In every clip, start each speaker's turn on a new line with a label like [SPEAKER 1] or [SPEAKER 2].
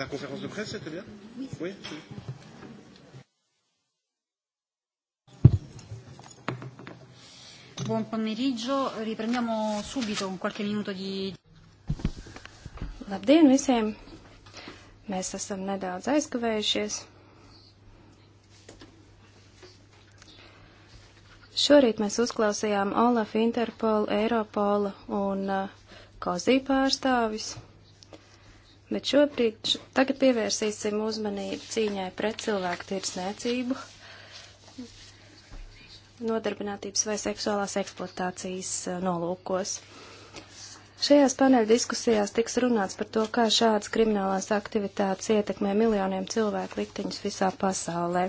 [SPEAKER 1] la conférence de presse, c'était bien Oui. oui
[SPEAKER 2] Buon pomeriggio, riprendiamo subito un qualche minuto di. Labdien visiem! Mēs esam nedaudz aizkavējušies. Šorīt mēs uzklausījām Olaf Interpol, Eiropola un uh, Kozī pārstāvis. Bet šobrīd, tagad pievērsīsim uzmanību cīņai pret cilvēku tirsniecību, nodarbinātības vai seksuālās eksploatācijas eh, nolūkos. Šajās paneļa diskusijās tiks runāts par to, kā šādas kriminālās aktivitātes ietekmē miljoniem cilvēku likteņus visā pasaulē.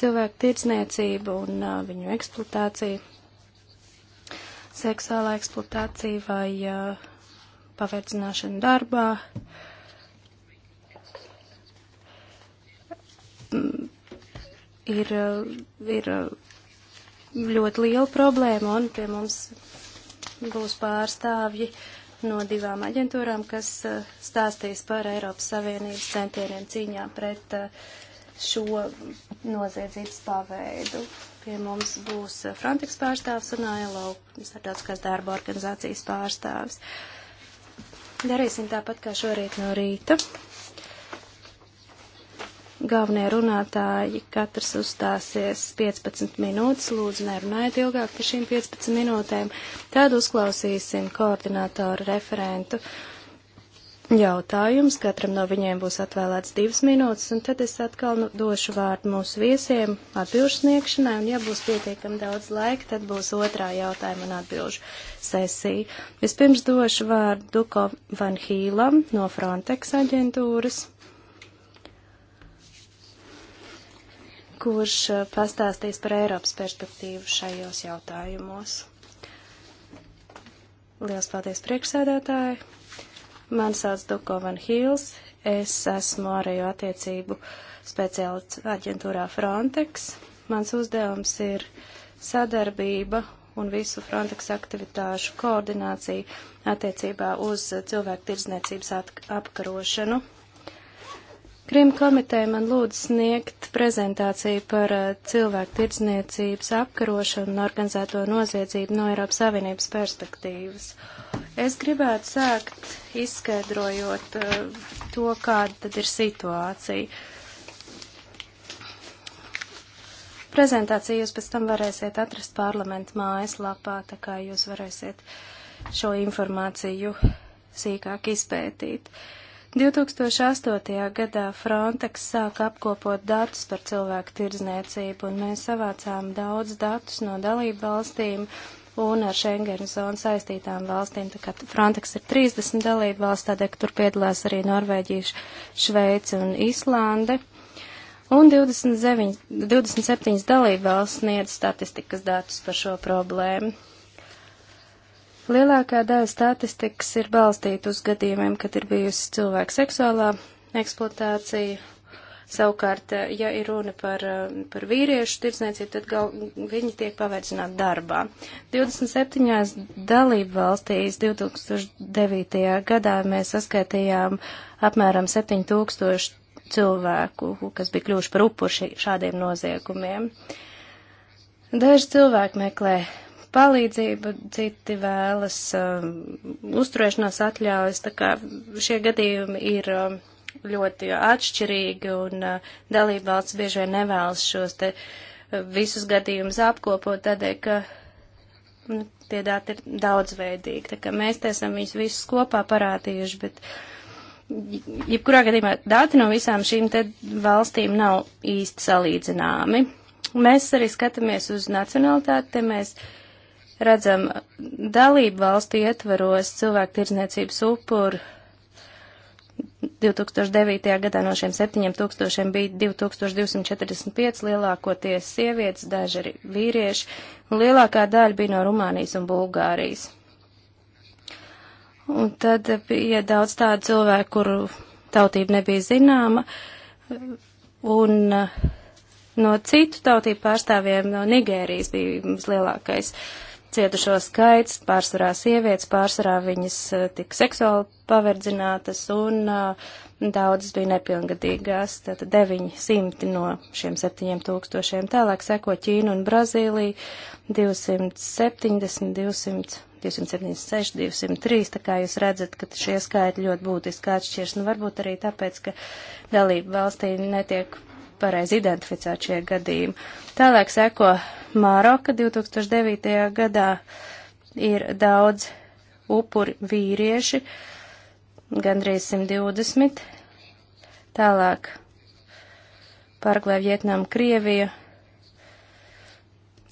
[SPEAKER 2] Cilvēku tirdzniecību un uh, viņu eksploatāciju, seksuālā eksploatācija vai uh, eh, pavērdzināšana darbā, uh, ir, ir ļoti liela problēma, un pie mums būs pārstāvji no divām aģentūrām, kas eh, stāstīs par Eiropas Savienības centieniem cīņā pret eh, šo noziedzības paveidu. Pie mums būs eh, Frontex pārstāvs un ILO, starptautiskās darba organizācijas pārstāvs. Darīsim tāpat kā šorīt no rīta. Galvenie runātāji katrs uzstāsies 15 minūtes, lūdzu nerunājiet ilgāk par šīm 15 minūtēm. Tad uzklausīsim koordinātoru referentu jautājums, katram no viņiem būs atvēlēts divas minūtes, un tad es atkal nu, došu vārdu mūsu viesiem atbilžu sniegšanai, un ja būs pietiekami daudz laika, tad būs otrā jautājuma un atbilžu sesija. Vispirms došu vārdu Duko Van Hīlam no Frontex aģentūras. kurš eh, pastāstīs par Eiropas perspektīvu šajos jautājumos. Lielas paldies priekšsēdētāji! Mani sauc Duko Van Hīls, es esmu ārējo attiecību speciālists aģentūrā Frontex. Mans uzdevums ir sadarbība un visu Frontex aktivitāšu koordinācija attiecībā uz cilvēku tirdzniecības apkarošanu. Krim komiteja man lūdz sniegt prezentāciju par eh, cilvēku tirdzniecības apkarošanu un organizēto noziedzību no Eiropas Savienības perspektīvas. Es gribētu sākt izskaidrojot eh, to, kāda tad ir situācija. Prezentāciju jūs pēc tam varēsiet atrast parlamentu mājaslapā, tā kā jūs varēsiet šo informāciju sīkāk izpētīt. Uh, 2008. gadā Frontex sāka apkopot datus par cilvēku tirdzniecību, un mēs savācām daudz datus no dalību valstīm un ar Schengen zonu saistītām valstīm. Tā kā Frontex ir 30 dalību valsts, tādēļ, ka tur piedalās arī Norvēģija, Šveica un Islande. Un 29, 27 dalību valsts sniedz statistikas datus par šo problēmu. Lielākā daļa statistikas ir balstīta uz gadījumiem, kad ir bijusi cilvēka seksuālā eksploatācija. Savukārt, eh, ja ir runa par, eh, par vīriešu tirdzniecību, tad gal, viņi tiek pavērdzināti darbā. 27. dalību valstīs 2009. gadā mēs saskaitījām apmēram 7000 cilvēku, kas bija kļuvuši par upuri šādiem noziegumiem. Daži cilvēki meklē palīdzību, citi vēlas uh, uzturēšanās atļaujas, tā kā šie gadījumi ir uh, ļoti atšķirīgi un uh, dalībvalsts bieži vien nevēlas šos te uh, visus gadījumus apkopot tādēļ, ka nu, tie dati ir daudzveidīgi. Tā kā mēs te esam viņus visus kopā parādījuši, bet jebkurā gadījumā dati no visām šīm te valstīm nav īsti salīdzināmi. Mēs arī skatāmies uz nacionalitāti, te mēs uh, redzam dalību valstu ietvaros cilvēku tirdzniecības upuru. 2009. gadā no šiem 7000 bija 2245 lielākoties sievietes, daži arī vīrieši, un lielākā daļa bija no Rumānijas un Bulgārijas. Un tad bija daudz tādu cilvēku, kuru tautība nebija zināma, un eh, no citu tautību pārstāvjiem no Nigērijas bija mums lielākais uh, Cietušo skaits pārsvarā sievietes, pārsvarā viņas eh, tika seksuāli paverdzinātas un eh, daudzas bija nepilngadīgās, tātad 900 no šiem 7000. Tālāk seko Ķīna un Brazīlija 270, 200. 276, 203, tā kā jūs redzat, ka šie skaitļi ļoti būtiski atšķirs, nu varbūt arī tāpēc, ka dalība valstī netiek pareizi identificēt šie gadījumi. Tālāk seko Māroka 2009. gadā ir daudz upuri vīrieši, gandrīz 120. Tālāk Parklē, Vietnam, Krievija.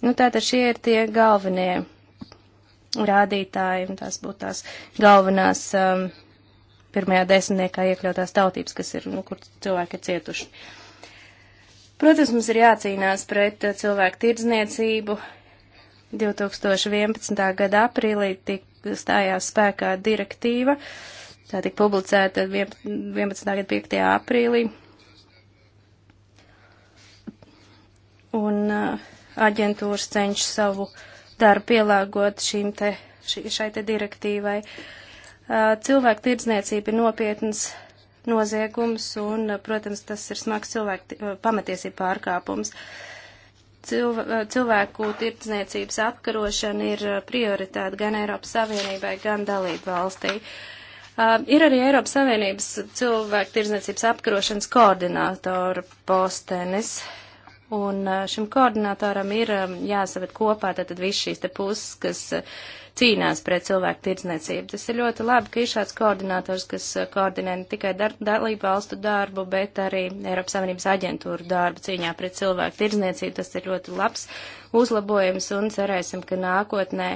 [SPEAKER 2] Nu, tātad šie ir tie galvenie rādītāji, un tās būtu tās galvenās um, pirmajā desmitniekā iekļautās tautības, kas ir, nu, kur cilvēki ir cietuši. Uh, Protams, mums ir jācīnās pret eh, cilvēku tirdzniecību. 2011. gada aprīlī tika stājās spēkā direktīva, tā tika publicēta 11. gada 5. aprīlī. Un uh, aģentūras cenšas savu darbu pielāgot šīm te, šī, šai te direktīvai. Uh, cilvēku tirdzniecība ir nopietnas noziegums un, eh, protams, tas ir smags cilvēku eh, pamatiesība pārkāpums. Eh, cilvēku tirdzniecības apkarošana ir prioritāte gan Eiropas Savienībai, gan dalību valstī. Uh, ir arī Eiropas Savienības cilvēku tirdzniecības apkarošanas koordinātora postenis. Uh, Un eh, šim koordinatoram ir eh, jāsavet kopā tātad viss šīs te puses, kas eh, cīnās pret cilvēku tirdzniecību. Tas ir ļoti labi, ka ir šāds koordinators, kas koordinē ne tikai dar dalību valstu darbu, bet arī Eiropas Savienības aģentūru darbu cīņā pret cilvēku tirdzniecību. Tas ir ļoti labs uzlabojums un cerēsim, ka nākotnē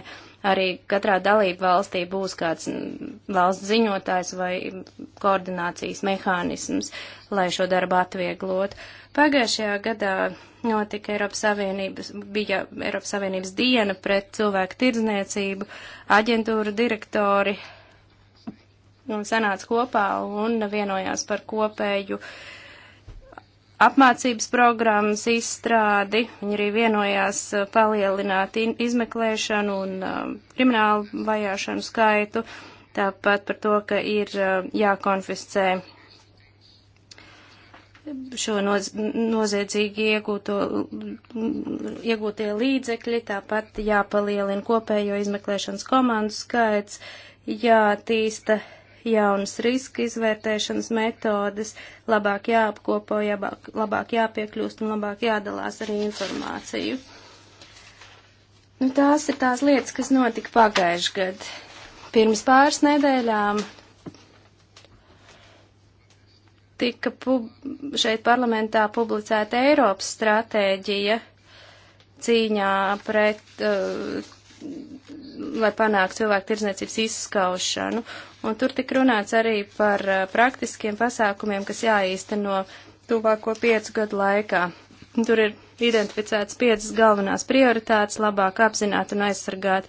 [SPEAKER 2] arī katrā dalību valstī būs kāds mm, valsts ziņotājs vai koordinācijas mehānisms, lai šo darbu atvieglotu. Pagājušajā gadā notika Eiropas Savienības, bija Eiropas Savienības diena pret cilvēku tirdzniecību, aģentūra direktori un sanāca kopā un vienojās par kopēju apmācības programmas izstrādi. Viņi arī vienojās uh, palielināt izmeklēšanu un um, kriminālu vajāšanu skaitu, tāpat par to, ka ir uh, jākonfiscē šo noz, noziedzīgi iegūto, iegūtie līdzekļi, tāpat jāpalielina kopējo izmeklēšanas komandu skaits, jātīsta jaunas riska izvērtēšanas metodes, labāk jāapkopo, jābāk, labāk jāpiekļūst un labāk jādalās ar informāciju. Nu, tās ir tās lietas, kas notika pagājušajā gadā. Pirms pāris nedēļām tika pub šeit parlamentā publicēta Eiropas stratēģija cīņā pret, uh, lai panāktu cilvēku tirdzniecības izskaušanu. Un tur tik runāts arī par uh, praktiskiem pasākumiem, kas jāīsteno tuvāko piecu gadu laikā. Tur ir identificēts piecas galvenās prioritātes - labāk apzināt un aizsargāt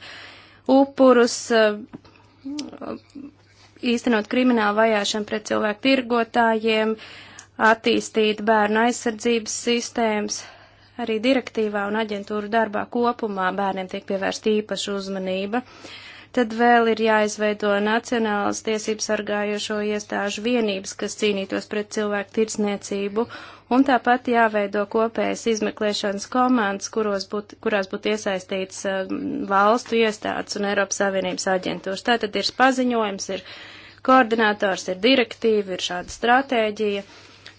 [SPEAKER 2] upurus, uh, īstenot kriminālu vajāšanu pret cilvēku tirgotājiem, attīstīt bērnu aizsardzības sistēmas. Arī direktīvā un aģentūru darbā kopumā bērniem tiek pievērsta īpaša uzmanība. Tad vēl ir jāizveido Nacionālas tiesības sargājošo iestāžu vienības, kas cīnītos pret cilvēku tirsniecību, un tāpat jāveido kopējas izmeklēšanas komandas, būt, kurās būtu iesaistīts um, valstu iestādes un Eiropas Savienības aģentūras. Tātad ir paziņojums, ir koordinators, ir direktīva, ir šāda stratēģija.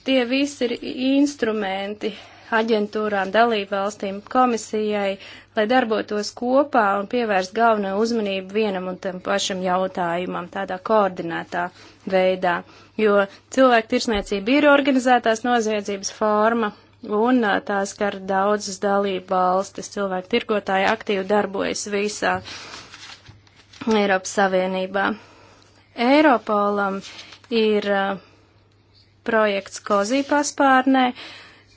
[SPEAKER 2] Tie visi ir instrumenti aģentūrām, dalībvalstīm, komisijai, lai darbotos kopā un pievērst galveno uzmanību vienam un tam pašam jautājumam, tādā koordinētā veidā. Jo cilvēku tirsniecība ir organizētās noziedzības forma, un tās skar daudzas dalību valstis. Cilvēku tirgotāji aktīvi darbojas visā Eiropas Savienībā. Eiropolam ir uh, projekts Kozī paspārnē.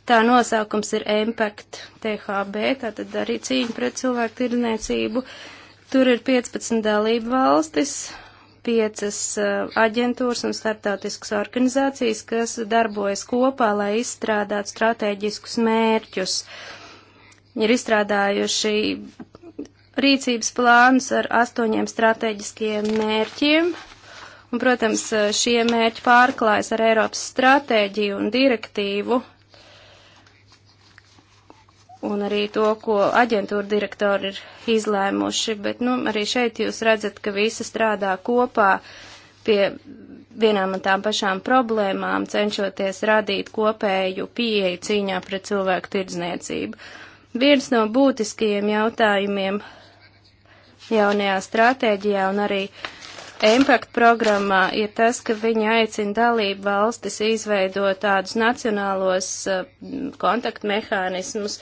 [SPEAKER 2] Tā nosaukums ir Impact THB, tātad arī cīņa pret cilvēku tirdzniecību. Tur ir 15 dalību valstis, 5 uh, aģentūras un startautiskas organizācijas, kas darbojas kopā, lai izstrādātu strateģiskus mērķus. Ir izstrādājuši rīcības plānus ar astoņiem strateģiskiem mērķiem, Un, protams, šie mērķi pārklājas ar Eiropas stratēģiju un direktīvu un arī to, ko aģentūra direktori ir izlēmuši, bet, nu, arī šeit jūs redzat, ka visi strādā kopā pie vienām un tām pašām problēmām, cenšoties radīt kopēju pieeju cīņā pret cilvēku tirdzniecību. Viens no būtiskajiem jautājumiem jaunajā stratēģijā un arī uh, Impact programmā ir tas, ka viņi aicina dalību valstis izveidot tādus nacionālos eh, kontaktmehānismus,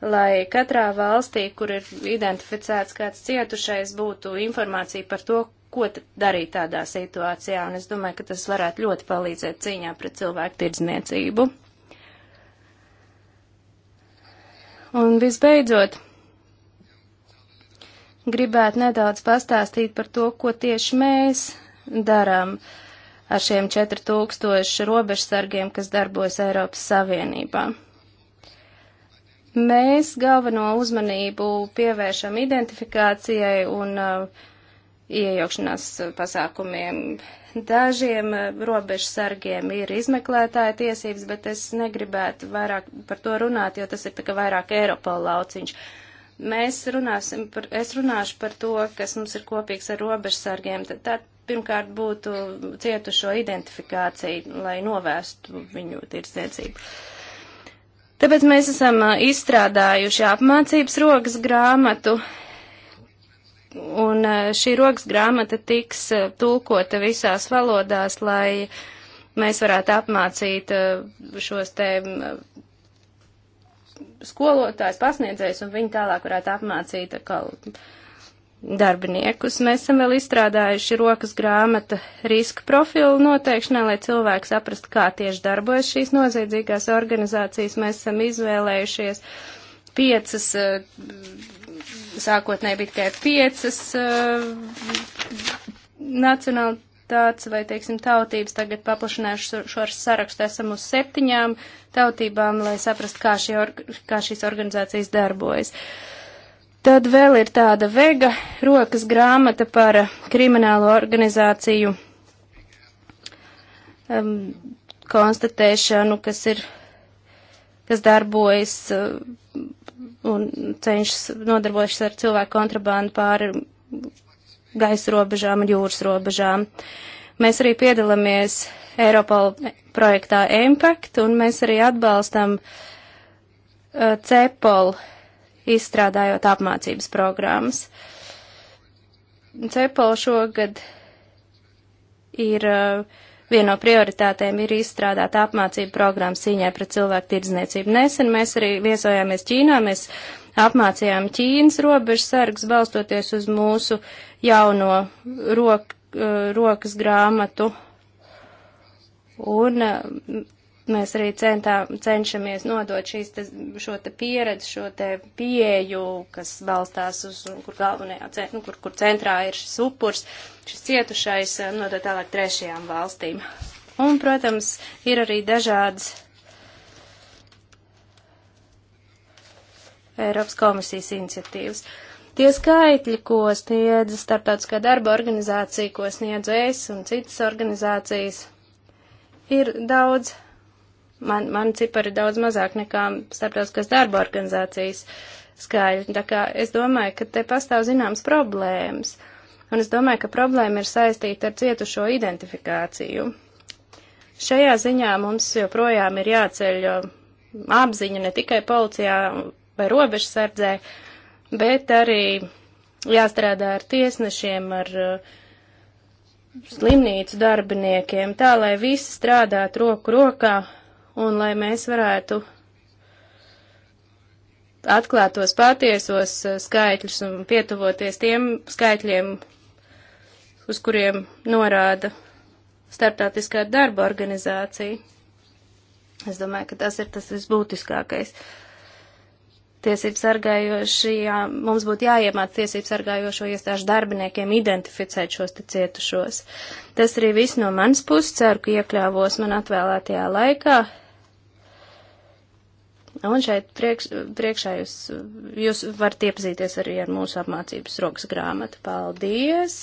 [SPEAKER 2] lai katrā valstī, kur ir identificēts kāds cietušais, būtu informācija par to, ko darīt tādā situācijā. Un es domāju, ka tas varētu ļoti palīdzēt cīņā pret cilvēku tirdzniecību. Un visbeidzot, gribētu nedaudz pastāstīt par to, ko tieši mēs darām ar šiem 4000 robežsargiem, kas darbojas Eiropas Savienībā. Mēs galveno uzmanību pievēršam identifikācijai un uh, iejaukšanās pasākumiem. Dažiem uh, robežsargiem ir izmeklētāja tiesības, bet es negribētu vairāk par to runāt, jo tas ir tā kā vairāk Eiropola lauciņš. Uh, Mēs runāsim par, es runāšu par to, kas mums ir kopīgs ar robežsargiem. Tad, tad pirmkārt būtu cietušo identifikācija, lai novērstu viņu tirdzniecību. Tāpēc mēs esam izstrādājuši apmācības rokas grāmatu, un šī rokas grāmata tiks tulkota visās valodās, lai mēs varētu apmācīt šos te skolotājs, pasniedzējs, un viņi tālāk varētu apmācīt kaut darbiniekus. Mēs esam vēl izstrādājuši rokas grāmata riska profilu noteikšanai, lai cilvēki saprastu, kā tieši darbojas šīs noziedzīgās organizācijas. Mēs esam izvēlējušies piecas, eh, sākotnēji bija tikai piecas eh, nacionāli minoritātes vai, teiksim, tautības. Tagad paplašināšu šo sarakstu esam uz septiņām tautībām, lai saprastu, kā, šie, kā šīs organizācijas darbojas. Tad vēl ir tāda vega rokas grāmata par kriminālu organizāciju um, konstatēšanu, kas ir, kas darbojas uh, un cenšas nodarbojas ar cilvēku kontrabandu pāri gaisa robežām un jūras robežām. Mēs arī piedalāmies Eiropal projektā Impact, un mēs arī atbalstam uh, CEPOL izstrādājot apmācības programmas. CEPOL šogad ir uh, Viena no prioritātēm ir izstrādāt apmācību programmu cīņai pret cilvēku tirdzniecību. Nesen mēs arī viesojāmies Ķīnā, mēs apmācījām Ķīnas robežu sargs, balstoties uz mūsu uh, jauno rok, eh, rokas grāmatu. Un eh, mēs arī centā, cenšamies nodot šīs, te, šo te pieredzi, šo te pieeju, kas balstās uz, kur galvenajā, nu, kur, kur centrā ir šis upurs, šis cietušais, eh, nodot tālāk trešajām valstīm. Un, protams, ir arī dažādas Eiropas komisijas iniciatīvas. Uh, Tie skaitļi, ko sniedz Startautiskā darba organizācija, ko sniedz es un citas organizācijas, ir daudz, man, man cipari daudz mazāk nekā Startautiskās darba organizācijas skaitļi. Tā kā es domāju, ka te pastāv zināms problēmas. Un es domāju, ka problēma ir saistīta ar cietušo identifikāciju. Šajā ziņā mums joprojām ir jāceļ apziņa ne tikai policijā vai robežsardzē, sardzē, bet arī jāstrādā ar tiesnešiem, ar uh, slimnīcu darbiniekiem, tā lai visi strādātu roku rokā un lai mēs varētu atklātos patiesos uh, skaitļus un pietuvoties tiem skaitļiem, uz kuriem norāda starptautiskā darba organizācija. Es domāju, ka tas ir tas visbūtiskākais. Uh, tiesību sargājošajām, mums būtu jāiemāc tiesību sargājošo iestāžu darbiniekiem identificēt šos te cietušos. Tas arī viss no manas puses, ceru, ka iekļāvos man atvēlētajā laikā. Un šeit priekš, priekšā jūs, jūs varat iepazīties arī ar mūsu apmācības rokas grāmatu. Paldies!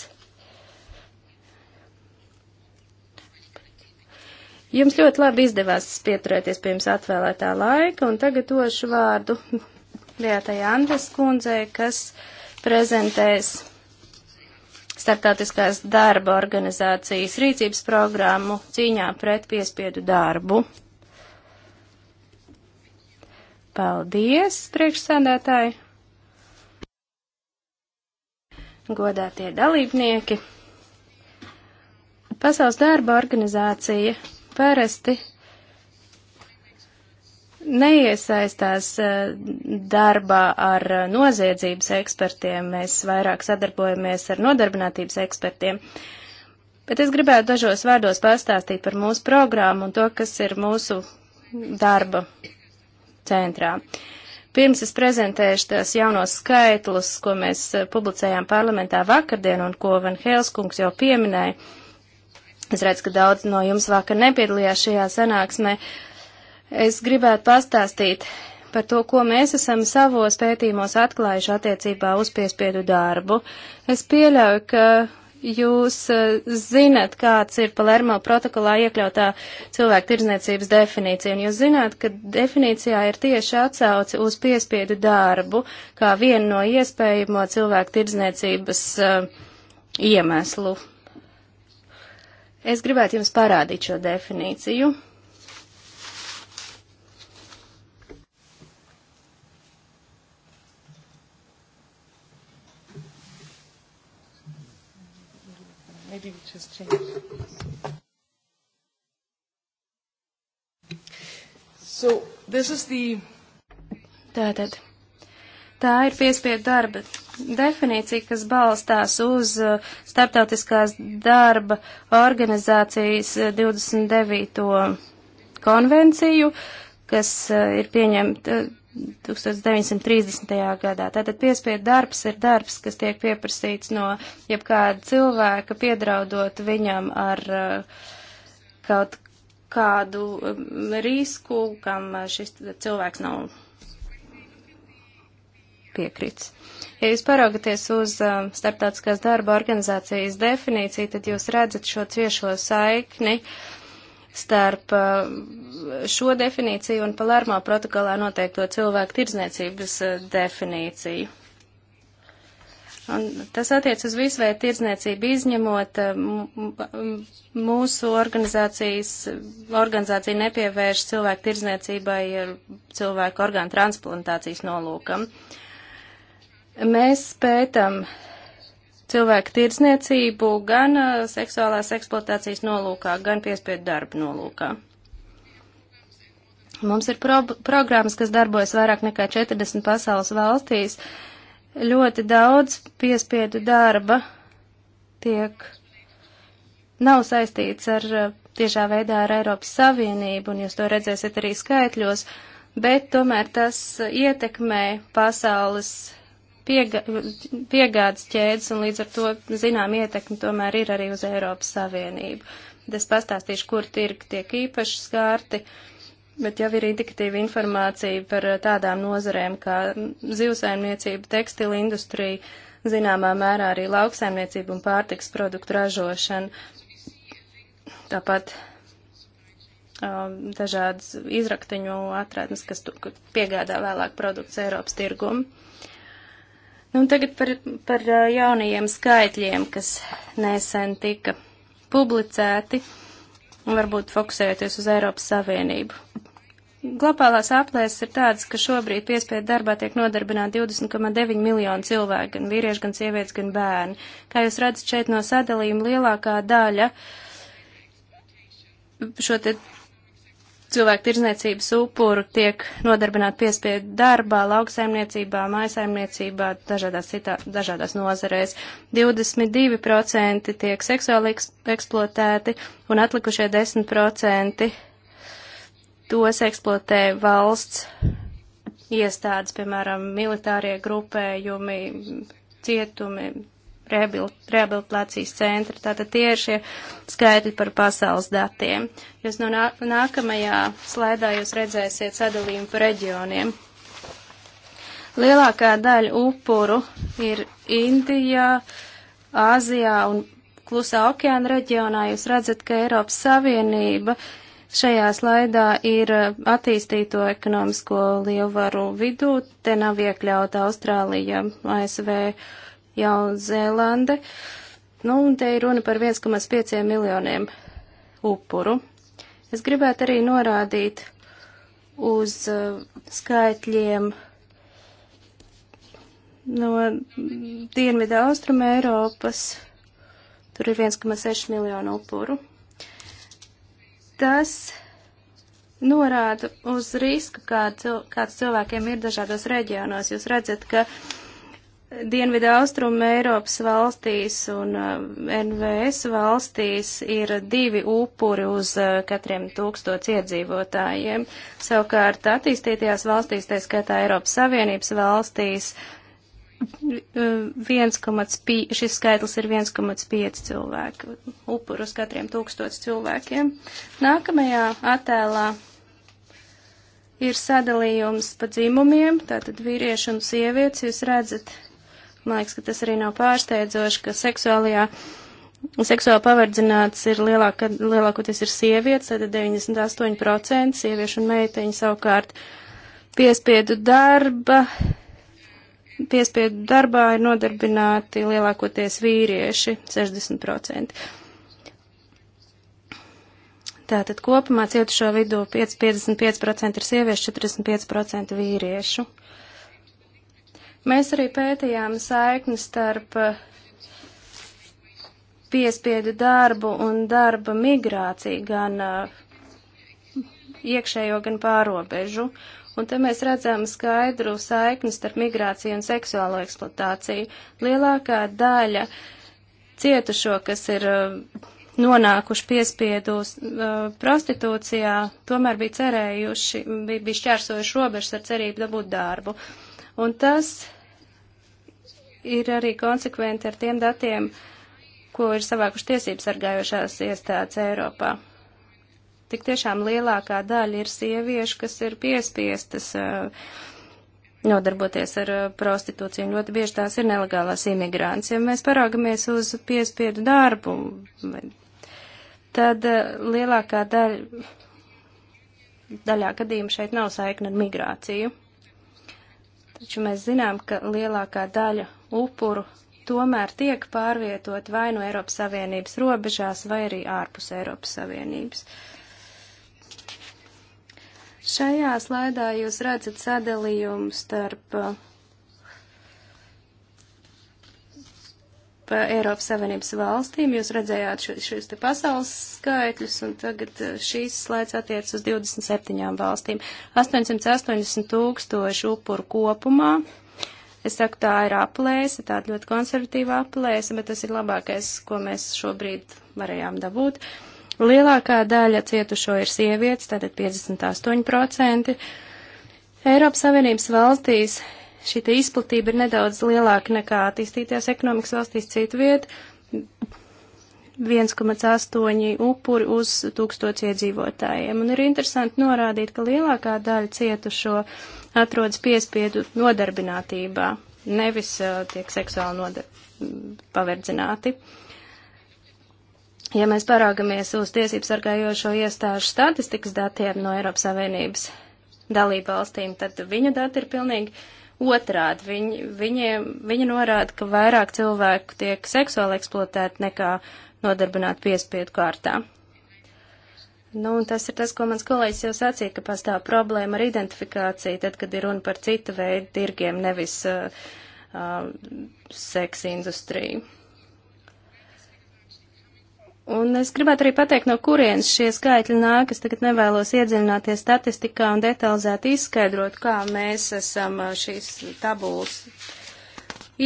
[SPEAKER 2] Jums ļoti labi izdevās pieturēties pie jums atvēlētā laika, un tagad došu vārdu Lietai Andes kundzei, kas prezentēs Startautiskās darba organizācijas rīcības programmu cīņā pret piespiedu darbu. Paldies, priekšsēdētāji! Godātie dalībnieki! Pasaules darba organizācija parasti neiesaistās eh, darbā ar eh, noziedzības ekspertiem, mēs vairāk sadarbojamies ar nodarbinātības ekspertiem. Bet es gribētu dažos vārdos pastāstīt par mūsu programmu un to, kas ir mūsu darba centrā. Pirms es prezentēšu tās jaunos skaitlus, ko mēs eh, publicējām parlamentā vakardien un ko Van Helskungs jau pieminēja. Es redzu, ka daudz no jums vakar nepiedalījās šajā sanāksmē. Uh, es gribētu pastāstīt par to, ko mēs esam savos pētījumos atklājuši attiecībā uz piespiedu darbu. Es pieļauju, ka jūs eh, zinat, kāds ir Palermo protokolā iekļautā cilvēku tirdzniecības definīcija, un jūs zināt, ka definīcijā ir tieši atsauci uz piespiedu darbu kā vienu no iespējamo cilvēku tirdzniecības uh, iemeslu. Es gribētu jums parādīt šo definīciju. So, this is the... Tātad. Tā ir piespiedu darba definīcija, kas balstās uz uh, Startautiskās darba organizācijas 29. Uh, konvenciju, kas uh, ir pieņemta 1930. gadā. Tātad piespiedu darbs ir darbs, kas tiek pieprasīts no jebkāda cilvēka, piedraudot viņam ar uh, kaut kādu um, risku, kam uh, šis cilvēks nav piekrits. Ja jūs paraugaties uz um, starptautiskās darba organizācijas definīciju, tad jūs redzat šo ciešo saikni uh, starp eh, šo definīciju un Palermo protokolā noteikto cilvēku tirdzniecības eh, definīciju. Un tas attiec uz visu veidu tirdzniecību, izņemot eh, mūsu organizācijas, organizācija nepievērš cilvēku tirdzniecībai ar cilvēku orgānu transplantācijas nolūkam. Mēs pētam cilvēku tirdzniecību gan seksuālās eksploatācijas nolūkā, gan piespiedu darba nolūkā. Mums ir pro programmas, kas darbojas vairāk nekā 40 pasaules valstīs. Ļoti daudz piespiedu darba tiek nav saistīts ar tiešā veidā ar Eiropas Savienību, un jūs to redzēsiet arī skaitļos, bet tomēr tas ietekmē pasaules piega, piegādes ķēdes, un līdz ar to zinām ietekmi tomēr ir arī uz Eiropas Savienību. Bet es pastāstīšu, kur tirgi tiek īpaši skārti, bet jau ir indikatīva informācija par tādām nozarēm kā zivsaimniecība, tekstila industrija, zināmā mērā arī lauksaimniecība un pārtiks produktu ražošana. Tāpat um, dažādas izraktiņu atrādnes, kas piegādā vēlāk produkts Eiropas tirgumu. Nu, tagad par, par jaunajiem skaitļiem, kas nesen tika publicēti un varbūt fokusējoties uz Eiropas Savienību. Globālās aplēses ir tādas, ka šobrīd piespiedu darbā tiek nodarbināti 20,9 miljonu cilvēku, gan vīrieši, gan sievietes, gan bērni. Kā jūs redzat šeit no sadalījuma, lielākā daļa šo te cilvēku tirzniecības upuru tiek nodarbināti piespiedu darbā, lauksaimniecībā, mājasaimniecībā, dažādās, citā, dažādās nozarēs. 22% tiek seksuāli eksploatēti un atlikušie 10% tos eksploatē valsts iestādes, piemēram, militārie grupējumi, cietumi, rehabilitācijas centri. Tātad tie ir šie skaitļi par pasaules datiem. Jūs no nā, nākamajā slaidā jūs redzēsiet sadalījumu par reģioniem. Lielākā daļa upuru ir Indijā, Āzijā un Klusā okeāna reģionā. Jūs redzat, ka Eiropas Savienība šajā slaidā ir uh, attīstīto ekonomisko lielvaru vidū. Te nav iekļauta Austrālija, ASV Jaunzēlande. Nu, un te ir runa par 1,5 miljoniem upuru. Es gribētu arī norādīt uz uh, skaitļiem no Dienvidā Austruma Eiropas. Tur ir 1,6 miljonu upuru. Tas norāda uz risku, kāds cilvēkiem ir dažādos reģionos. Jūs redzat, ka uh, Dienvidu austrumu Eiropas valstīs un eh, NVS valstīs ir divi upuri uz eh, katriem tūkstots iedzīvotājiem. Savukārt attīstītajās valstīs, tā skaitā Eiropas Savienības valstīs, 1,5, šis skaitlis ir 1,5 cilvēku upuru uz katriem tūkstots cilvēkiem. Nākamajā attēlā ir sadalījums pa dzimumiem, tātad vīrieši un sievietes, jūs redzat Man liekas, ka tas arī nav pārsteidzoši, ka seksuālajā, seksuāli pavardzināts ir lielāk, lielākoties ir sievietes, tad 98% sieviešu un meiteņu savukārt piespiedu darba, piespiedu darbā ir nodarbināti lielākoties vīrieši, 60%. Tātad kopumā cietušo vidū 5, 55% ir sieviešu, 45% vīriešu. Mēs arī pētījām saikni starp eh, piespiedu darbu un darba migrāciju gan eh, iekšējo, gan pārobežu. Un te mēs redzam skaidru saikni starp migrāciju un seksuālo eksploatāciju. Lielākā daļa cietušo, kas ir eh, nonākuši piespiedus prostitūcijā, tomēr bija cerējuši, bija, bija šķērsojuši robežas ar cerību dabūt darbu. Un tas ir arī konsekventi ar tiem datiem, ko ir savākuši tiesības sargājošās iestādes Eiropā. Tik tiešām lielākā daļa ir sieviešu, kas ir piespiestas uh, nodarboties ar uh, prostitūciju. Ļoti bieži tās ir nelegālās imigrāns. Ja mēs paraugamies uz piespiedu darbu, tad uh, lielākā daļa, daļā gadījuma šeit nav saikna ar migrāciju. Taču mēs zinām, ka lielākā daļa upuru tomēr tiek pārvietot vai nu no Eiropas Savienības robežās, vai arī ārpus Eiropas Savienības. Šajā slaidā jūs redzat sadalījumu starp uh, starp Eiropas Savienības valstīm. Jūs redzējāt šīs te pasaules skaitļus, un tagad eh, šīs slaids attiec uz 27 valstīm. 880 tūkstoši upuru kopumā. Es saku, tā ir aplēse, tāda ļoti konservatīva aplēse, bet tas ir labākais, ko mēs šobrīd varējām dabūt. Lielākā daļa cietušo ir sievietes, tātad 58%. Eiropas Savienības valstīs šī izplatība ir nedaudz lielāka nekā attīstītajās ekonomikas valstīs citviet. 1,8 upuri uz tūkstots iedzīvotājiem. Un ir interesanti norādīt, ka lielākā daļa cietušo atrodas piespiedu nodarbinātībā, nevis uh, tiek seksuāli nodar paverdzināti. Ja mēs parāgamies uz tiesību sargājošo iestāžu statistikas datiem no Eiropas Savienības dalību valstīm, tad viņu dati ir pilnīgi otrādi. Viņi, viņiem, viņi norāda, ka vairāk cilvēku tiek seksuāli eksploatēti nekā nodarbināti piespiedu kārtā. Nu, un tas ir tas, ko mans kolēģis jau sacīja, ka pastāv problēma ar identifikāciju, tad, kad ir runa par citu veidu tirgiem, nevis uh, uh, seksa industriju. Un es gribētu arī pateikt, no kurienes šie skaitļi nāk. Es tagad nevēlos iedziļināties statistikā un detalizēti izskaidrot, kā mēs esam uh, šīs tabulas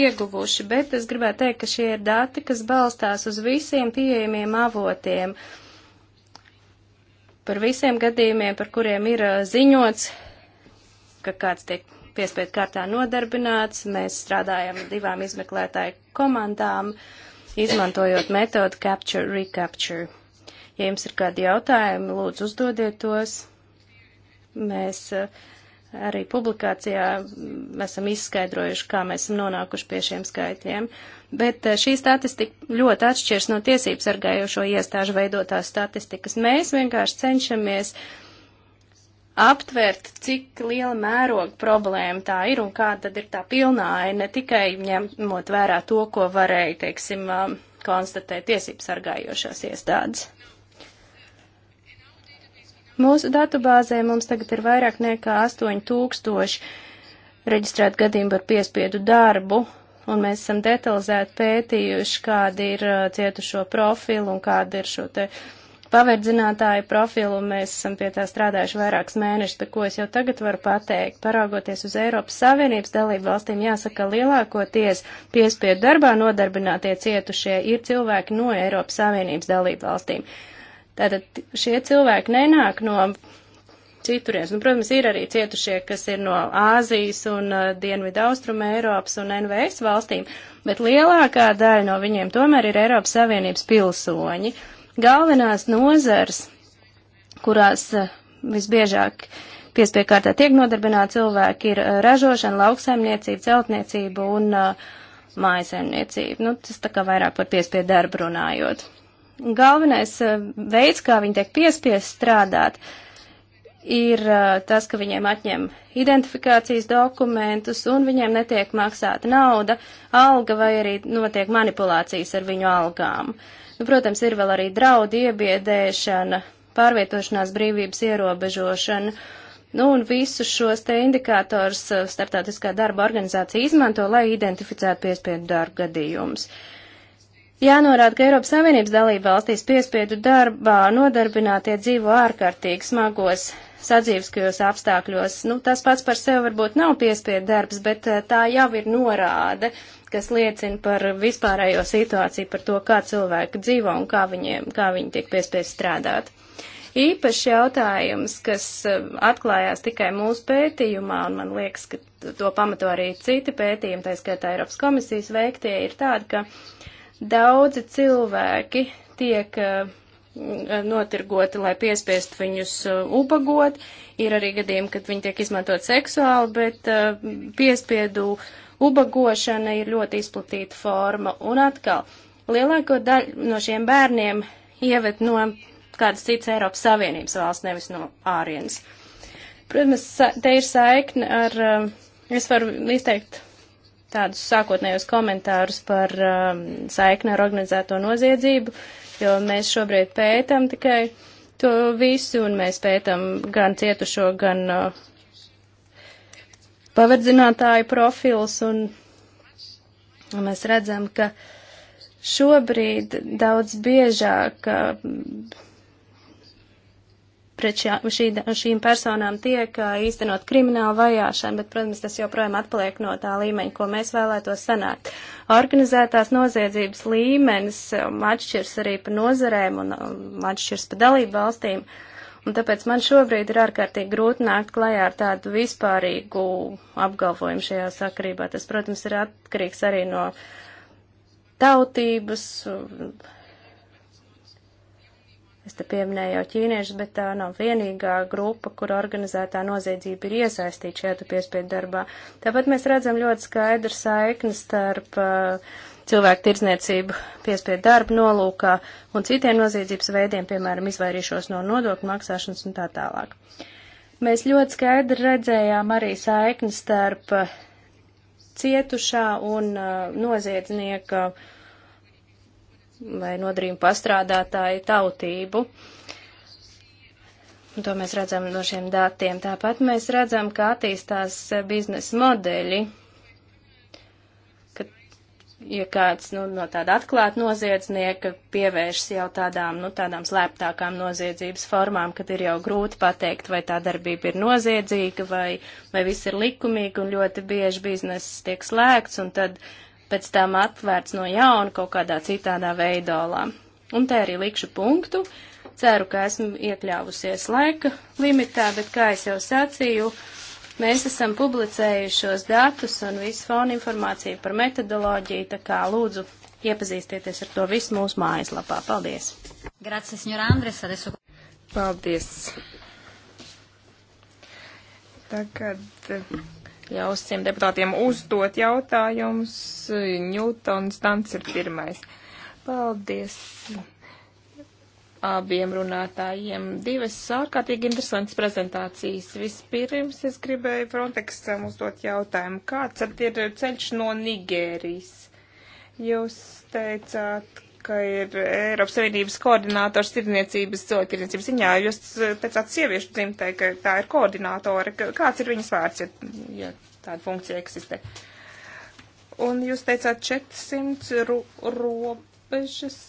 [SPEAKER 2] ieguvuši, bet es gribētu teikt, ka šie ir dati, kas balstās uz visiem pieejamiem avotiem, par visiem gadījumiem, par kuriem ir uh, ziņots, ka kāds tiek piespiedu kārtā nodarbināts. Mēs strādājam divām izmeklētāju komandām. Uh, izmantojot metodu capture, recapture. Ja jums ir kādi jautājumi, lūdzu uzdodiet tos. Mēs eh, arī publikācijā mm, esam izskaidrojuši, kā mēs esam nonākuši pie šiem skaitļiem. Bet eh, šī statistika ļoti atšķirs no tiesības sargājošo iestāžu veidotās statistikas. Mēs vienkārši cenšamies uh, aptvērt, cik liela mēroga problēma tā ir un kāda tad ir tā pilnā aina, ne tikai ņemot vērā to, ko varēja, teiksim, um, konstatēt tiesības sargājošās iestādes. Mūsu datubāzē mums tagad ir vairāk nekā 8000 reģistrētu gadījumu par piespiedu darbu, un mēs esam detalizēti pētījuši, kāda ir uh, cietušo profilu un kāda ir šo te uh, paverdzinātāju profilu, mēs esam pie tā strādājuši vairākus mēnešus, bet ko es jau tagad varu pateikt, paraugoties uz Eiropas Savienības dalību valstīm, jāsaka, lielākoties piespiedu darbā nodarbinātie cietušie ir cilvēki no Eiropas Savienības dalību valstīm. Tātad šie cilvēki nenāk no citurienes. Nu, protams, ir arī cietušie, kas ir no Āzijas un uh, Dienvidu Austruma Eiropas un NVS valstīm, bet lielākā daļa no viņiem tomēr ir Eiropas Savienības pilsoņi. Uh, Galvenās nozars, kurās eh, visbiežāk piespiekārtā tiek nodarbināti cilvēki, ir eh, ražošana, lauksaimniecība, celtniecība un uh, eh, mājasemniecība. Nu, tas tā kā vairāk par piespiedu darbu runājot. Galvenais uh, veids, kā viņi tiek piespiest strādāt, ir uh, tas, ka viņiem atņem identifikācijas dokumentus un viņiem netiek maksāta nauda, alga vai arī notiek manipulācijas ar viņu algām. Uh, Nu, protams, ir vēl arī draudi iebiedēšana, pārvietošanās brīvības ierobežošana. Nu, un visus šos te indikātors eh, starptautiskā darba organizācija izmanto, lai identificētu piespiedu darbu gadījumus. Jānorāda, ka Eiropas Savienības dalība valstīs piespiedu darbā nodarbinātie dzīvo ārkārtīgi smagos sadzīviskajos apstākļos. Nu, tas pats par sevi varbūt nav piespiedu darbs, bet eh, tā jau ir norāde kas liecina par vispārējo situāciju, par to, kā cilvēki dzīvo un kā, viņiem, kā viņi tiek piespiest strādāt. Īpašs jautājums, kas eh, atklājās tikai mūsu pētījumā, un man liekas, ka to pamato arī citi pētījumi, tā skaitā Eiropas komisijas veiktie, ir tāda, ka daudzi cilvēki tiek eh, notirgoti, lai piespiestu viņus eh, ubagot. Ir arī gadījumi, kad viņi tiek izmantot seksuāli, bet piespiedu Ubagošana ir ļoti izplatīta forma, un atkal lielāko daļu no šiem bērniem ievet no kādas citas Eiropas Savienības valsts, nevis no ārienes. Protams, te ir saikne ar, um, es varu izteikt tādus sākotnējos komentārus par um, saikni ar organizēto noziedzību, jo mēs šobrīd pētam tikai to visu, un mēs pētam gan cietušo, gan uh, paverdzinātāju profils, un, un mēs redzam, ka šobrīd daudz biežāk pret šā, šī, šīm personām tiek īstenot krimināla vajāšana, bet, protams, tas joprojām atpaliek no tā līmeņa, ko mēs vēlētos sanākt. Organizētās noziedzības līmenis atšķirs arī pa nozarēm un atšķirs pa dalību valstīm. Uh, Un tāpēc man šobrīd ir ārkārtīgi grūti nākt klajā ar tādu vispārīgu apgalvojumu šajā sakrībā. Tas, protams, ir atkarīgs arī no tautības. Es te pieminēju jau ķīniešus, bet tā nav vienīgā grupa, kur organizētā noziedzība ir iesaistīta šajā piespiedu darbā. Tāpat mēs redzam ļoti skaidru saikni starp uh, cilvēku tirdzniecību piespiedu darbu nolūkā un citiem noziedzības veidiem, piemēram, izvairīšos no nodokļu maksāšanas un tā tālāk. Mēs ļoti skaidri redzējām arī saikni starp uh, cietušā un uh, noziedznieka vai nodarījuma pastrādātāja tautību. Un to mēs redzam no šiem datiem. Tāpat mēs redzam, kā attīstās uh, biznesa modeļi ja kāds nu, no tāda atklāta noziedznieka pievēršas jau tādām, nu, tādām slēptākām noziedzības formām, kad ir jau grūti pateikt, vai tā darbība ir noziedzīga, vai, vai viss ir likumīgi, un ļoti bieži bizness tiek slēgts, un tad pēc tam atvērts no jauna kaut kādā citādā veidolā. Un te arī likšu punktu. Ceru, ka esmu iekļāvusies laika limitā, bet, kā es jau sacīju, uh, Mēs esam publicējuši šos datus un visu fonu informāciju par metodoloģiju, tā kā lūdzu iepazīstieties ar to visu mūsu mājaslapā. Paldies! Grazie, signora Andres, adesso... Paldies! Tagad
[SPEAKER 3] ļausim deputātiem uzdot jautājumus. Ņūtons Dans ir pirmais. Paldies! abiem runātājiem. Divas ārkārtīgi interesantas prezentācijas. Vispirms es gribēju Frontexam uzdot jautājumu, kāds tad ir ceļš no Nigērijas? Jūs teicāt, ka ir Eiropas Savienības koordinātors tirdzniecības cilvēktirdzniecības ziņā. Jūs teicāt sieviešu dzimtē, ka tā ir koordinātore. Kāds ir viņas vārds, ja, ja tāda funkcija eksistē? Un jūs teicāt 400 ro robežas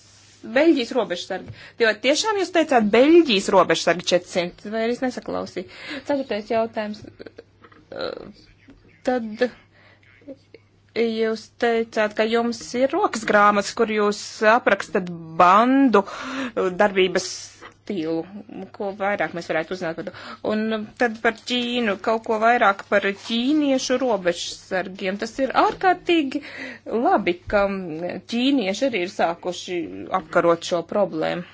[SPEAKER 3] Beļģijas robežsargi. Jo tiešām jūs teicāt Beļģijas robežsargi 400, vai arī es nesaklausīju. Ceturtais jautājums. Tad jūs teicāt, ka jums ir rokas grāmatas, kur jūs aprakstat bandu darbības stilu, ko vairāk mēs varētu uzzināt. Un tad par Ķīnu, kaut ko vairāk par ķīniešu robežsargiem. Tas ir ārkārtīgi labi, ka ķīnieši arī ir sākuši apkarot šo problēmu.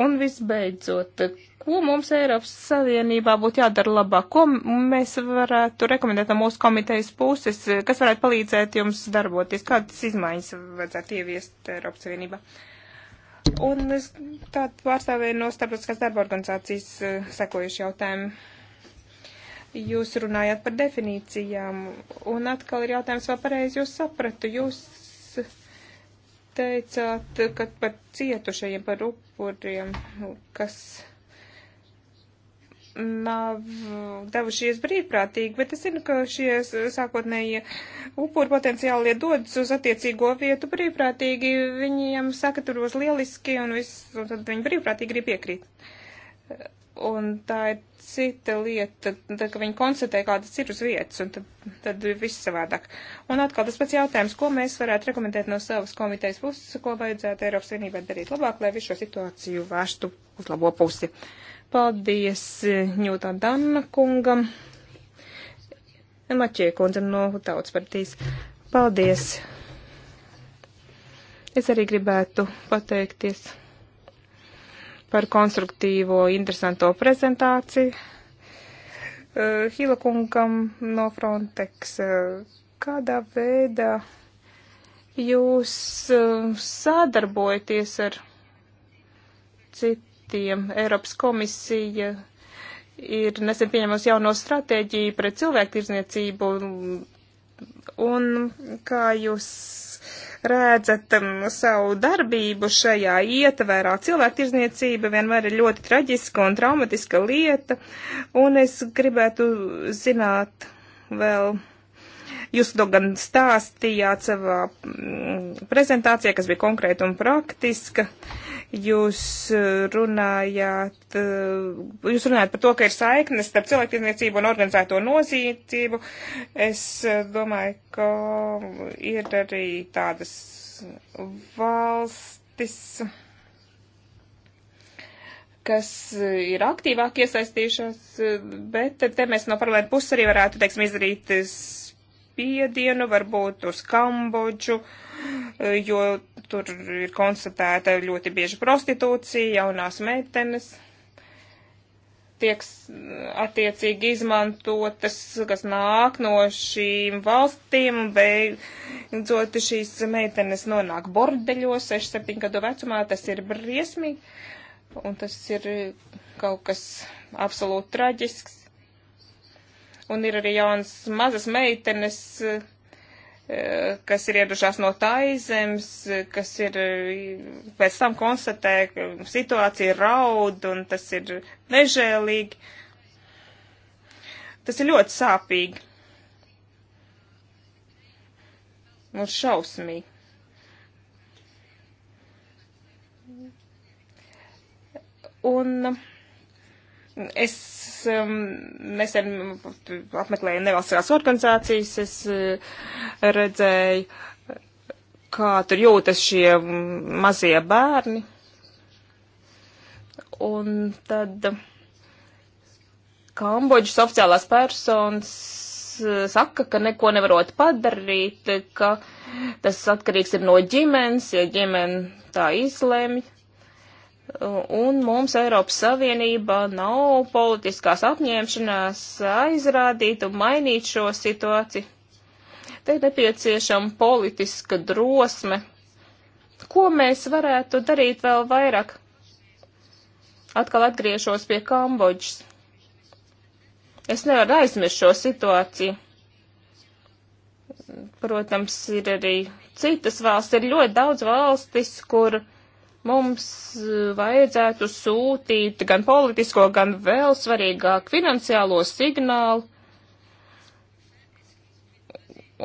[SPEAKER 3] Un visbeidzot, ko mums Eiropas Savienībā būtu jādara labāk? Ko mēs varētu rekomendēt no mūsu komitejas puses? Kas varētu palīdzēt jums darboties? Kādas izmaiņas vajadzētu ieviest Eiropas Savienībā? Uh, Un es kā pārstāvēju no starptautiskās darba organizācijas eh, sekojuši jautājumu. Jūs runājāt par definīcijām, un atkal ir jautājums, vai pareizi jūs sapratu. Jūs teicāt, ka par cietušajiem, par upuriem, kas nav uh, devušies brīvprātīgi, bet es zinu, ka šie sākotnējie upuri potenciāli dodas uz attiecīgo vietu brīvprātīgi, viņiem saka, tur būs lieliski un viss, un tad viņi brīvprātīgi grib piekrīt. Un tā ir cita lieta, tad, ka viņi konstatē, kādas ir uz vietas, un tad, tad viss savādāk. Un atkal tas pats jautājums, ko mēs varētu rekomendēt no savas komitejas puses, ko vajadzētu Eiropas vienībai darīt labāk, lai visu šo situāciju vērstu uz labo pusi. Uh, Paldies eh, Ņūtā Danna kungam. Maķie kundze no Tautas partijas. Paldies! Es arī gribētu pateikties par konstruktīvo, interesanto prezentāciju. Eh, Hila kungam no Frontex, eh, kādā veidā jūs sadarbojaties ar citu? aktiem. Eiropas komisija ir nesen pieņemusi jauno stratēģiju pret cilvēktirdzniecību, un kā jūs redzat um, savu darbību šajā ietverā. Cilvēktirdzniecība vienmēr ir ļoti traģiska un traumatiska lieta, un es gribētu zināt vēl. Jūs to gan stāstījāt savā mm, prezentācijā, kas bija konkrēta un praktiska. Uh, Jūs eh, runājāt, eh, jūs runājāt par to, ka ir saiknes starp cilvēktiesniecību un organizēto noziedzību. Es eh, domāju, ka ir arī tādas valstis kas ir aktīvāk iesaistījušās, bet te mēs no parlamenta puses arī varētu, teiksim, izdarīt spiedienu, varbūt uz Kambodžu, uh, jo tur ir konstatēta ļoti bieži prostitūcija, jaunās meitenes tiek attiecīgi izmantotas, kas nāk no šīm valstīm, beidzot šīs meitenes nonāk bordeļos 6-7 gadu vecumā, tas ir briesmīgi, un tas ir kaut kas absolūti traģisks. Un ir arī jaunas mazas meitenes, uh, kas ir ieradušās no taizemes, kas ir pēc tam konstatē, ka situācija raud un tas ir nežēlīgi. Tas ir ļoti sāpīgi. Un šausmīgi. Un es Um, nesen apmeklēju nevalstiskās organizācijas, es uh, redzēju, kā tur jūtas šie mazie bērni. Un tad Kambodžas oficiālās personas uh, saka, ka neko nevarot padarīt, ka tas atkarīgs ir no ģimenes, ja ģimene tā izlemj un mums Eiropas Savienība nav politiskās apņemšanās aizrādīt un mainīt šo situāciju. Te ir nepieciešama politiska drosme. Ko mēs varētu darīt vēl vairāk? Atkal atgriežos pie Kambodžas. Es nevaru aizmirst šo situāciju. Protams, ir arī citas valsts, ir ļoti daudz valstis, kur uh, mums e, vajadzētu sūtīt gan politisko, gan vēl svarīgāk finansiālo signālu.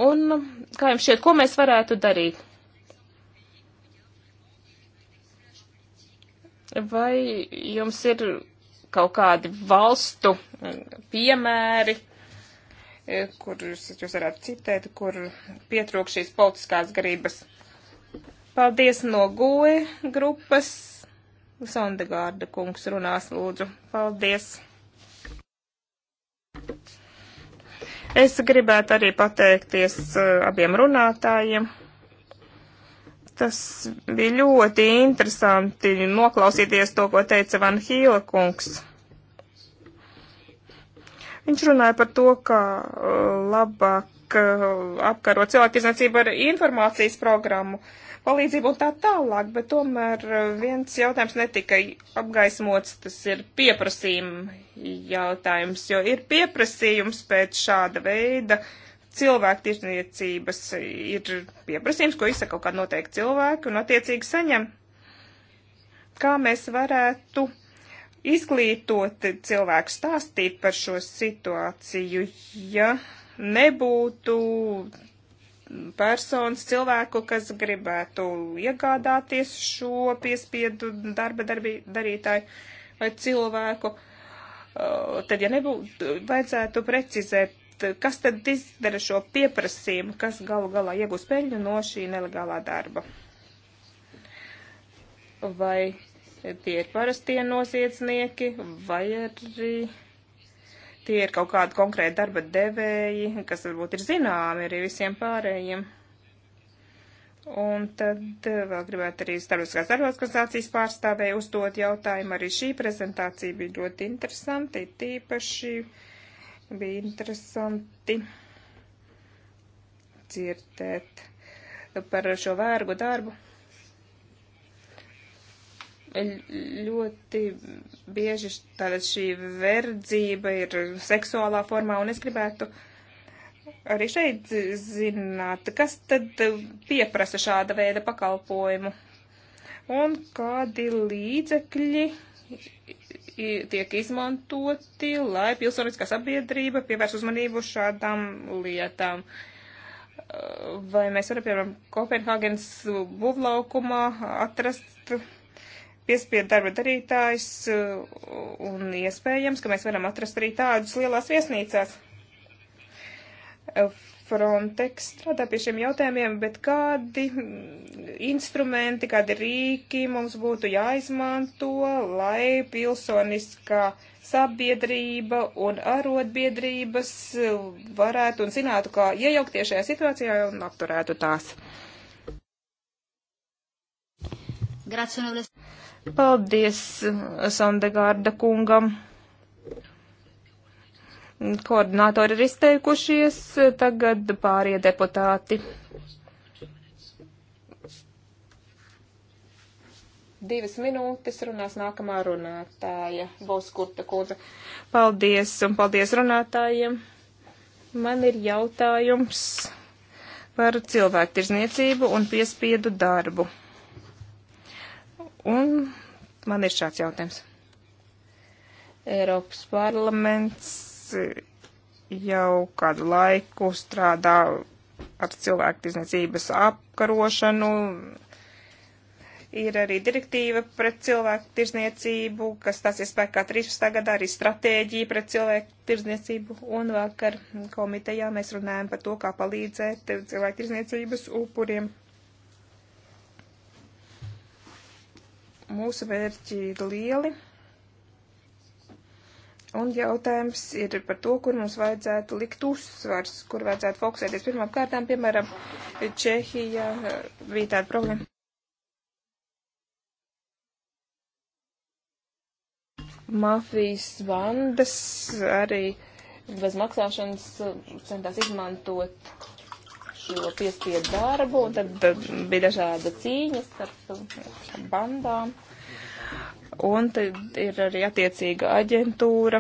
[SPEAKER 3] Un kā jums šķiet, ko mēs varētu darīt? Vai jums ir kaut kādi valstu e, piemēri, e, kurus jūs varētu citēt, kur pietrūk šīs politiskās garības? Paldies no goe grupas. Sondegārda kungs runās lūdzu. Paldies. Es gribētu arī pateikties eh, abiem runātājiem. Tas bija ļoti interesanti noklausīties to, ko teica Van Hīla kungs. Viņš runāja par to, kā eh, labāk eh, apkarot cilvēku izniecību ar informācijas programmu. Uh, palīdzību un tā tālāk, bet tomēr eh, viens jautājums netika apgaismots, tas ir pieprasījuma jautājums, jo ir pieprasījums pēc šāda veida cilvēku tirzniecības, ir pieprasījums, ko izsaka kaut kāda noteikta cilvēka un attiecīgi saņem. Kā mēs varētu izglītot cilvēku stāstīt par šo situāciju, ja nebūtu personas, cilvēku, kas gribētu iegādāties šo piespiedu darba darbī, darītāju vai cilvēku, uh, tad, ja nebūtu, vajadzētu precizēt, kas tad izdara šo pieprasījumu, kas galu galā iegūs peļņu no šī nelegālā darba. Vai tie ir parastie noziedznieki, vai arī. Ar tie ir kaut kādi konkrēti darba devēji, kas varbūt ir zināmi arī visiem pārējiem. Un tad eh, vēl gribētu arī starptautiskās darba organizācijas pārstāvēju uzdot jautājumu. Arī šī prezentācija bija ļoti interesanti, tīpaši bija interesanti dzirdēt par šo vērgu darbu ļoti bieži tāda šī verdzība ir seksuālā formā, un es gribētu arī šeit zināt, kas tad pieprasa šāda veida pakalpojumu, un kādi līdzekļi tiek izmantoti, lai pilsoniskā sabiedrība pievērs uzmanību šādām lietām. Vai mēs varam, piemēram, Kopenhāgenes būvlaukumā atrast piespiedu darba darītājs, uh, un iespējams, ka mēs varam atrast arī tādus lielās viesnīcās. Uh, Frontex strādā pie šiem jautājumiem, bet kādi instrumenti, kādi rīki mums būtu jāizmanto, lai pilsoniskā sabiedrība un arotbiedrības varētu un zinātu, kā iejaukties šajā situācijā un apturētu tās. Uh, Paldies Sandegārda kungam. Koordinātori ir izteikušies, tagad pārie deputāti. Divas minūtes runās nākamā runātāja, Boskurta kundze. Paldies un paldies runātājiem. Man ir jautājums par cilvēktirzniecību un piespiedu darbu. Un man ir šāds jautājums. Eiropas parlaments jau kādu laiku strādā ar cilvēku tirzniecības apkarošanu. Ir arī direktīva pret cilvēku tirzniecību, kas tās ir spēkā 13. gadā, arī stratēģija pret cilvēku tirzniecību. Un vakar komitejā mēs runājam par to, kā palīdzēt cilvēku tirzniecības upuriem Mūsu mērķi ir lieli. Un jautājums ir par to, kur mums vajadzētu likt uzsvars, kur vajadzētu fokusēties. Pirmām kārtām, piemēram, Čehija bija tāda problēma. Mafijas bandas arī bez maksāšanas centās izmantot šo piespiedu darbu, un tad bija dažāda cīņas starp bandām. Un tad ir arī attiecīga aģentūra,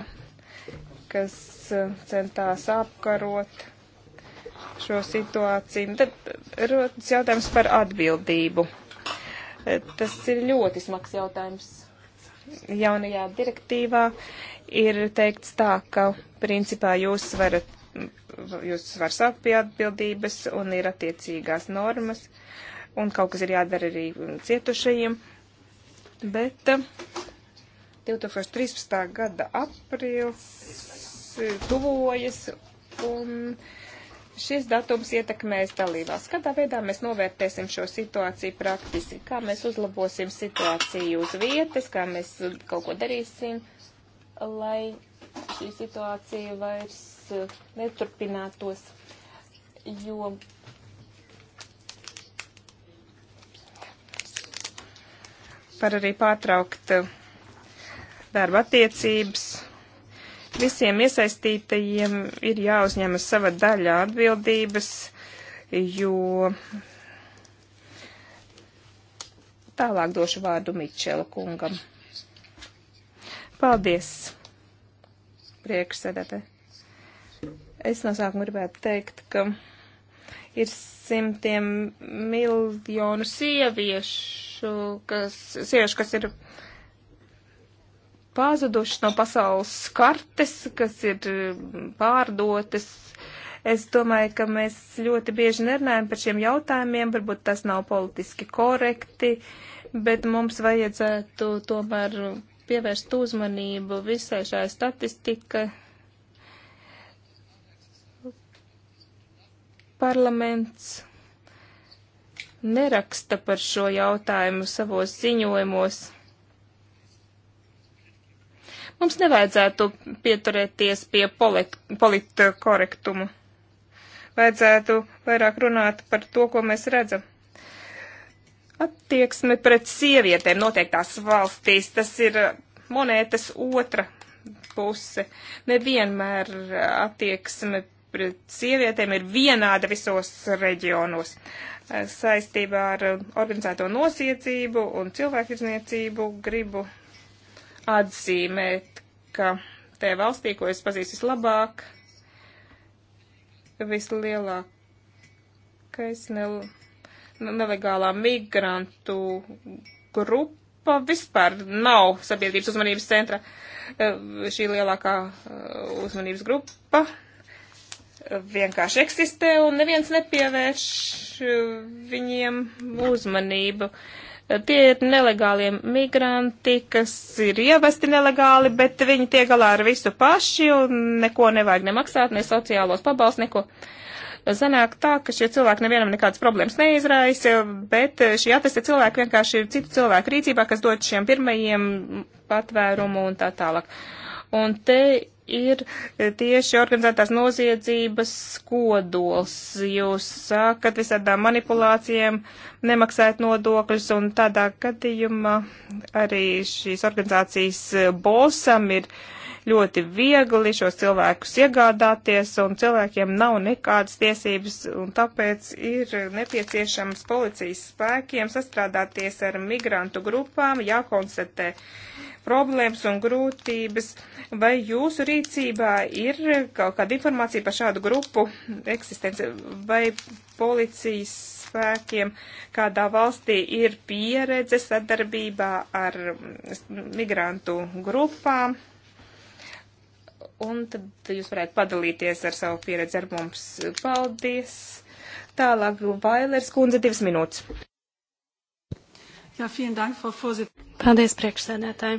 [SPEAKER 3] kas eh, centās apkarot šo situāciju. Tad rodas jautājums par atbildību. Eh, tas ir ļoti smags jautājums. Jaunajā direktīvā ir teikts tā, ka principā jūs varat jūs var saukt pie atbildības un ir attiecīgās normas, un kaut kas ir jādara arī cietušajiem. Bet 2013. Eh, gada aprils eh, tuvojas, un šis datums ietekmēs dalībās. Kādā veidā mēs novērtēsim šo situāciju praktiski, kā mēs uzlabosim situāciju uz vietas, kā mēs kaut ko darīsim, lai šī situācija vairs Uh, neturpinātos, jo var arī pārtraukt uh, darba attiecības. Visiem iesaistītajiem ir jāuzņemas sava daļa atbildības, jo tālāk došu vārdu Mičela kungam. Paldies, priekšsēdētāji. Es no sākuma gribētu teikt, ka ir simtiem miljonu sieviešu, kas, sieviešu, kas ir pazudušas no pasaules kartes, kas ir mm, pārdotas. Es domāju, ka mēs ļoti bieži nerunājam par šiem jautājumiem, varbūt tas nav politiski korekti, bet mums vajadzētu tomēr pievērst uzmanību visai šai statistikai parlaments neraksta par šo jautājumu savos ziņojumos. Mums nevajadzētu pieturēties pie politkorektumu. Polit Vajadzētu vairāk runāt par to, ko mēs redzam. Attieksme pret sievietēm noteiktās valstīs, tas ir monētas otra puse. Nevienmēr attieksme pret sievietēm ir vienāda visos reģionos. Eh, saistībā ar eh, organizēto nosiecību un cilvēktirdzniecību gribu atzīmēt, ka te valstī, ko es pazīstu vislabāk, vislielākais ne, nelegālā migrantu grupa grupa vispār nav sabiedrības uzmanības centra. Eh, šī lielākā uzmanības grupa vienkārši eksistē un neviens nepievērš viņiem uzmanību. Tie ir nelegālie migranti, kas ir ievesti nelegāli, bet viņi tiek galā ar visu paši un neko nevajag nemaksāt, ne sociālos pabalsts, neko. Zanāk tā, ka šie cilvēki nevienam nekādas problēmas neizraisa, bet šie atestie cilvēki vienkārši ir citu cilvēku rīcībā, kas dod šiem pirmajiem patvērumu un tā tālāk. Un te ir tieši organizētās noziedzības kodols. Jūs sākat visādām manipulācijām, nemaksājat nodokļus, un tādā gadījumā arī šīs organizācijas bosam ir ļoti viegli šos cilvēkus iegādāties, un cilvēkiem nav nekādas tiesības, un tāpēc ir nepieciešams policijas spēkiem sastrādāties ar migrantu grupām, jākonstatē problēmas un grūtības, vai jūsu rīcībā ir kaut kāda informācija par šādu grupu eksistenci, vai policijas spēkiem kādā valstī ir pieredze sadarbībā ar migrantu grupām, un tad jūs varētu padalīties ar savu pieredzi ar mums. Paldies! Tālāk
[SPEAKER 2] Vailers kundze divas minūtes.
[SPEAKER 3] Jā, vielen dank, Frau Vorsitz.
[SPEAKER 2] Paldies, priekšsēdētāji.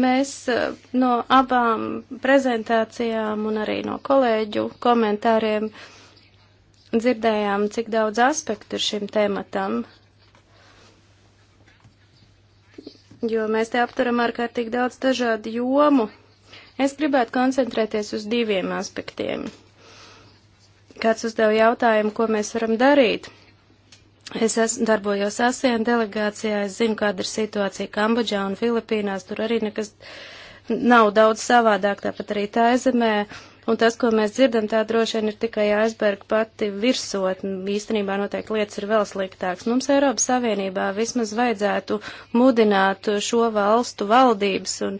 [SPEAKER 2] Mēs eh, no abām prezentācijām un arī no kolēģu komentāriem dzirdējām, cik daudz aspektu ir šim tematam, jo mēs te apturam ārkārtīgi daudz dažādu jomu. Es gribētu koncentrēties uz diviem aspektiem. Kāds uzdev jautājumu, ko mēs varam darīt, Es esmu darbojos ASEAN delegācijā, es zinu, kāda ir situācija Kambodžā un Filipīnās, tur arī nekas nav daudz savādāk, tāpat arī tā zemē. Un tas, ko mēs dzirdam, tā droši vien ir tikai aizberga pati virsotne. Īstenībā noteikti lietas ir vēl sliktāks. Mums Eiropas Savienībā vismaz vajadzētu mudināt šo valstu valdības un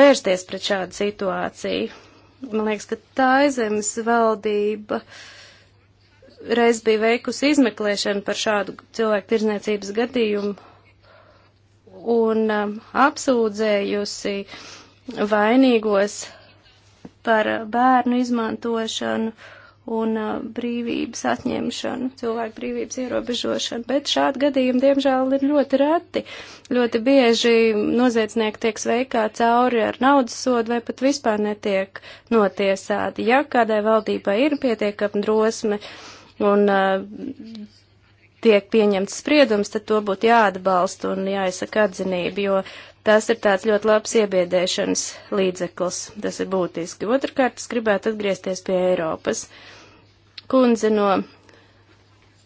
[SPEAKER 2] vērsties pret šādu situāciju. Man liekas, ka tā zemes valdība. Uh, reiz bija veikusi izmeklēšanu par šādu cilvēku tirzniecības gadījumu un um, apsūdzējusi vainīgos par bērnu izmantošanu un uh, brīvības atņemšanu, cilvēku brīvības ierobežošanu, bet šādi gadījumi, diemžēl, ir ļoti reti. Ļoti bieži noziedznieki tiek sveikā cauri ar naudas sodu vai pat vispār netiek notiesāti. Ja kādai valdībai ir pietiekama drosme, uh, un uh, tiek pieņemts spriedums, tad to būtu jāatbalsta un jāizsaka atzinība, jo tas ir tāds ļoti labs iebiedēšanas līdzeklis. Tas ir būtiski. Otrakārt, es gribētu atgriezties pie Eiropas. Kundze no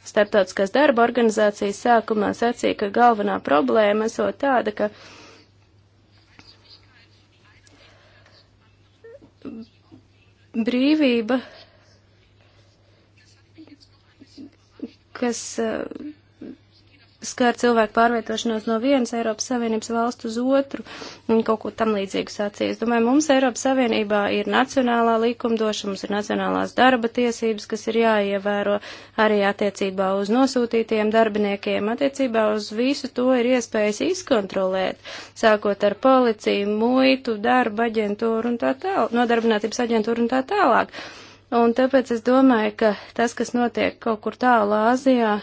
[SPEAKER 2] Startautiskās darba organizācijas sākumā sacīja, ka galvenā problēma esot tāda, ka brīvība kas eh, skar cilvēku pārvietošanos no vienas Eiropas Savienības valsts uz otru un kaut ko tam līdzīgu sacīja. Es domāju, mums Eiropas Savienībā ir nacionālā likumdošana, mums ir nacionālās darba tiesības, kas ir jāievēro arī attiecībā uz nosūtītiem darbiniekiem. Attiecībā uz visu to ir iespējas izkontrolēt, sākot ar policiju, muitu, darba aģentūru un tā tālāk, nodarbinātības aģentūru un tā tālāk. Un tāpēc es domāju, ka tas, kas notiek kaut kur tālu Āzijā,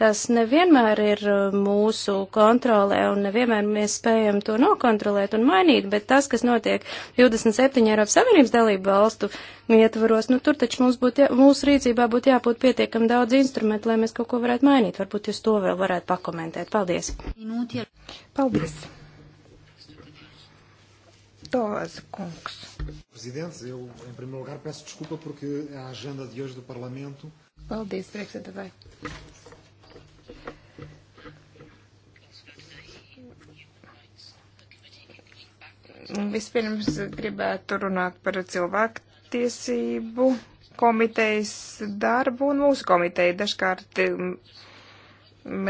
[SPEAKER 2] tas nevienmēr ir uh, mūsu kontrolē un nevienmēr mēs spējam to nokontrolēt un mainīt, bet tas, kas notiek 27 Eiropas Savienības dalību valstu ietvaros, nu tur taču mums būtu, jā, mūsu rīcībā būtu jābūt pietiekam daudz instrumentu, lai mēs kaut ko varētu mainīt. Varbūt jūs to vēl varētu pakomentēt. Paldies. Paldies. Toaza kungs.
[SPEAKER 1] Prezidents, eu, em primeiro lugar, peço desculpa porque a agenda de hoje do Parlamento.
[SPEAKER 3] Paldies, priekšsēdētāji. Vispirms gribētu runāt par cilvēku tiesību komitejas darbu un mūsu komiteju. Dažkārt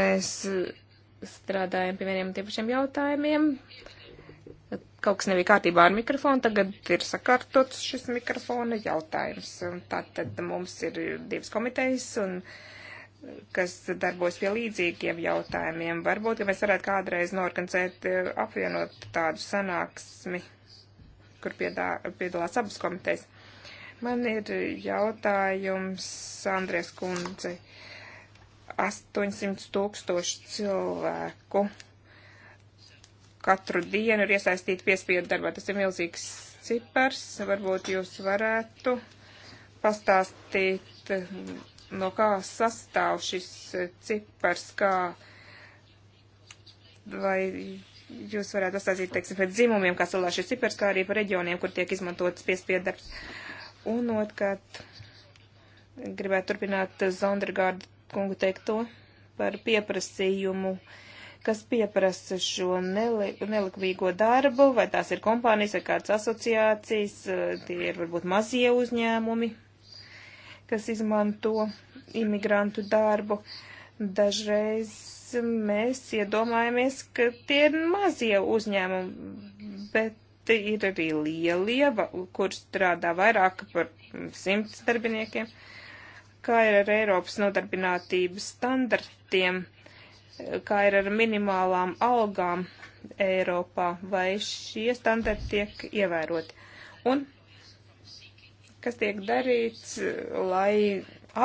[SPEAKER 3] mēs strādājam pie vieniem tiem pašiem jautājumiem. Uh, Kaut kas nebija kārtībā ar mikrofonu, tagad ir sakārtots šis mikrofona jautājums. Tātad mums ir divas komitejas, un, kas darbojas pie līdzīgiem jautājumiem. Varbūt, ka mēs varētu kādreiz norganizēt, eh, apvienot tādu sanāksmi, kur piedā, piedalās abas komitejas. Man ir jautājums Andrēs kundzei. 800 tūkstoši cilvēku katru dienu ir iesaistīti piespiedu darbā. Tas ir milzīgs cipars. Varbūt jūs varētu pastāstīt, mm, no kā sastāv šis cipars, kā vai jūs varētu pastāstīt, teiksim, pēc dzimumiem, kā salā šis cipars, kā arī par reģioniem, kur tiek izmantotas piespiedu darbs. Un otrkārt, gribētu turpināt Zondergārdu kungu teikto par pieprasījumu uh, kas pieprasa šo neli, nelikvīgo darbu, vai tās ir kompānijas vai kādas asociācijas, eh, tie ir varbūt mazie uzņēmumi, kas izmanto imigrantu darbu. Dažreiz mēs iedomājamies, ka tie ir mazie uzņēmumi, bet ir arī lielie, kur strādā vairāk par simts darbiniekiem, kā ir ar Eiropas nodarbinātības standartiem kā ir ar minimālām algām Eiropā, vai šie standarti tiek ievēroti. Un kas tiek darīts, lai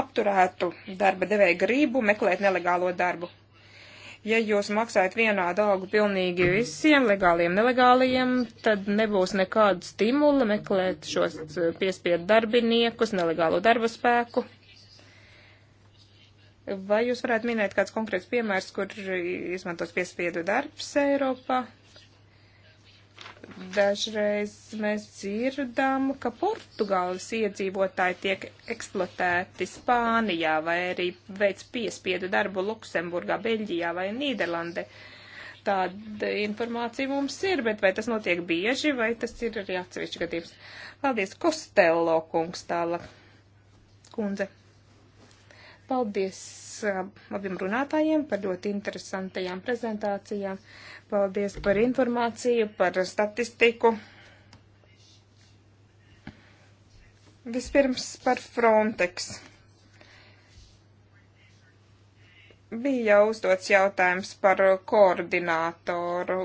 [SPEAKER 3] apturētu darba devēja gribu meklēt nelegālo darbu. Ja jūs maksājat vienādu algu pilnīgi visiem, legāliem, nelegāliem, tad nebūs nekādu stimulu meklēt šos eh, piespiedu darbiniekus, nelegālo darba spēku. Vai jūs varētu minēt kāds konkrēts piemērs, kur izmantos piespiedu darbs Eiropā? Dažreiz mēs dzirdam, ka Portugāles iedzīvotāji tiek eksploatēti Spānijā vai arī veic piespiedu darbu Luksemburgā, Beļģijā vai Nīderlandē. Tāda informācija mums ir, bet vai tas notiek bieži, vai tas ir arī atsevišķi gadījums? Paldies, Kostello kungs tālāk. Kundze. Paldies uh, abiem runātājiem par ļoti interesantajām prezentācijām. Paldies par informāciju, par statistiku. Vispirms par Frontex. Bija jau uzdots jautājums par koordinātoru.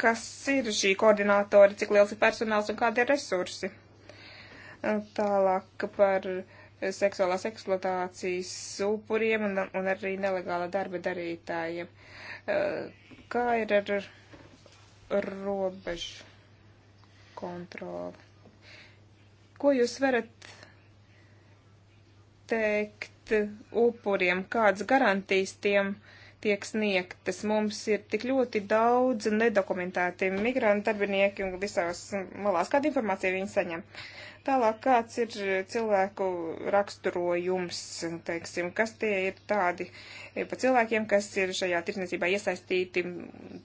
[SPEAKER 3] Kas ir šī koordinātori, cik liels ir personāls un kādi ir resursi? Tālāk par uh, seksuālās eksploatācijas upuriem un, un arī nelegāla darba darītājiem. Eh, kā ir ar robežu kontroli? Ko jūs varat teikt upuriem, kādas garantijas tiem tiek sniegtas? Mums ir tik ļoti daudz nedokumentēti migrantu darbinieki un visās malās, kāda informācija viņi saņem. Uh, Tālāk, kāds ir eh, cilvēku raksturojums, teiksim, kas tie ir tādi eh, pa cilvēkiem, kas ir šajā tirdzniecībā iesaistīti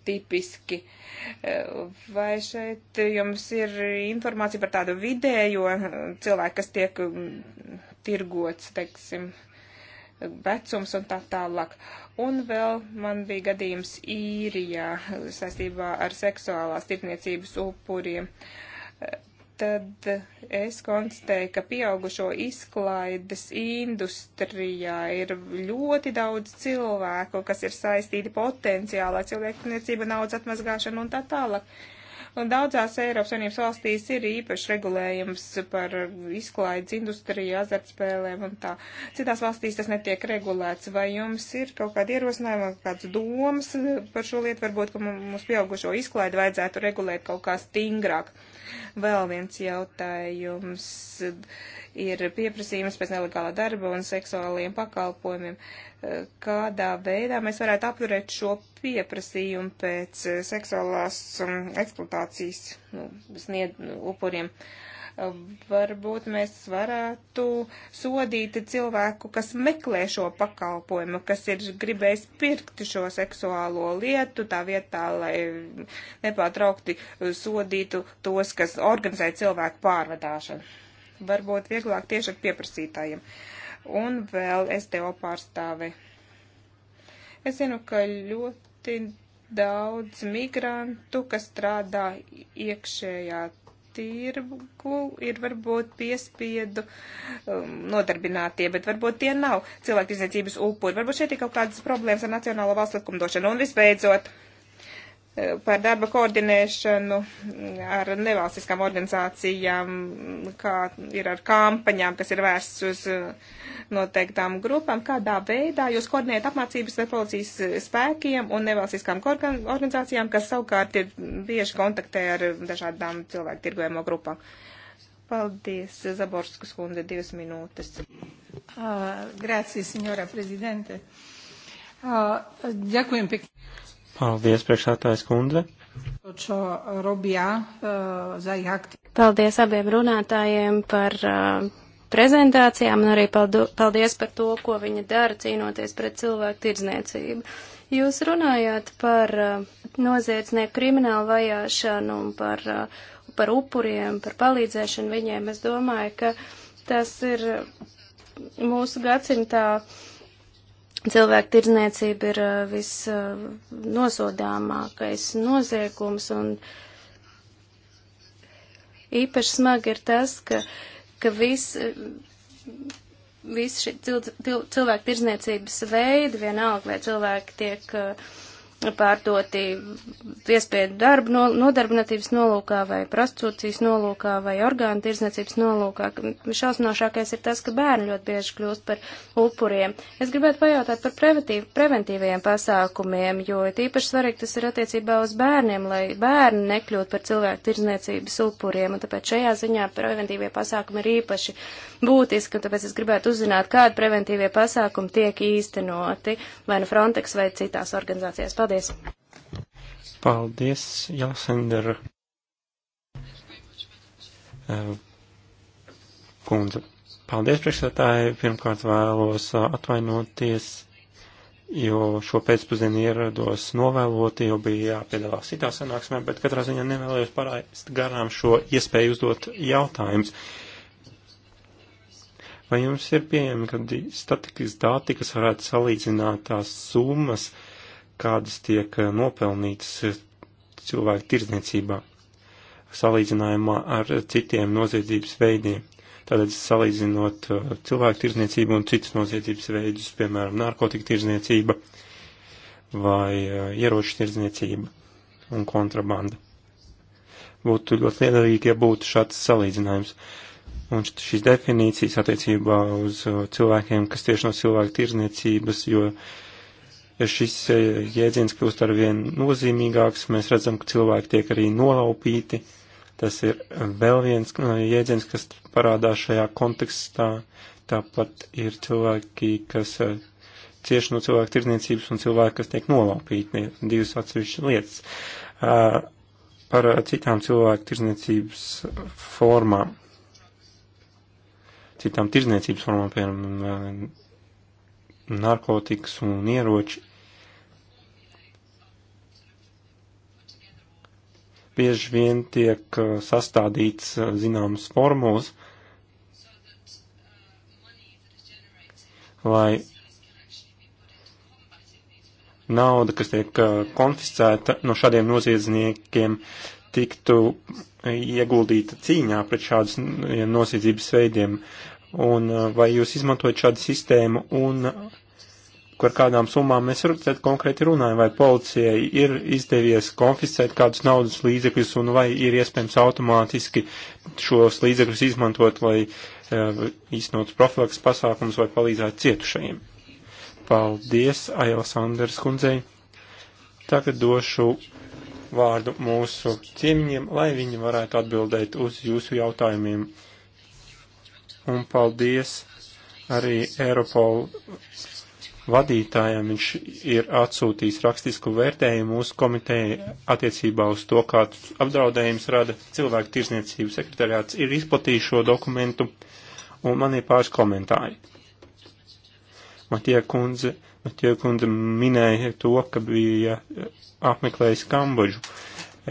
[SPEAKER 3] tipiski? Eh, vai šeit jums ir informācija par tādu vidējo cilvēku, kas tiek tirgots, teiksim, vecums un tā tālāk? Un vēl man bija gadījums īrijā saistībā ar seksuālās tirdzniecības upuriem tad es konstatēju, ka pieaugušo izklaides industrijā ir ļoti daudz cilvēku, kas ir saistīti potenciālā cilvēktiesība, naudas atmazgāšana un tā tālāk. Un daudzās Eiropas Savienības valstīs ir īpaši regulējums par izklaides industriju, azartspēlēm un tā. Citās valstīs tas netiek regulēts. Vai jums ir kaut kāda ierosinājuma, kāds domas par šo lietu? Varbūt, ka mums pieaugušo izklaidi vajadzētu regulēt kaut kā stingrāk. Uh, Vēl viens jautājums ir pieprasījums pēc nelegāla darba un seksuāliem pakalpojumiem. Kādā veidā mēs varētu apturēt šo pieprasījumu pēc seksuālās um, eksploatācijas nu, snied nu, upuriem? Uh, Varbūt mēs varētu sodīt cilvēku, kas meklē šo pakalpojumu, kas ir gribējis pirkt šo seksuālo lietu, tā vietā, lai nepārtraukti sodītu tos, kas organizē cilvēku pārvadāšanu. Varbūt vieglāk tieši ar pieprasītājiem. Un vēl STO pārstāvi. Es zinu, ka ļoti daudz migrantu, kas strādā iekšējā tirgu ir varbūt piespiedu um, nodarbinātie, bet varbūt tie nav cilvēku izniecības upuri. Varbūt šeit ir kaut kādas problēmas ar nacionālo valsts likumdošanu. Un visbeidzot par darba koordinēšanu ar nevalstiskām organizācijām, kā ir ar kampaņām, kas ir vērsts uz uh, noteiktām grupām, kādā veidā jūs koordinējat apmācības ar policijas spēkiem un nevalstiskām organizācijām, kas savukārt ir bieži kontaktē ar dažādām cilvēku tirgojamo grupām. Paldies, Zaborskas kundze, divas minūtes. Uh, ah, Grācija, signora prezidente. Uh, ah, ďakujem pekne.
[SPEAKER 1] Paldies, priekšētājs kundze.
[SPEAKER 3] E,
[SPEAKER 2] paldies abiem runātājiem par uh, prezentācijām un arī paldies par to, ko viņa dara cīnoties pret cilvēku tirdzniecību. Jūs runājāt par uh, e, noziedznieku kriminālu vajāšanu un par, uh, par upuriem, par palīdzēšanu viņiem. Es domāju, ka tas ir mūsu gadsimtā. Uh, cilvēku tirdzniecība ir eh, visnosodāmākais noziegums, un īpaši smagi ir tas, ka, ka viss vis šī cilvēku tirdzniecības veidi, vienalga vai cilvēki tiek uh, pārdoti piespiedu darbu no, nodarbinātības nolūkā vai prostitūcijas nolūkā vai orgānu tirzniecības nolūkā. Šausminošākais ir tas, ka bērni ļoti bieži kļūst par upuriem. Es gribētu pajautāt par preventīvajiem pasākumiem, jo tīpaši svarīgi tas ir attiecībā uz bērniem, lai bērni nekļūtu par cilvēku tirzniecības upuriem, un tāpēc šajā ziņā preventīvie pasākumi ir īpaši būtiski, un tāpēc es gribētu uzzināt, kādi preventīvie pasākumi tiek īstenoti vai nu no Frontex vai citās organizācijās. Paldies! Paldies!
[SPEAKER 1] Paldies, Jāsender! Kundze, paldies priekšsētāji. Pirmkārt vēlos atvainoties, jo šo pēcpusdienu ierados novēloti, jo bija jāpiedalās citā sanāksmē, bet katrā ziņā nevēlējos paraist garām šo iespēju uzdot jautājumus. Vai jums ir pieejami, kad statikas dati, kas varētu salīdzināt tās summas, uh, kādas tiek eh, nopelnītas eh, cilvēku tirdzniecībā, salīdzinājumā ar eh, citiem noziedzības veidiem. Tātad salīdzinot cilvēku tirdzniecību un citus noziedzības veidus, piemēram, narkotika tirdzniecība vai ieroču tirdzniecība un kontrabanda. Būtu ļoti liederīgi, ja būtu šāds salīdzinājums. Un šīs definīcijas attiecībā uz cilvēkiem, kas tieši no cilvēku tirdzniecības, jo uh, šis eh, jēdziens kļūst ar vien nozīmīgāks, mēs redzam, ka cilvēki tiek arī nolaupīti. Tas ir vēl viens eh, jēdziens, kas parādās šajā kontekstā. Tāpat ir cilvēki, kas eh, cieši no cilvēku tirdzniecības un cilvēki, kas tiek nolaupīti. Divas atsevišķas lietas. Par citām cilvēku tirdzniecības formām. Citām tirdzniecības formām, piemēram, narkotikas un ieroči bieži vien tiek uh, sastādīts uh, zināmas formulas, lai nauda, kas tiek uh, konfiscēta no šādiem noziedzniekiem, tiktu ieguldīta cīņā pret šādas noziedzības veidiem un eh, vai jūs izmantojat šādu sistēmu un par kādām summām mēs redzēt konkrēti runājam, vai policijai ir izdevies konfiscēt kādus naudas līdzekļus un vai ir iespējams automātiski šos līdzekļus izmantot, lai e, īstenotu profilaks pasākums vai palīdzētu cietušajiem. Paldies, Aila Sanders kundzei. Tagad došu vārdu mūsu ciemiņiem, lai viņi varētu atbildēt uz jūsu jautājumiem un paldies arī Eiropolu vadītājiem. Viņš ir atsūtījis rakstisku vērtējumu mūsu komiteja attiecībā uz to, kāds apdraudējums rada cilvēku tirzniecību. Sekretariāts ir izplatījis šo dokumentu, un man ir pāris komentāri. Matie kundze, Matie kundze minēja to, ka bija apmeklējis Kambodžu.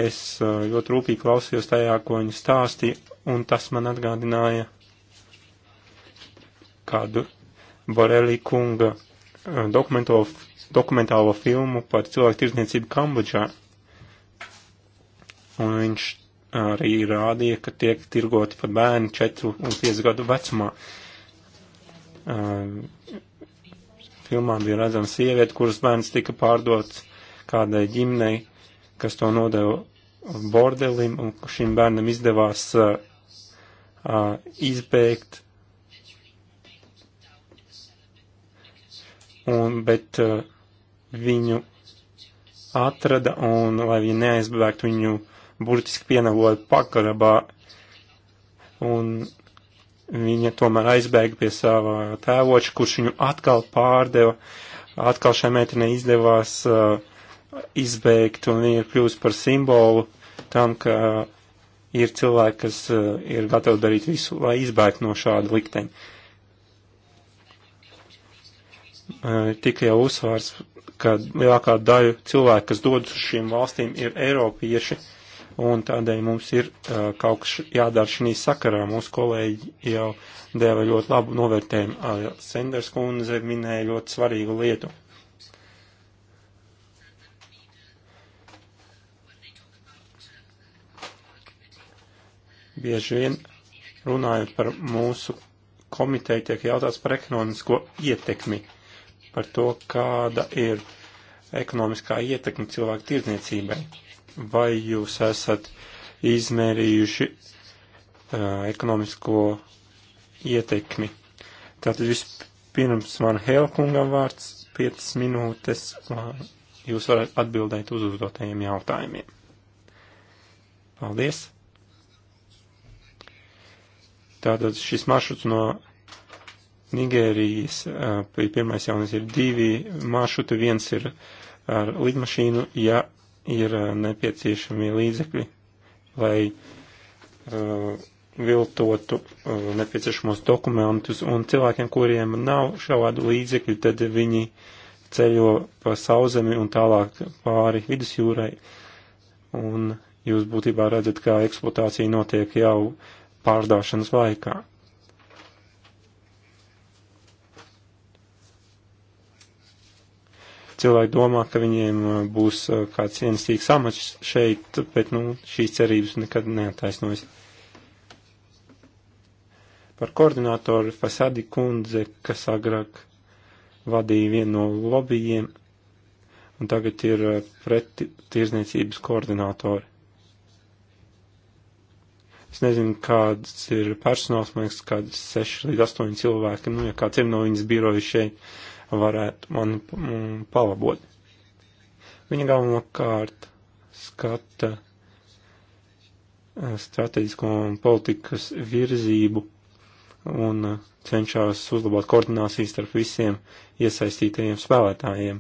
[SPEAKER 1] Es uh, ļoti rūpīgi klausījos tajā, ko viņa stāstīja, un tas man atgādināja kādu Borelī kunga eh, dokumentālo filmu par cilvēku tirdzniecību Kambodžā. Un viņš eh, arī rādīja, ka tiek tirgoti pat bērni 4 un 5 gadu vecumā. Um, filmā bija redzama sieviete, kuras bērns tika pārdots kādai ģimnei, kas to nodeva bordelim, un šim bērnam izdevās uh, uh, izbēgt un, bet uh, viņu atrada un, lai viņi neaizbēgtu, viņu burtiski pienavoja pakarabā. Un viņa tomēr aizbēga pie savā tēvoča, kurš viņu atkal pārdeva. Atkal šai meitenei izdevās uh, izbēgt, un viņa ir kļūst par simbolu tam, ka uh, ir cilvēki, kas uh, ir gatavi darīt visu, lai izbēgtu no šāda likteņa tika jau uzsvārts, ka lielākā daļa cilvēku, kas dodas uz šīm valstīm, ir eiropieši, un tādēļ mums ir uh, kaut kas jādara šī sakarā. Mūsu kolēģi jau deva ļoti labu novērtējumu. Uh, Senders kundze minēja ļoti svarīgu lietu. Bieži vien runājot par mūsu komiteju, tiek jautāts par ekonomisko ietekmi par to, kāda ir ekonomiskā ietekme cilvēku tirdzniecībai. Vai jūs esat izmērījuši uh, ekonomisko ietekmi? Tātad vispirms man Helkungam vārds 5 minūtes, jūs varat atbildēt uz uzdotajiem jautājumiem. Paldies! Tātad šis maršruts no Nigērijas pirmais jaunais ir divi maršruti, viens ir ar lidmašīnu, ja ir nepieciešami līdzekļi, lai uh, viltotu uh, nepieciešamos dokumentus, un cilvēkiem, kuriem nav šādu līdzekļu, tad viņi ceļo pa sauzemi un tālāk pāri vidusjūrai, un jūs būtībā redzat, kā eksploatācija notiek jau pārdāšanas laikā. cilvēki domā, ka viņiem uh, būs uh, kāds ienesīgs amats šeit, bet nu, šīs cerības nekad neataisnojas. Par koordinātoru Fasadi kundze, kas agrāk vadīja vienu no lobbyiem, un tagad ir uh, pret tirzniecības koordinātori. Es nezinu, kāds ir personāls, man liekas, kāds 6 līdz 8 cilvēki, nu, ja kāds ir no viņas biroja šeit, varētu mani mm, palabot. Viņa galvenokārt skata eh, strateģisko un politikas virzību un eh, cenšas uzlabot koordināciju starp visiem iesaistītajiem spēlētājiem,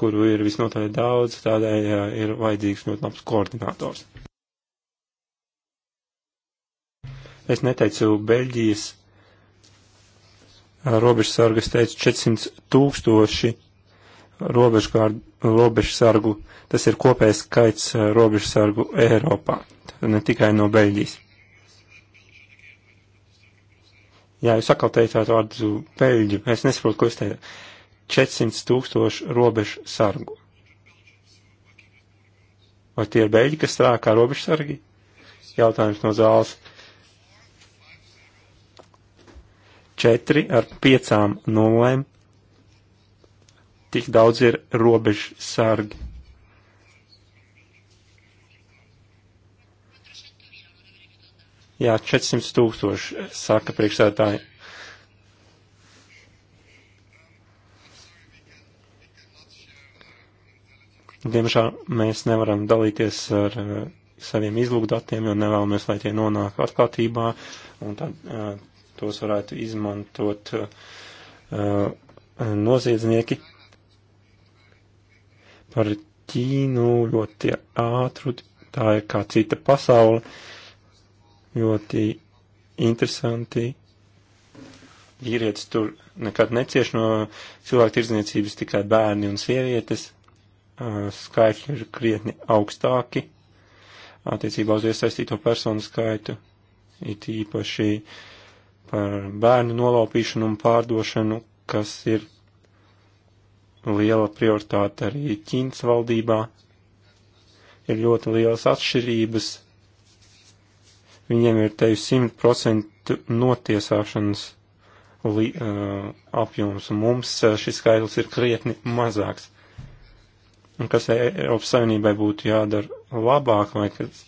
[SPEAKER 1] kuru ir visnotaļ daudz, tādēļ eh, ir vajadzīgs ļoti labs koordinators. Es neteicu Beļģijas robežsargas teica 400 tūkstoši robežsargu, tas ir kopējs skaits eh, robežsargu Eiropā, ne tikai no Beļģijas. Jā, jūs atkal teicāt vārdu Beļģu, es nesaprotu, ko jūs teicāt. 400 tūkstoši robežsargu. Vai tie ir Beļģi, kas strādā kā robežsargi? Jautājums no zāles. 4 ar 5 nulēm. Tik daudz ir robežu sargi. Jā, 400 tūkstoši, saka priekšsētāji. Diemžēl mēs nevaram dalīties ar uh, saviem izlūkdatiem, jo nevēlamies, lai tie nonāk atklātībā, un tad uh, tos varētu izmantot uh, uh, noziedznieki par Ķīnu ļoti ātru, tā ir kā cita pasaule, ļoti interesanti. Vīrietis tur nekad necieš no cilvēku tirdzniecības tikai bērni un sievietes. Uh, skaitļi ir krietni augstāki attiecībā uz iesaistīto personu skaitu, it īpaši uh, par bērnu nolaupīšanu un pārdošanu, kas ir liela prioritāte arī Ķīnas valdībā. Ir ļoti lielas atšķirības. Viņiem ir teju 100% notiesāšanas li, uh, apjoms, un mums uh, šis skaitlis ir krietni mazāks. Un kas e, Eiropas Savienībai būtu jādara labāk, vai kas,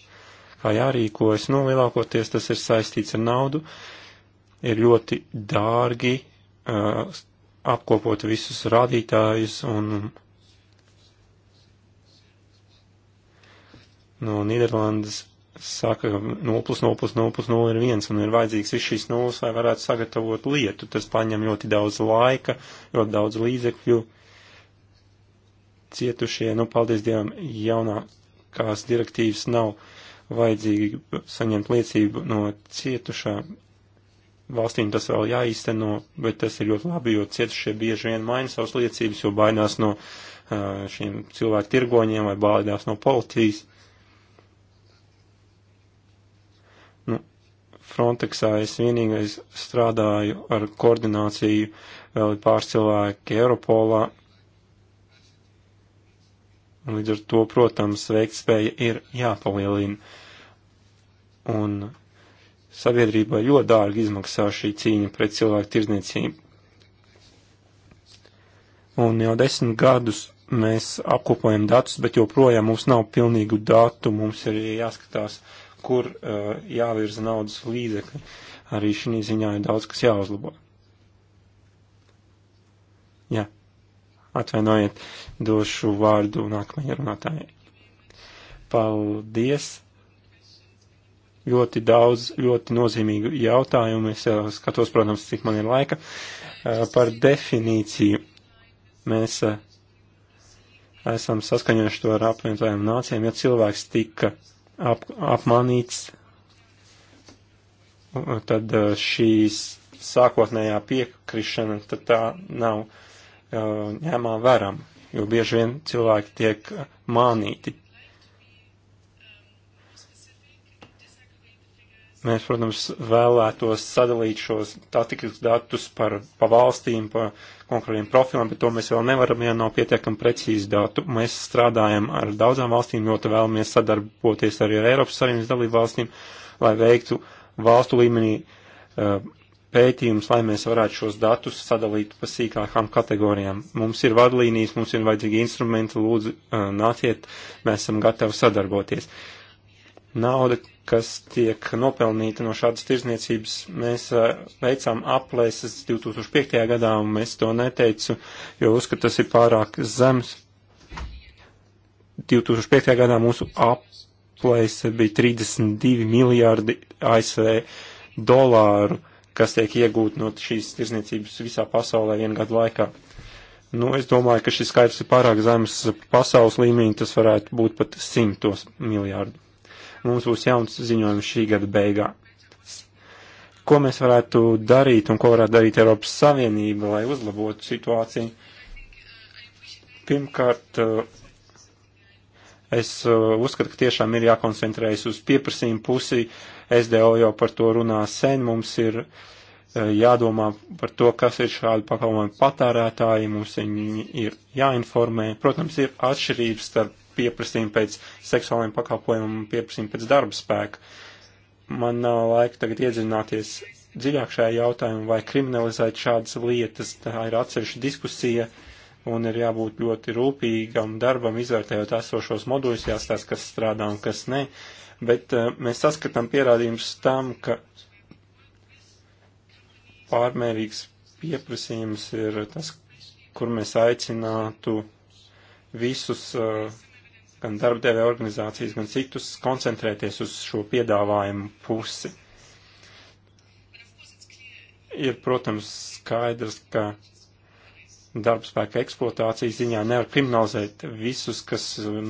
[SPEAKER 1] kā jārīkojas, nu, lielākoties tas ir saistīts ar naudu, uh, ir ļoti dārgi uh, apkopot visus rādītājus un no nu, Nīderlandes saka, ka nu, 0 plus 0 nu, plus 0 plus 0 ir 1 un ir vajadzīgs viss šīs nulles, lai varētu sagatavot lietu. Tas paņem ļoti daudz laika, ļoti daudz līdzekļu cietušie, nu, paldies Dievam, jaunākās direktīvas nav vajadzīgi saņemt liecību no cietušā, valstīm tas vēl jāīsteno, bet tas ir ļoti labi, jo cietušie bieži vien maina savas liecības, jo baidās no šiem cilvēku tirgoņiem vai baidās no policijas. Nu, Frontexā es vienīgais strādāju ar koordināciju, vēl ir pāris cilvēki Eiropolā. Līdz ar to, protams, veiktspēja ir jāpalielina. Un sabiedrībā ļoti dārgi izmaksā šī cīņa pret cilvēku tirzniecību. Un jau desmit gadus mēs apkopojam datus, bet joprojām mums nav pilnīgu datu, mums ir jāskatās, kur uh, jāvirza naudas līdzekļi. Arī šī ziņā ir daudz kas jāuzlabo. Jā, atvainojiet, došu vārdu nākamajai runātājai. Paldies! ļoti daudz, ļoti nozīmīgu jautājumu. Es eh, skatos, protams, cik man ir laika. Eh, par definīciju mēs eh, esam saskaņojuši to ar apvienotajām nācijām, ja cilvēks tika ap, apmanīts, tad šīs sākotnējā piekrišana, tad tā nav ņēmā veram, jo bieži vien cilvēki tiek mānīti Mēs, protams, vēlētos sadalīt šos statistikas datus par, pa valstīm, pa konkrētiem profiliem, bet to mēs vēl nevaram, ja nav pietiekami precīzi datu. Mēs strādājam ar daudzām valstīm, ļoti vēlamies sadarboties arī ar Eiropas Savienības dalību valstīm, lai veiktu valstu līmenī uh, pētījumus, lai mēs varētu šos datus sadalīt pa sīkākām kategorijām. Mums ir vadlīnijas, mums ir vajadzīgi instrumenti, lūdzu, uh, nāciet, mēs esam gatavi sadarboties. Nauda, kas tiek nopelnīta no šādas tirzniecības, mēs uh, veicām aplēses 2005. gadā, un mēs to neteicu, jo uzskatu, tas ir pārāk zems. 2005. gadā mūsu aplēse bija 32 miljārdi ASV dolāru, kas tiek iegūt no šīs tirzniecības visā pasaulē vienu gadu laikā. Nu, es domāju, ka šis skaidrs ir pārāk zems pasaules līmenī, tas varētu būt pat simtos miljārdu. Mums būs jauns ziņojums šī gada beigā. Ko mēs varētu darīt un ko varētu darīt Eiropas Savienība, lai uzlabotu situāciju? Pirmkārt, es uh, uzskatu, ka tiešām ir jākoncentrējas uz pieprasījumu pusi. SDO jau par to runā sen. Mums ir uh, jādomā par to, kas ir šādi pakalpojumi patērētāji, mums viņi ir jāinformē. Protams, ir atšķirības starp pieprasījumu pēc seksuāliem pakalpojumiem un pieprasījumu pēc darba spēka. Man nav laika tagad iedziļināties dziļāk šajā jautājumā, vai kriminalizēt šādas lietas. Tā ir atsevišķa diskusija un ir jābūt ļoti rūpīgam darbam, izvērtējot esošos moduļus, jāstāsta, kas strādā un kas ne. Bet uh, mēs saskatām pierādījumus tam, ka pārmērīgs pieprasījums ir tas, kur mēs aicinātu visus uh, gan darba devēja organizācijas, gan citus koncentrēties uz šo piedāvājumu pusi. Ir, protams, skaidrs, ka darbspēka eksploatācijas ziņā nevar kriminalizēt visus, kas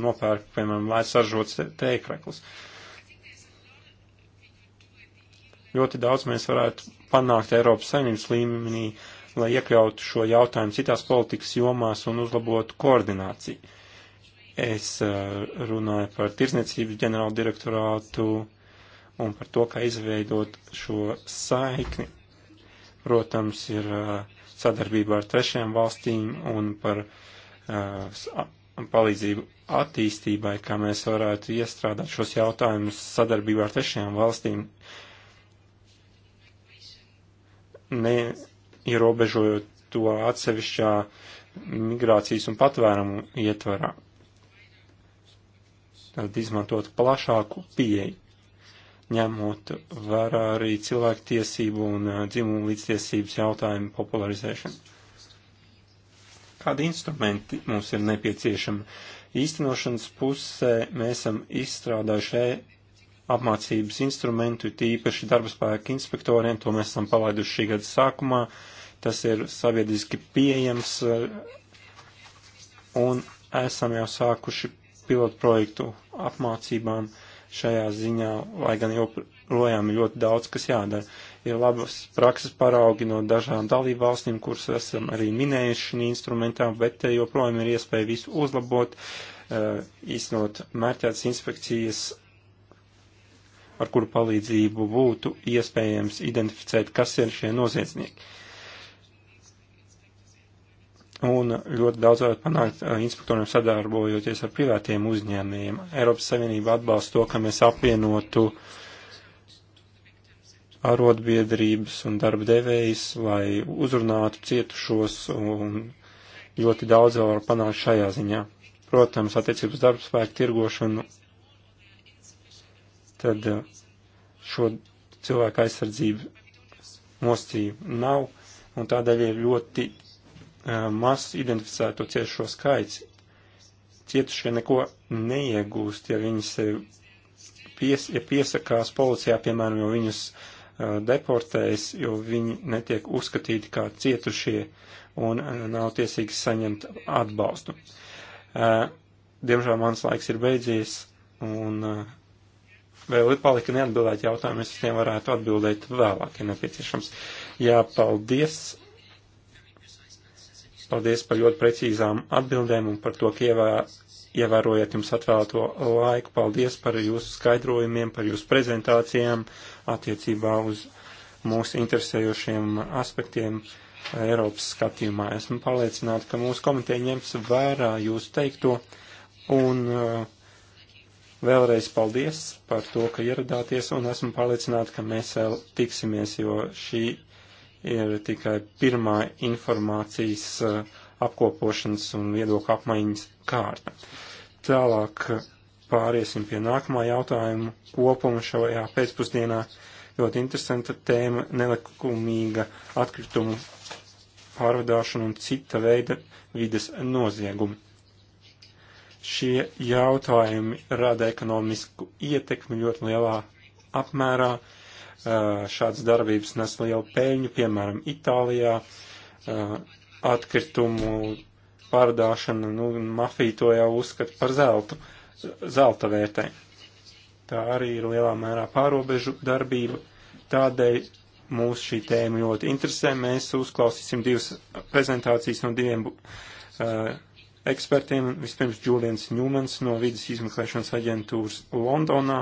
[SPEAKER 1] nopērk, piemēram, lai saržots tēkreklus. Ļoti daudz mēs varētu panākt Eiropas saimnības līmenī, lai iekļautu šo jautājumu citās politikas jomās un uzlabotu koordināciju Es eh, runāju par tirsniecības ģenerālu direktorātu un par to, kā izveidot šo saikni. Protams, ir eh, sadarbība ar trešajām valstīm un par uh, palīdzību attīstībai, kā mēs varētu iestrādāt šos jautājumus sadarbībā ar trešajām valstīm, neierobežojot to atsevišķā migrācijas un patvērumu ietvarā tad izmantot plašāku pieeju, ņemot vērā arī cilvēku tiesību un uh, dzimumu līdztiesības jautājumu popularizēšanu. Kādi instrumenti mums ir nepieciešami? Īstenošanas pusē mēs esam izstrādājuši apmācības instrumentu, tīpaši darbaspēka inspektoriem, to mēs esam palaiduši šī gada sākumā. Tas ir sabiedriski pieejams uh, un esam jau sākuši pilotu projektu apmācībām šajā ziņā, lai gan joprojām ir ļoti daudz, kas jādara. Ir labas prakses paraugi no dažām dalību valstīm, kuras esam arī minējuši šī instrumentā, bet eh, joprojām ir iespēja visu uzlabot, eh, īstenot mērķētas inspekcijas, ar kuru palīdzību būtu iespējams identificēt, kas ir šie noziedznieki un ļoti daudz varētu panākt eh, inspektoriem sadarbojoties ar privātiem uzņēmējiem. Eiropas Savienība atbalsta to, ka mēs apvienotu arotbiedrības un darba devējs, lai uzrunātu cietušos un ļoti daudz var panākt šajā ziņā. Protams, attiecības darba spēku tirgošanu, tad eh, šo cilvēku aizsardzību nosacīju nav, un tādēļ ir ļoti Eh, maz identificēto ciešo skaits. Cietušie neko neiegūst, ja viņi sevi pies, ja piesakās policijā, piemēram, jo viņus uh, eh, deportējas, jo viņi netiek uzskatīti kā cietušie un uh, nav tiesīgi saņemt atbalstu. Uh, diemžēl mans laiks ir beidzies un vēl ir palika neatbildēt jautājumi, es uz tiem varētu atbildēt vēlāk, ja nepieciešams. Jā, paldies! Paldies par ļoti precīzām atbildēm un par to, ka ievā, ievērojat jums atvēlēto laiku. Paldies par jūsu skaidrojumiem, par jūsu prezentācijām attiecībā uz mūsu interesējošiem aspektiem Eiropas skatījumā. Esmu pārliecināta, ka mūsu komiteja ņems vērā jūsu teikto un uh, vēlreiz paldies par to, ka ieradāties un esmu pārliecināta, ka mēs vēl tiksimies, jo šī ir tikai pirmā informācijas eh, apkopošanas un viedokļu apmaiņas kārta. Tālāk eh, pāriesim pie nākamā jautājuma kopuma šajā pēcpusdienā. Ļoti interesanta tēma - nelikumīga atkritumu pārvadāšana un cita veida vides noziegumi. Šie jautājumi rada ekonomisku ietekmi ļoti lielā apmērā, uh, šādas darbības nes lielu peļņu, piemēram, Itālijā atkritumu pārdāšana, nu, mafija to jau uzskata par zeltu, zelta vērtē. Tā arī ir lielā mērā pārobežu darbība, tādēļ mūs šī tēma ļoti interesē. Mēs uzklausīsim divas prezentācijas no diviem uh, ekspertiem. Vispirms Julians Ņūmens no vidas izmeklēšanas aģentūras Londonā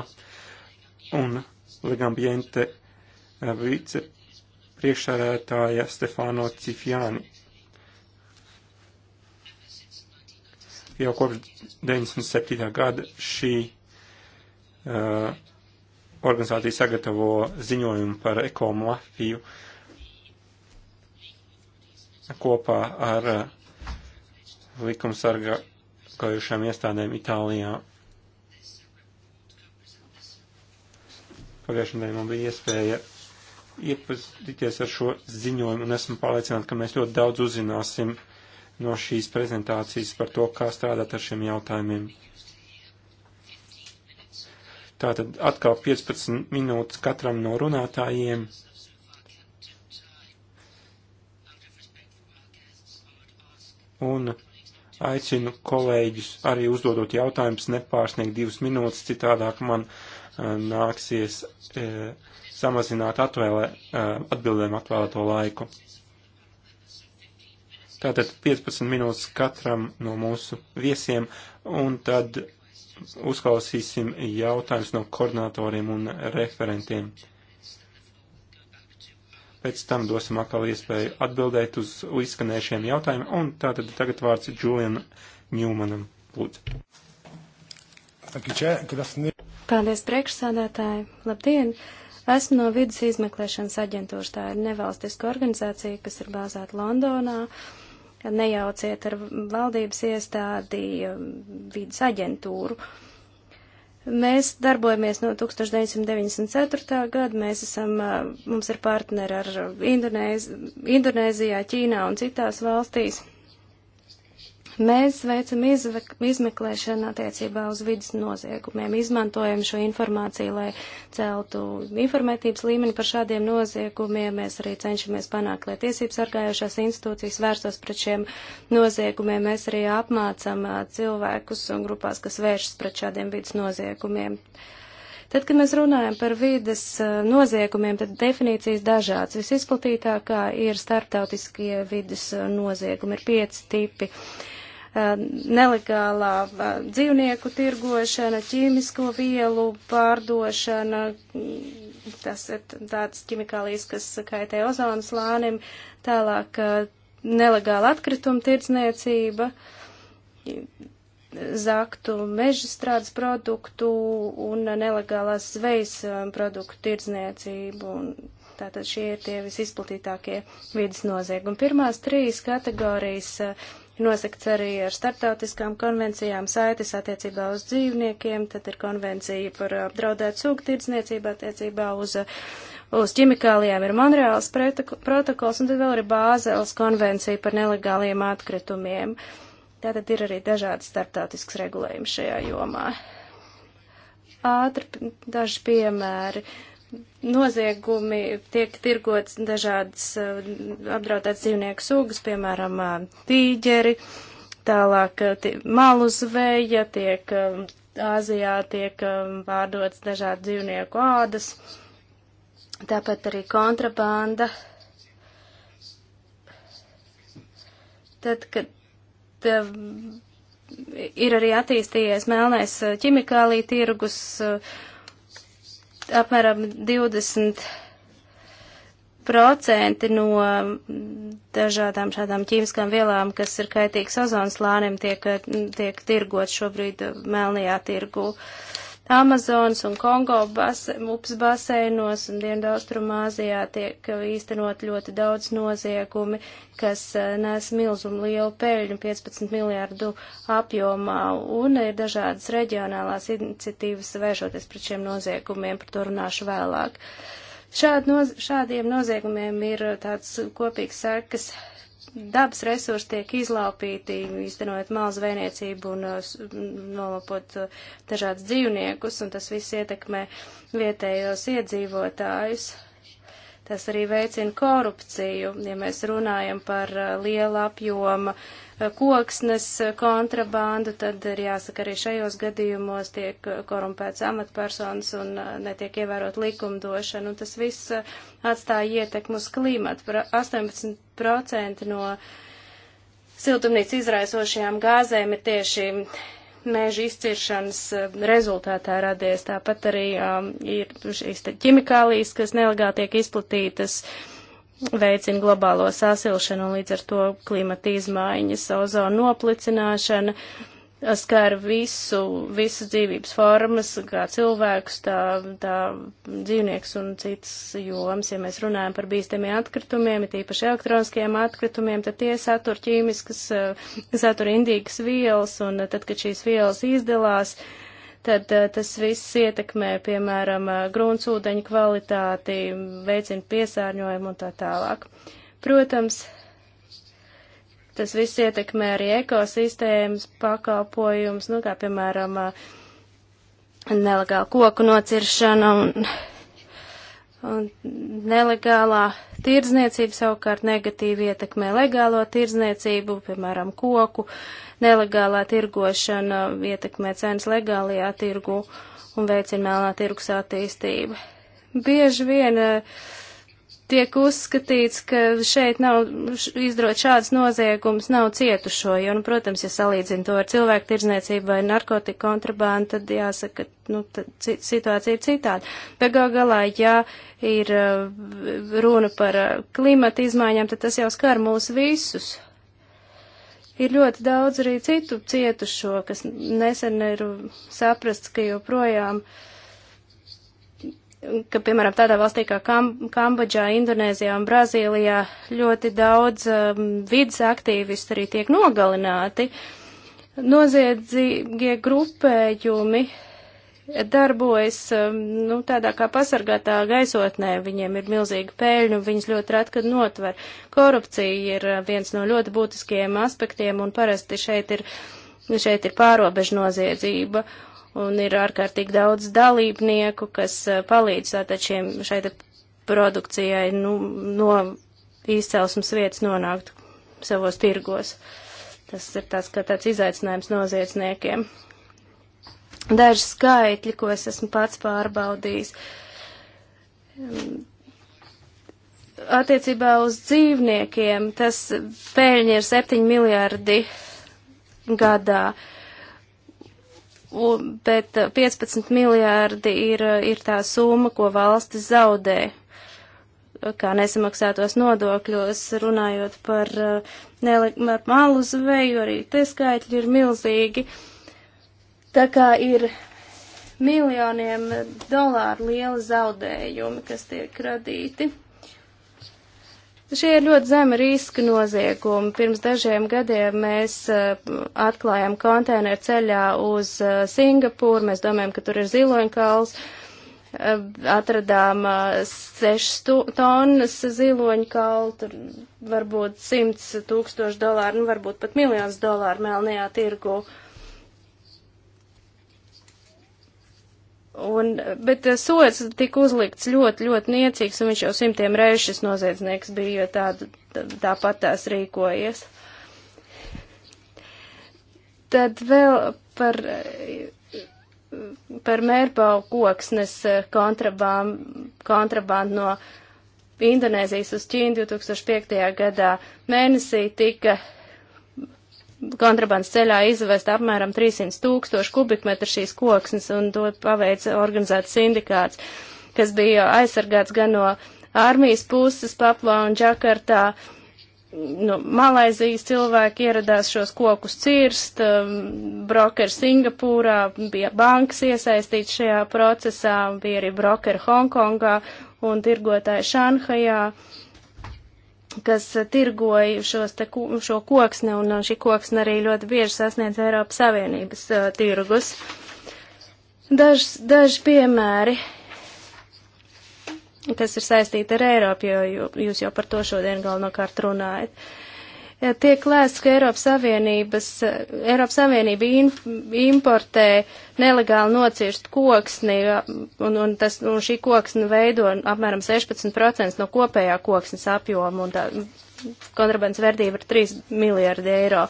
[SPEAKER 1] un Legambiente eh, vice priekšsēdētāja Stefano Cifiani. Jau kopš 97. gada šī uh, organizācija sagatavo ziņojumu par ekomafiju kopā ar uh, likumsargājušām iestādēm Itālijā Pagājušajā nedēļā man bija iespēja iepazīties ar šo ziņojumu un esmu pārliecināta, ka mēs ļoti daudz uzzināsim no šīs prezentācijas par to, kā strādāt ar šiem jautājumiem. Tātad atkal 15 minūtes katram no runātājiem. Un aicinu kolēģus arī uzdodot jautājumus, nepārsniegt divas minūtes, citādāk man uh, nāksies samazināt atvēlē, atbildēm atvēlēto laiku. Tātad 15 minūtes katram no mūsu viesiem, un tad uzklausīsim jautājumus no koordinatoriem un referentiem. Pēc tam dosim atkal iespēju atbildēt uz izskanējušiem jautājumiem, un tātad tagad vārds Julian Newmanam. Lūdzu.
[SPEAKER 2] Paldies, priekšsādātāji! Labdien! Esmu no vidas izmeklēšanas aģentūras. Tā ir nevalstiska organizācija, kas ir bāzēta Londonā. Nejauciet ar valdības iestādi um, vidas aģentūru. Mēs darbojamies no 1994. gada, mēs esam, uh, mums ir partneri ar Indonēz, Indonēzijā, Ķīnā un citās valstīs. Mēs veicam izmeklēšanu attiecībā uz vidas noziegumiem, izmantojam šo informāciju, lai celtu informētības līmeni par šādiem noziegumiem. Mēs arī cenšamies panākt, lai tiesības sargājošās institūcijas vērstos pret šiem noziegumiem. Mēs arī apmācam cilvēkus un grupās, kas vēršas pret šādiem vidas noziegumiem. Tad, kad mēs runājam par vides noziegumiem, tad definīcijas dažādas. Visizplatītākā ir starptautiskie vides noziegumi, ir pieci tipi. Uh, nelegālā dzīvnieku tirgošana, ķīmisko vielu pārdošana, tas ir tāds ķimikālijas, kas kaitē ozonas lānim, tālāk nelegāla atkrituma tirdzniecība, zaktu mežstrādes produktu un nelegālās zvejas produktu tirdzniecību. Un tātad šie ir tie visizplatītākie vidas noziegumi. Pirmās trīs kategorijas nosakts arī ar startautiskām konvencijām saites attiecībā uz dzīvniekiem, tad ir konvencija par uh, apdraudētu sūku tirdzniecību attiecībā uz, uh, uz ķimikālijām ir Monreāls protokols, un tad vēl ir Bāzeles konvencija par nelegāliem atkritumiem. Tātad ir arī dažādi startautisks regulējums šajā jomā. Ātri daži piemēri. Uh, noziegumi tiek tirgots dažādas eh, apdraudētas dzīvnieku sugas, piemēram, eh, tīģeri, tālāk eh, malu zveja, tiek Āzijā tiek pārdots dažādi dzīvnieku ādas, tāpat arī kontrabanda. Tad, kad ir arī attīstījies melnais ķimikālī tirgus, uh, apmēram 20% no dažādām šādām ķīmiskām vielām, kas ir kaitīgas ozonas lānim, tiek, tiek tirgot šobrīd melnajā tirgu. Uh, Amazonas un Kongo base, upes baseinos un Dienvidaustrumāzijā tiek īstenot ļoti daudz noziegumi, kas eh, nes milzumu lielu peļņu 15 miljārdu apjomā un ir dažādas reģionālās iniciatīvas vēršoties pret šiem noziegumiem, par to runāšu vēlāk. Šād noz šādiem noziegumiem ir tāds kopīgs sekas dabas resursi tiek izlaupīti, iztenojot malzu vēniecību un uh, nolopot uh, dažādas dzīvniekus, un tas viss ietekmē vietējos iedzīvotājus. Tas arī veicina korupciju, ja mēs runājam par uh, liela apjoma uh, Eh, koksnes eh, kontrabandu, tad ir jāsaka arī šajos gadījumos tiek eh, korumpēts amatpersonas un netiek ievērot likumdošana, un tas viss atstāja ietekmu uz klimatu. 18% no siltumnīca izraisošajām gāzēm ir tieši meža izciršanas rezultātā radies. Tāpat arī um, ir šīs ķimikālijas, kas nelegāli tiek izplatītas. Uh, veicina globālo sasilšanu un līdz ar to klimata izmaiņas, ozonu noplicināšana, skar visu, visas dzīvības formas, kā cilvēkus, tā, tā dzīvnieks un citas jomas. Ja mēs runājam par bīstamiem atkritumiem, tīpaši elektroniskiem atkritumiem, tad tie satur ķīmiskas, eh, satur indīgas vielas, un eh, tad, kad šīs vielas izdalās, uh, tad eh, tas viss ietekmē, piemēram, eh, gruntsūdeņu kvalitāti, veicina piesārņojumu un tā tālāk. Protams, tas viss ietekmē arī ekosistēmas pakalpojums, nu, kā, piemēram, eh, nelegāla koku nociršana un, un nelegālā tirdzniecība savukārt negatīvi ietekmē legālo tirdzniecību, piemēram, koku Nelegālā tirgošana ietekmē cenas legālajā tirgu un veicina melnā tirgus attīstību. Bieži vien eh, tiek uzskatīts, ka šeit nav izdrot šāds noziegums, nav cietušo, jo, nu, protams, ja salīdzina to ar cilvēku tirdzniecību vai narkotiku kontrabandu, tad jāsaka, nu, tad situācija ir citāda. Bet gal galā, ja ir eh, runa par eh, klimata izmaiņām, tad tas jau skar mūs visus. Ir ļoti daudz arī citu cietušo, kas nesen ir saprasts, ka joprojām, ka, piemēram, tādā valstī kā Kam Kambodžā, Indonēzijā un Brazīlijā ļoti daudz um, vidas aktīvisti arī tiek nogalināti. Noziedzīgie grupējumi uh, darbojas um, nu, tādā kā pasargātā gaisotnē. Viņiem ir milzīga pēļņa un viņas ļoti rēt, kad notver. Korupcija ir uh, viens no ļoti būtiskajiem aspektiem un parasti šeit ir, šeit ir pārobežu noziedzība. Un ir ārkārtīgi daudz dalībnieku, kas uh, palīdz tātad šiem šeit produkcijai nu, no izcelsmes vietas nonākt savos tirgos. Tas ir tāds, kā tāds izaicinājums noziedzniekiem daži skaitļi, ko es esmu pats pārbaudījis. Attiecībā uz dzīvniekiem tas pēļņi ir 7 miljardi gadā, un, bet 15 miljardi ir, ir tā summa, ko valstis zaudē kā nesamaksātos nodokļos, runājot par, eh, nele, par malu zveju, arī te skaitļi ir milzīgi. Uh, Tā kā ir miljoniem dolāru liela zaudējumi, kas tiek radīti. Šie ir ļoti zema riska noziegumi. Pirms dažiem gadiem mēs uh, atklājām konteineru ceļā uz uh, Singapūru. Mēs domājam, ka tur ir ziloņkals. Uh, eh, atradām sešas tonnas ziloņkalu, tur varbūt simts tūkstoši dolāru, nu varbūt pat miljons dolāru melnajā tirgu. Uh, Un, bet eh, sots tika uzlikts ļoti, ļoti niecīgs, un viņš jau simtiem reižu šis noziedznieks bija, jo tādu tāpat tā tās rīkojies. Tad vēl par, par mērpau koksnes eh, kontrabandu no Indonēzijas uz Ķīnu 2005. gadā mēnesī tika kontrabandas ceļā izvest apmēram 300 tūkstoši kubikmetru šīs koksnes, un to paveica organizēts sindikāts, kas bija aizsargāts gan no armijas puses Papua un Džakartā. No nu, Malaizijas cilvēki ieradās šos kokus cirst, um, brokeri Singapūrā, bija bankas iesaistīts šajā procesā, bija arī brokeri Hongkongā un tirgotāji Šanhajā. Uh, kas tirgoja šos te, šo koksni, un uh, šī koksne arī ļoti bieži sasniedz Eiropas Savienības uh, tirgus. Dažs, daži piemēri, kas ir saistīti ar Eiropu, jo jūs jau par to šodien galvenokārt runājat. Uh, tiek lēsts, ka Eiropas, Savienības, Eiropas Savienība in, importē nelegāli nocirst koksni, un, un, tas, un šī koksne veido apmēram 16% no kopējā koksnes apjoma, un tā kontrabandas verdība ir 3 miljārdi eiro.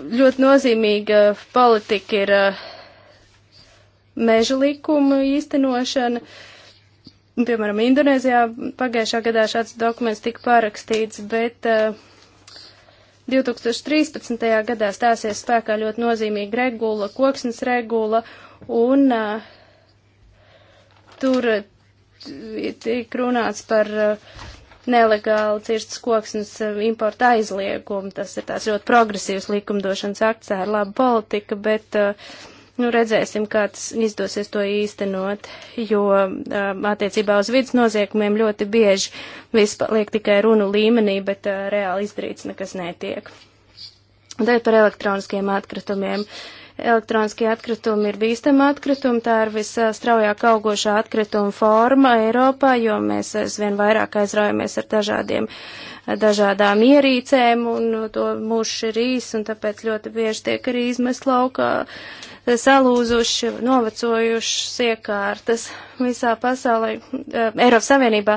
[SPEAKER 2] Ļoti nozīmīga politika ir eh, meža likuma īstenošana. Uh, Piemēram, Indonēzijā pagājušā gadā šāds dokuments tika pārakstīts, bet uh, eh, 2013. gadā stāsies spēkā ļoti nozīmīga regula, koksnes regula, un uh, tur eh, tiek runāts par uh, nelegāli cirstas koksnes importa aizliegumu. Tas ir tās ļoti progresīvs likumdošanas akts ar labu politiku, bet uh, Nu, redzēsim, kā tas izdosies to īstenot, jo um, attiecībā uz vidas noziekumiem ļoti bieži viss paliek tikai runu līmenī, bet uh, reāli izdarīts nekas netiek. Tagad par elektroniskiem atkritumiem. Elektroniskie atkritumi ir bīstama atkrituma, tā ir visstraujāk augošā atkrituma forma Eiropā, jo mēs aizvien vairāk aizraujamies ar dažādiem, dažādām ierīcēm, un to mūžs ir īs, un tāpēc ļoti bieži tiek arī izmest laukā uh, salūzuši, novecojušas iekārtas visā pasaulē. Eh, Eiropas Savienībā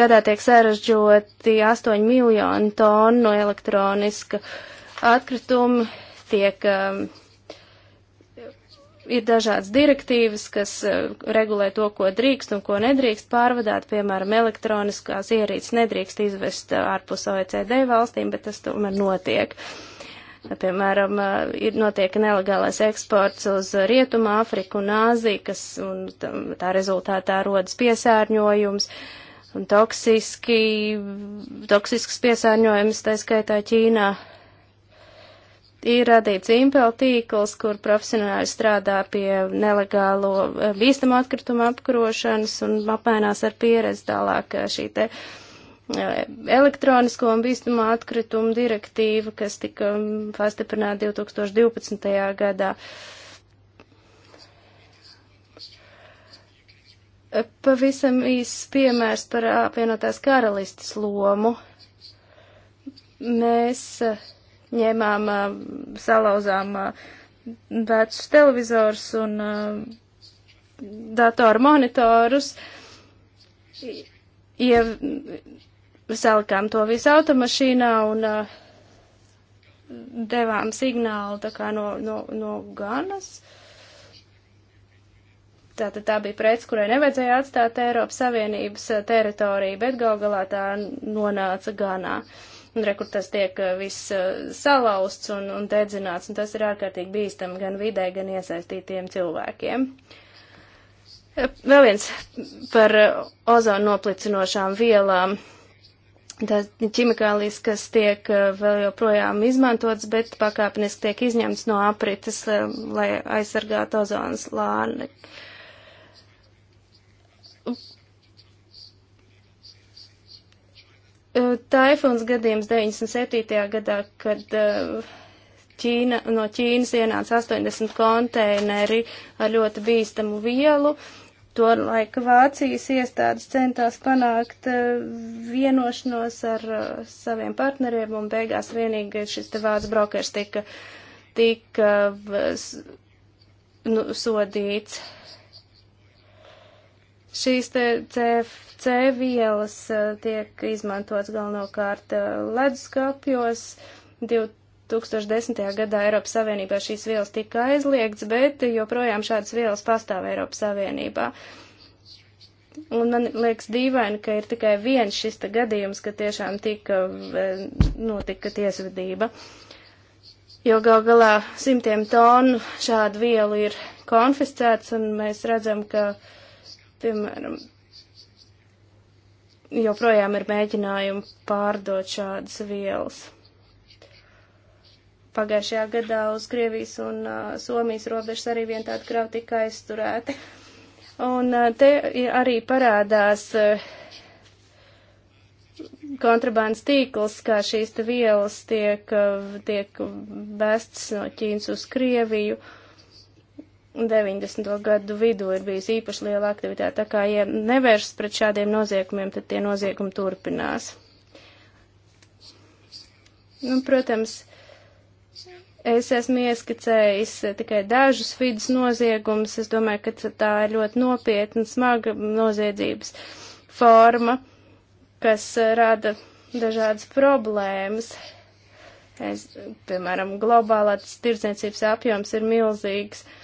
[SPEAKER 2] gadā tiek sarežģoti 8 miljoni tonu elektroniska atkritumi, tiek, eh, ir dažādas direktīvas, kas eh, regulē to, ko drīkst un ko nedrīkst pārvadāt, piemēram, elektroniskās ierīces nedrīkst izvest ārpus OECD valstīm, bet tas tomēr notiek. Uh, piemēram, eh, ir notiek nelegālais eksports uz Rietumu Āfriku un Āziju, kas un tā rezultātā rodas piesārņojums un toksiski, toksisks piesārņojums, tā skaitā Ķīnā. Ir radīts impel tīkls, kur profesionāļi strādā pie nelegālo eh, bīstamo atkritumu apkarošanas un apmainās ar pieredzi tālāk eh, šī te uh, E, elektronisko un bīstamā atkritumu direktīva, kas tika um, pastiprināta 2012. gadā. E, pavisam īsts piemērs par apvienotās karalistas lomu. Mēs e, ņēmām, salauzām vecus televizors un datoru monitorus, ja salikām to visu automašīnā un uh, devām signālu tā kā no, no, no Ganas. Tātad tā bija prece, kurai nevajadzēja atstāt Eiropas Savienības uh, teritoriju, bet gal galā tā nonāca Ganā. Un re, kur tas tiek uh, viss uh, salausts un, un dedzināts, un tas ir ārkārtīgi bīstam gan vidē, gan iesaistītiem cilvēkiem. Vēl viens par ozonu noplicinošām vielām. Uh, tās ķimikālijas, kas tiek eh, vēl joprojām izmantotas, bet pakāpeniski tiek izņemts no aprites, eh, lai aizsargātu ozonas lāni. Eh, Taifuns gadījums 97. gadā, kad Ķīna, no Ķīnas ienāca 80 konteineri ar ļoti bīstamu vielu, Tolaik Vācijas iestādes centās panākt eh, vienošanos ar eh, saviem partneriem, un beigās vienīgais šis te vārds brokers tika, tika nu, sodīts. Šīs te CFC vielas eh, tiek izmantots galvenokārt leduskapjos. 2000 2010. gadā Eiropas Savienībā šīs vielas tika aizliegts, bet joprojām šādas vielas pastāv Eiropas Savienībā. Un man liekas dīvaini, ka ir tikai viens šis te gadījums, ka tiešām tika, eh, notika tiesvedība. Jo gal galā simtiem tonu šādu vielu ir konfiscēts, un mēs redzam, ka, piemēram, joprojām ir mēģinājumi pārdot šādas vielas. Pagājušajā gadā uz Krievijas un uh, Somijas robežas arī vien tāda krava tika aizturēta. Un uh, te arī parādās uh, kontrabandas tīkls, kā šīs te vielas tiek, tiek vestas no Ķīnas uz Krieviju. 90. gadu vidū ir bijusi īpaši liela aktivitāte, tā kā, ja nevēršas pret šādiem noziegumiem, tad tie noziegumi turpinās. Nu, protams, Es esmu ieskicējis tikai dažus vidus noziegumus. Es domāju, ka tā ir ļoti nopietna, smaga noziedzības forma, kas eh, rada dažādas problēmas. Es, piemēram, globālā tirdzniecības apjoms ir milzīgs. Uh,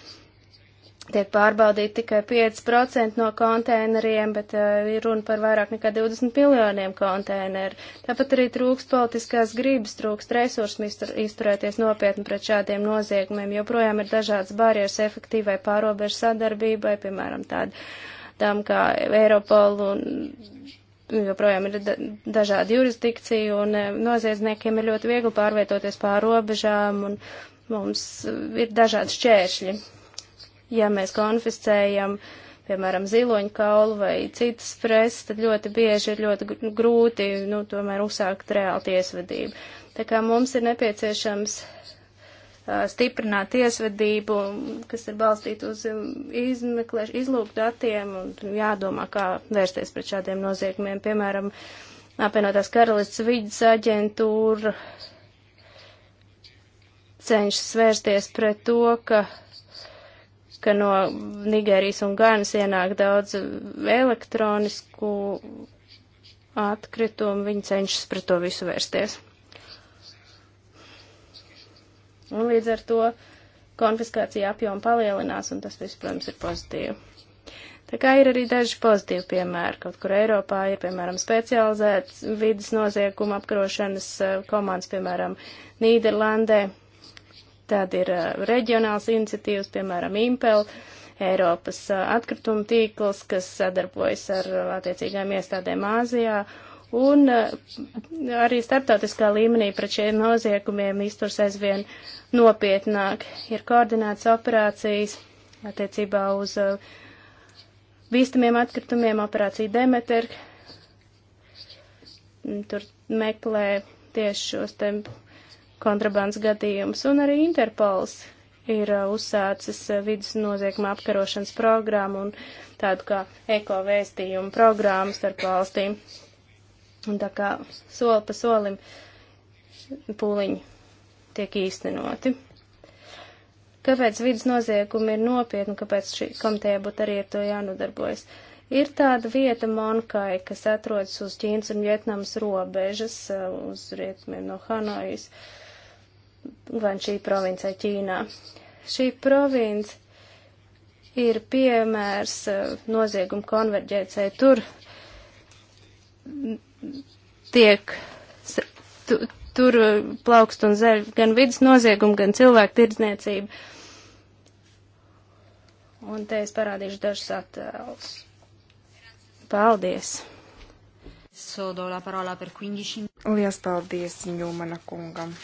[SPEAKER 2] tiek pārbaudīti tikai 5% no konteineriem, bet uh, ir runa par vairāk nekā 20 miljoniem konteineru. Tāpat arī trūkst politiskās gribas, trūkst resursu izturēties nopietni pret šādiem noziegumiem. Joprojām ir dažādas barjeras efektīvai pārobežu sadarbībai, piemēram, tādām kā Eiropolu un joprojām ir dažādi jurisdikcija un eh, noziedzniekiem ir ļoti viegli pārvietoties pār robežām un mums ir dažādi šķēršļi ja mēs konfiscējam, piemēram, ziloņu kaulu vai citas preses, tad ļoti bieži ir ļoti grūti, nu, tomēr uzsākt reāli tiesvedību. Tā kā mums ir nepieciešams stiprināt tiesvedību, kas ir balstīta uz um, izmeklēš, izlūk datiem un jādomā, kā vērsties pret šādiem noziegumiem. Piemēram, apvienotās karalists vidas aģentūra cenšas vērsties pret to, ka ka no Nigērijas un Ganas ienāk daudz elektronisku atkritumu, viņi cenšas pret to visu vērsties. Un līdz ar to konfiskācija apjoma palielinās, un tas viss, protams, ir pozitīvi. Tā kā ir arī daži pozitīvi piemēri. Kaut kur Eiropā ir, piemēram, specializēts vidas nozieguma apkarošanas eh, komandas, piemēram, Nīderlandē, Tad ir reģionāls iniciatīvas, piemēram, Impel, Eiropas atkrituma tīkls, kas sadarbojas ar attiecīgām iestādēm Āzijā. Un arī starptautiskā līmenī pret šiem noziegumiem izturs aizvien nopietnāk. Ir koordinētas operācijas attiecībā uz bīstamiem atkritumiem, operācija Demeter. Tur meklē tieši šos te kontrabandas gadījumus, un arī Interpols ir uh, uzsācis uh, vidus nozieguma apkarošanas programmu un tādu kā ekovēstījumu programmu starp valstīm. Un tā kā soli pa solim pūliņi tiek īstenoti. Kāpēc vidus noziegumi ir nopietni, kāpēc šī komiteja būtu arī ar to jānodarbojas? Ir tāda vieta Monkai, kas atrodas uz Ķīnas un Vietnamas robežas, uh, uz rietumiem no Hanojas. Uh, Guangxi provincē Ķīnā. Šī province ir piemērs eh, nozieguma konverģēcei. Tur tiek, tur eh, plaukst un zeļ gan vidas nozieguma, gan cilvēku tirdzniecība. Un te es parādīšu dažus attēlus. Paldies! Lielas
[SPEAKER 3] paldies Ņūmana kungam!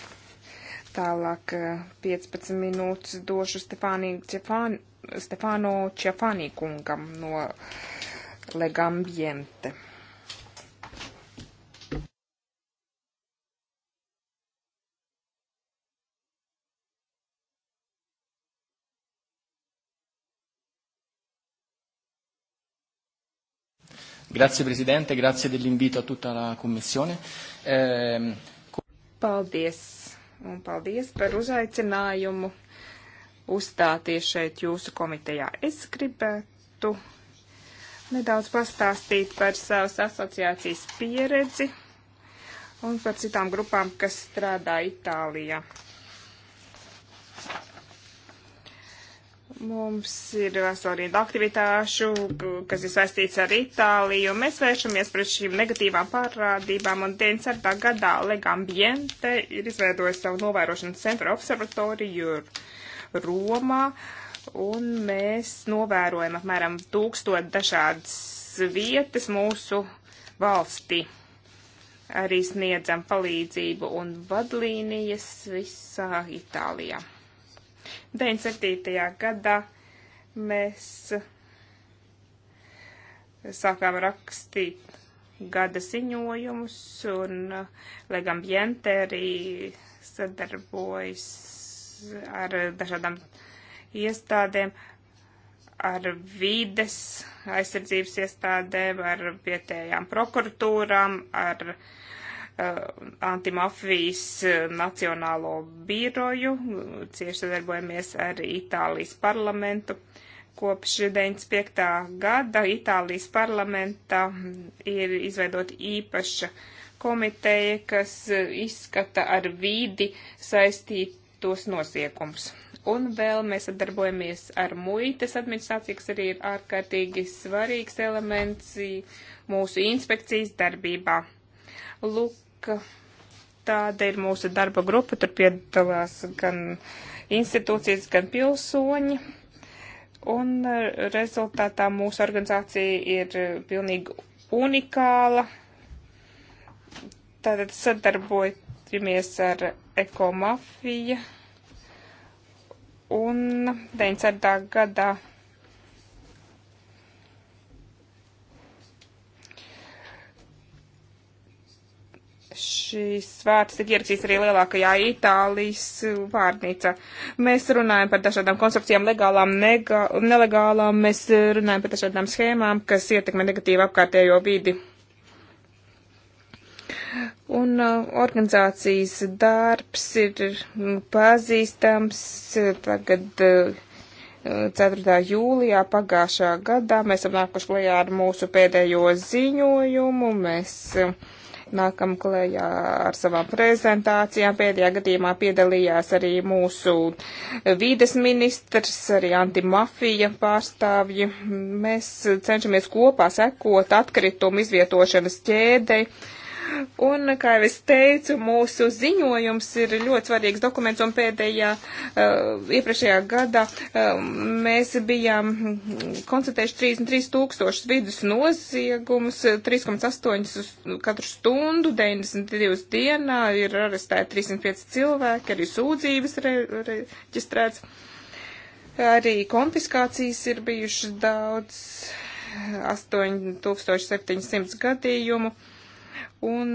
[SPEAKER 3] Tālāk 15 eh, minūtes došu Stefāni, Čefān, Stefāno Čefānī kungam no Legambiente.
[SPEAKER 2] Grazie Presidente, grazie dell'invito a tutta la Commissione. Eh,
[SPEAKER 3] Paldies un paldies par uzaicinājumu uzstāties šeit jūsu komitejā. Es gribētu nedaudz pastāstīt par savas asociācijas pieredzi un par citām grupām, kas strādā Itālijā. Mums ir vesela rinda aktivitāšu, kas ir saistīts ar Itāliju. Mēs vēršamies pret šīm negatīvām pārādībām, un 90. gadā Legambiente ir izveidojis savu novērošanas centru observatoriju Romā, un mēs novērojam apmēram tūkstot dažādas vietas mūsu valstī arī sniedzam palīdzību un vadlīnijas visā Itālijā. 97. gadā mēs sākām rakstīt gada ziņojumus, un eh, Legambjente arī sadarbojas ar dažādām iestādēm, ar vides aizsardzības iestādēm, ar vietējām prokuratūrām, ar uh, Eh, antimafijas eh, nacionālo biroju, cieši sadarbojamies ar Itālijas parlamentu. Kopš 95. gada Itālijas parlamentā mm, ir izveidota īpaša komiteja, kas eh, izskata ar vīdi saistītos noziegumus. Un vēl mēs sadarbojamies ar muitas administrāciju, kas arī ir ārkārtīgi svarīgs elements mūsu inspekcijas darbībā. Lūk, ka tāda ir mūsu darba grupa, tur piedalās gan institūcijas, gan pilsoņi. Un rezultātā mūsu organizācija ir pilnīgi unikāla. Tātad sadarbojamies ar ekomafiju. Un 90. gadā šīs vārds tika ierakstīts arī lielākajā Itālijas vārnīca. Mēs runājam par dažādām konstrukcijām, legālām, nega, nelegālām, mēs runājam par dažādām schēmām, kas ietekmē negatīvi apkārtējo vidi. Un uh, organizācijas darbs ir mm, pazīstams tagad. 4. Uh, jūlijā pagājušā gadā mēs esam nākuši klajā ar mūsu pēdējo ziņojumu. Mēs uh, nākam klējā ar savām prezentācijām. Pēdējā gadījumā piedalījās arī mūsu vīdes ministrs, arī antimafija pārstāvji. Mēs cenšamies kopā sekot atkritumu izvietošanas ķēdei Un, kā jau es teicu, mūsu ziņojums ir ļoti svarīgs dokuments, un pēdējā, uh, iepriekšējā gadā uh, mēs bijām koncentrējuši 33 tūkstošus vidus noziegumus, 3,8 katru stundu, 92 dienā ir arestēti 305 cilvēki, arī sūdzības reģistrēts. Arī konfiskācijas ir bijušas daudz, 8700 gadījumu. Uh, un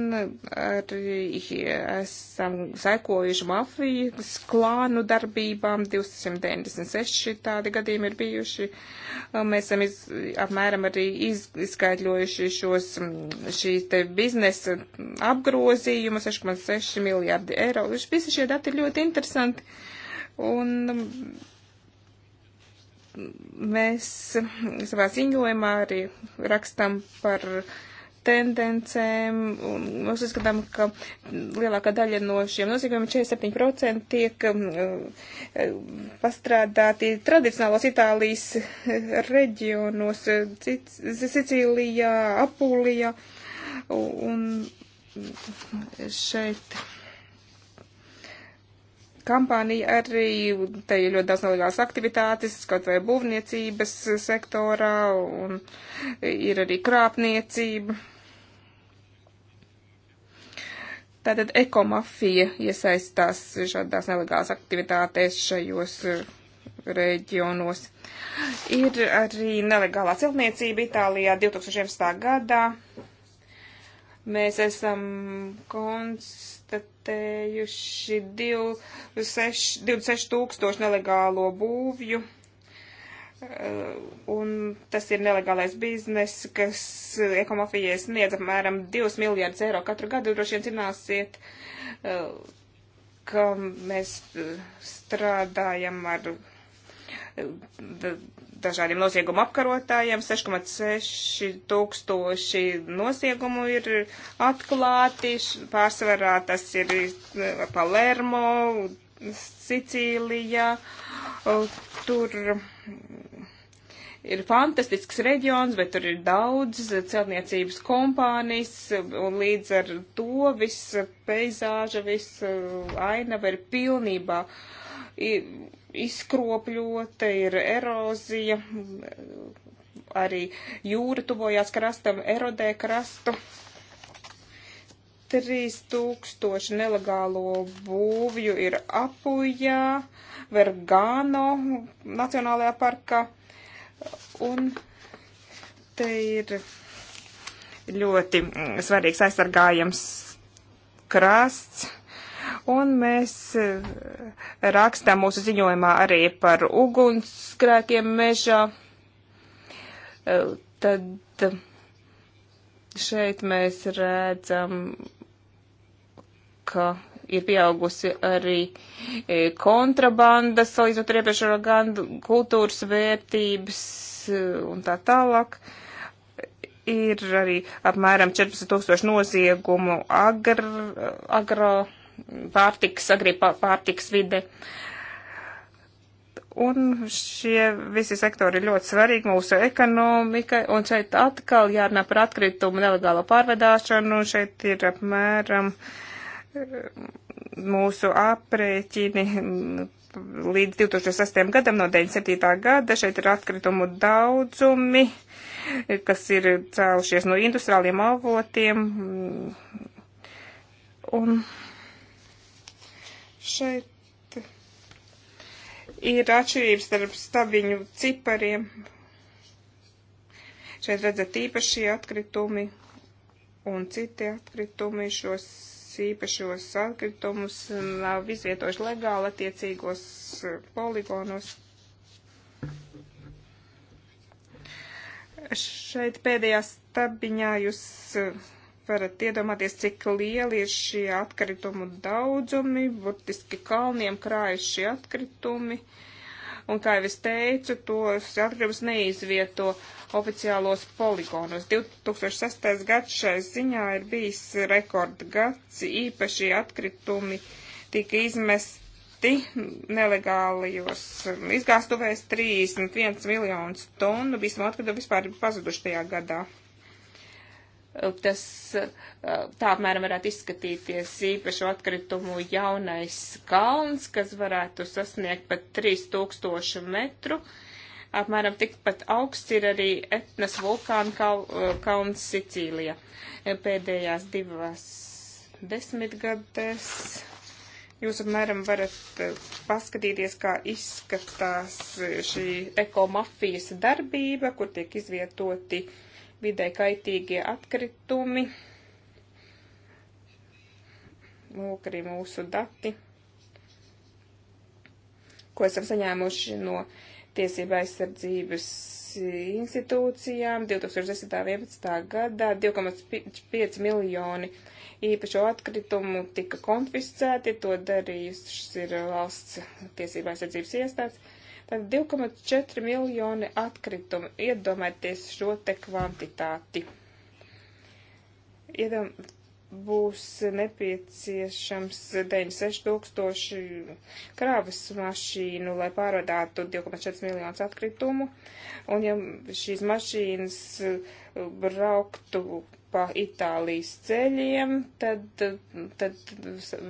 [SPEAKER 3] arī esam sekojuši mafijas klānu darbībām. 296 tādi gadījumi ir bijuši. Mēs esam iz, apmēram arī iz, izskaidrojuši šos šīs te biznesa apgrozījumus 6,6 miljārdi eiro. Visi šie dati ir ļoti interesanti. Un mēs savā ziņojumā arī rakstam par uh, tendencēm. Mēs uzskatām, ka lielākā daļa no šiem noziegumiem, 47%, tiek um, uh, pastrādāti tradicionālos Itālijas reģionos, Sicīlijā, Apulijā. Un šeit kampānija arī, te ir ļoti daudz nelegālas aktivitātes, kaut vai būvniecības sektorā, un ir arī krāpniecība. Tātad ekomafija iesaistās šādās nelegālās aktivitātēs šajos eh, reģionos. Ir arī nelegālā celtniecība Itālijā 2011. gadā. Mēs esam konstatējuši konstatējuši 26, 26 tūkstoši nelegālo būvju. Eh, un tas ir nelegālais biznes, kas ekomafijai sniedz apmēram 2 miljārdus eiro katru gadu. Droši vien zināsiet, eh, ka mēs eh, strādājam ar dažādiem noziegumu apkarotājiem. 6,6 tūkstoši noziegumu ir atklāti, pārsvarā tas ir Palermo, Sicīlijā. Tur ir fantastisks reģions, bet tur ir daudz celtniecības kompānijas, un līdz ar to viss peizāža, viss ainava ir pilnībā uh, izkropļota, ir erozija, arī jūra tuvojās krastam, erodē krastu. 3000 nelegālo būvju ir Apujā, Vergano Nacionālajā parkā, un te ir ļoti mm, svarīgs aizsargājams krasts Un mēs e, rakstām mūsu ziņojumā arī par ugunsgrēkiem mežā. E, tad šeit mēs redzam, ka ir pieaugusi arī e, kontrabanda, salīdzinot ar iepriekšējo gadu, kultūras vērtības un tā tālāk. Ir arī apmēram 14 tūkstoši noziegumu agro, agro pārtiks, agri pārtiks vide. Un šie visi sektori ir ļoti svarīgi mūsu ekonomikai, un šeit atkal jārunā par atkritumu nelegālo pārvedāšanu, un šeit ir apmēram eh, mūsu aprēķini mm, līdz 2008. gadam no 97. gada. Šeit ir atkritumu daudzumi, kas ir cēlušies no industriāliem avotiem. Un Šeit ir atšķirības starp stabiņu cipariem. Šeit redzat īpašie atkritumi un citi atkritumi šos īpašos atkritumus nav izvietojuši legāli attiecīgos eh, poligonos. Šeit pēdējā stabiņā jūs eh, varat iedomāties, cik lieli ir šie atkritumu daudzumi, burtiski kalniem krājas šie atkritumi. Un, kā jau es teicu, tos atkritumus neizvieto oficiālos poligonos. 2006. gads šai ziņā ir bijis rekordgads, īpaši atkritumi tika izmesti nelegālajos izgāstuvēs 31 miljonus tonu, vismaz atkritumi vispār ir pazuduši tajā gadā tas tā apmēram varētu izskatīties īpašu atkritumu jaunais kalns, kas varētu sasniegt pat 3000 metru. Apmēram tikpat augsts ir arī Etnas vulkāna kal kalns Sicīlija. Pēdējās divas desmitgadēs jūs apmēram varat paskatīties, kā izskatās šī ekomafijas darbība, kur tiek izvietoti uh, vidē kaitīgie atkritumi. Lūk, arī mūsu dati, ko esam saņēmuši no tiesība aizsardzības institūcijām 2010. 11. gadā 2,5 miljoni īpašo atkritumu tika konfiscēti, to darījis ir valsts tiesībā aizsardzības iestādes. Tad 2,4 miljoni atkritumu. Iedomājieties šo te kvantitāti. Iedam, būs nepieciešams 96 tūkstoši krāvas mašīnu, lai pārvadātu 2,4 miljonus atkritumu. Un ja šīs mašīnas uh, brauktu pa Itālijas ceļiem, tad, tad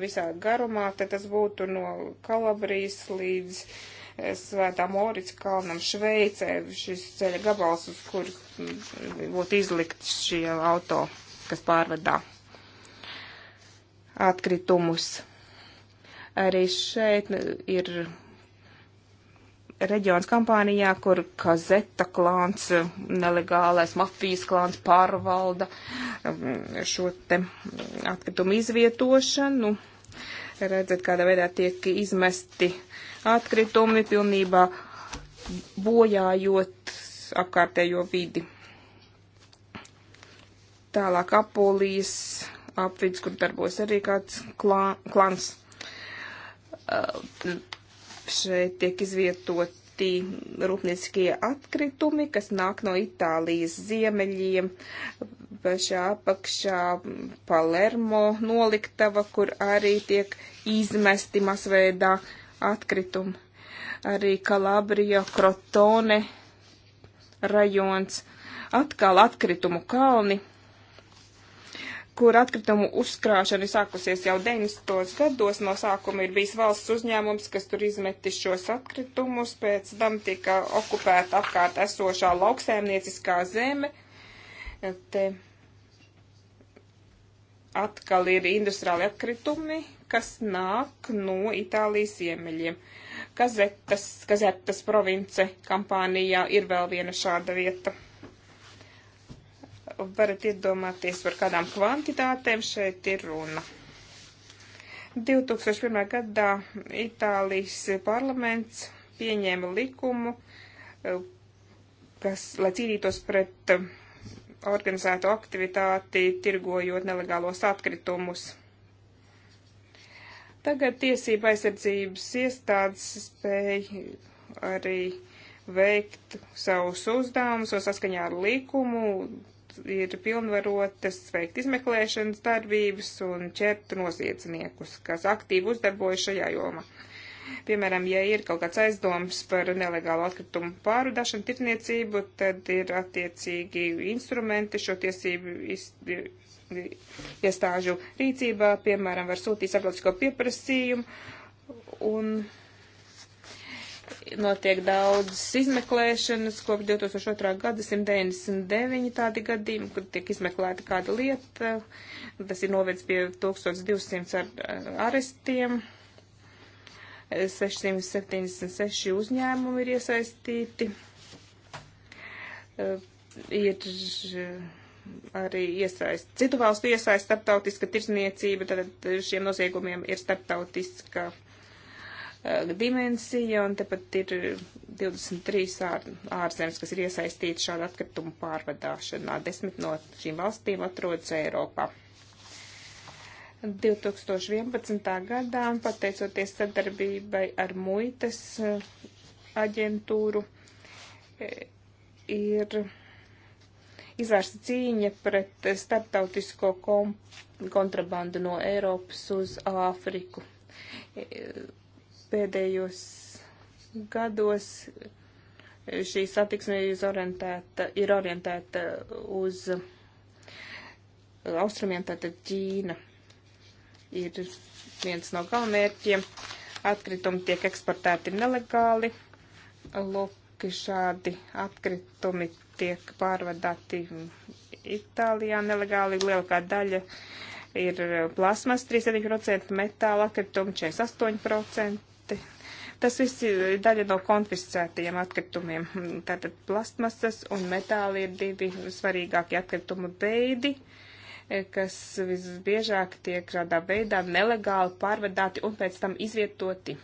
[SPEAKER 3] visā garumā, tad tas būtu no Kalabrijas līdz uh, Svētā Morica kalnam Šveicē, šis ceļa gabals, uz kur mm, būtu izlikts šie auto, kas pārvedā atkritumus. Arī šeit nu, ir reģions kampānijā, kur kazeta klāns, nelegālais mafijas klāns pārvalda mm, šo te atkritumu izvietošanu. Nu, redzat, kādā veidā tiek izmesti atkritumi, pilnībā bojājot apkārtējo vidi. Tālāk apolijas apvidus, kur darbos arī kāds klā, klans. Šeit tiek izvietot ievākti rūpnieciskie atkritumi, kas nāk no Itālijas ziemeļiem, pašā apakšā Palermo noliktava, kur arī tiek izmesti masveidā atkritumi. Arī Kalabrija, Krotone rajons, atkal atkritumu kalni kur atkritumu uzkrāšana ir sākusies jau 90. gados. No sākuma ir bijis valsts uzņēmums, kas tur izmetis šos atkritumus, pēc tam tika okupēta apkārt esošā lauksēmnieciskā zeme. Te atkal ir industriāli atkritumi, kas nāk no Itālijas ziemeļiem. Kazetas, Kazetas province kampānijā ir vēl viena šāda vieta varat iedomāties, par kādām kvantitātēm šeit ir runa. 2001. gadā Itālijas parlaments pieņēma likumu, eh, kas, lai cīnītos pret eh, organizēto aktivitāti, tirgojot nelegālos atkritumus. Tagad tiesība aizsardzības iestādes spēja arī veikt savus uzdevumus saskaņā ar likumu, ir pilnvarotas veikt izmeklēšanas darbības un ķert noziedzniekus, kas aktīvi uzdarbojas šajā jomā. Piemēram, ja ir kaut kāds aizdoms par nelegālu atkritumu pārudašanu, tirniecību, tad ir attiecīgi instrumenti šo tiesību iestāžu rīcībā, piemēram, var sūtīt sabiedrisko pieprasījumu un notiek daudzas izmeklēšanas, kopš 2002. gada 199 tādi gadījumi, kad tiek izmeklēta kāda lieta, tas ir novedis pie 1200 ar, ar, arestiem, 676 uzņēmumi ir iesaistīti, eh, ir eh, arī iesaist, citu valstu iesaist starptautiska tirsniecība, tad šiem noziegumiem ir starptautiska Eh, dimensija, un tepat ir 23 ār, ārzemes, kas ir iesaistīti šāda atkrituma pārvadāšanā. Desmit no šīm valstīm atrodas Eiropā. 2011. gadā, pateicoties sadarbībai ar muitas eh, aģentūru, eh, ir izvērsta cīņa pret starptautisko kontrabandu no Eiropas uz Āfriku Pēdējos gados šī satiksme ir orientēta, ir orientēta uz austrumiem, tātad Ķīna ir viens no galvenmērķiem. Atkritumi tiek eksportēti nelegāli. Lūk, šādi atkritumi tiek pārvadāti Itālijā nelegāli. Lielākā daļa ir plasmas 37%, metāla atkritumi 48%, Tas viss ir daļa no konfiscētajiem atkritumiem. Tātad plastmasas un metāli ir divi svarīgākie atkritumu veidi, kas visbiežāk tiek šādā veidā nelegāli pārvedāti un pēc tam izvietoti.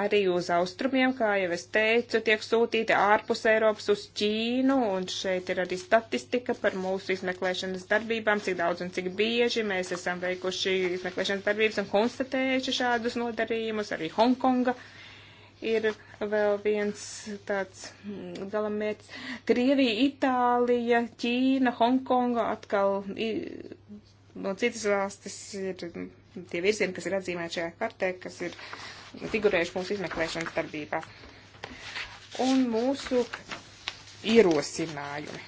[SPEAKER 3] Arī uz austrumiem, kā jau es teicu, tiek sūtīti ārpus Eiropas uz Ķīnu, un šeit ir arī statistika par mūsu izmeklēšanas darbībām, cik daudz un cik bieži mēs esam veikuši izmeklēšanas darbības un konstatējuši šādus nodarījumus, arī Hongkonga. Uh, ir vēl viens tāds mm, galamērķis. Krievija, Itālija, Ķīna, Hongkonga atkal no citas valstis ir tie virzieni, kas ir atzīmēti šajā kartē, kas ir figurējuši mūsu izmeklēšanas darbībā. Un mūsu ierosinājumi.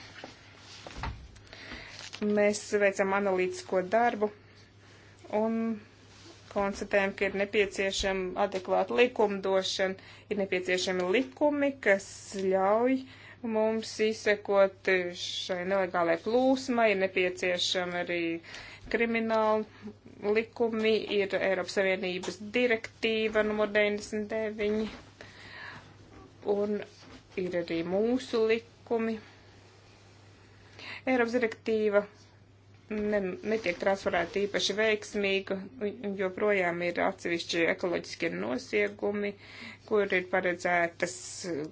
[SPEAKER 3] Mēs veicam analītisko darbu un konstatējam, ka ir nepieciešama adekvāta likumdošana, ir nepieciešami likumi, kas ļauj mums izsekot šai nelegālai plūsmai, ir nepieciešama arī krimināla likumi, ir Eiropas Savienības direktīva numur 99, un ir arī mūsu likumi. Eiropas direktīva ne, netiek transferēta īpaši veiksmīga, joprojām ir atsevišķi ekoloģiskie nosiegumi, kur ir paredzētas uh,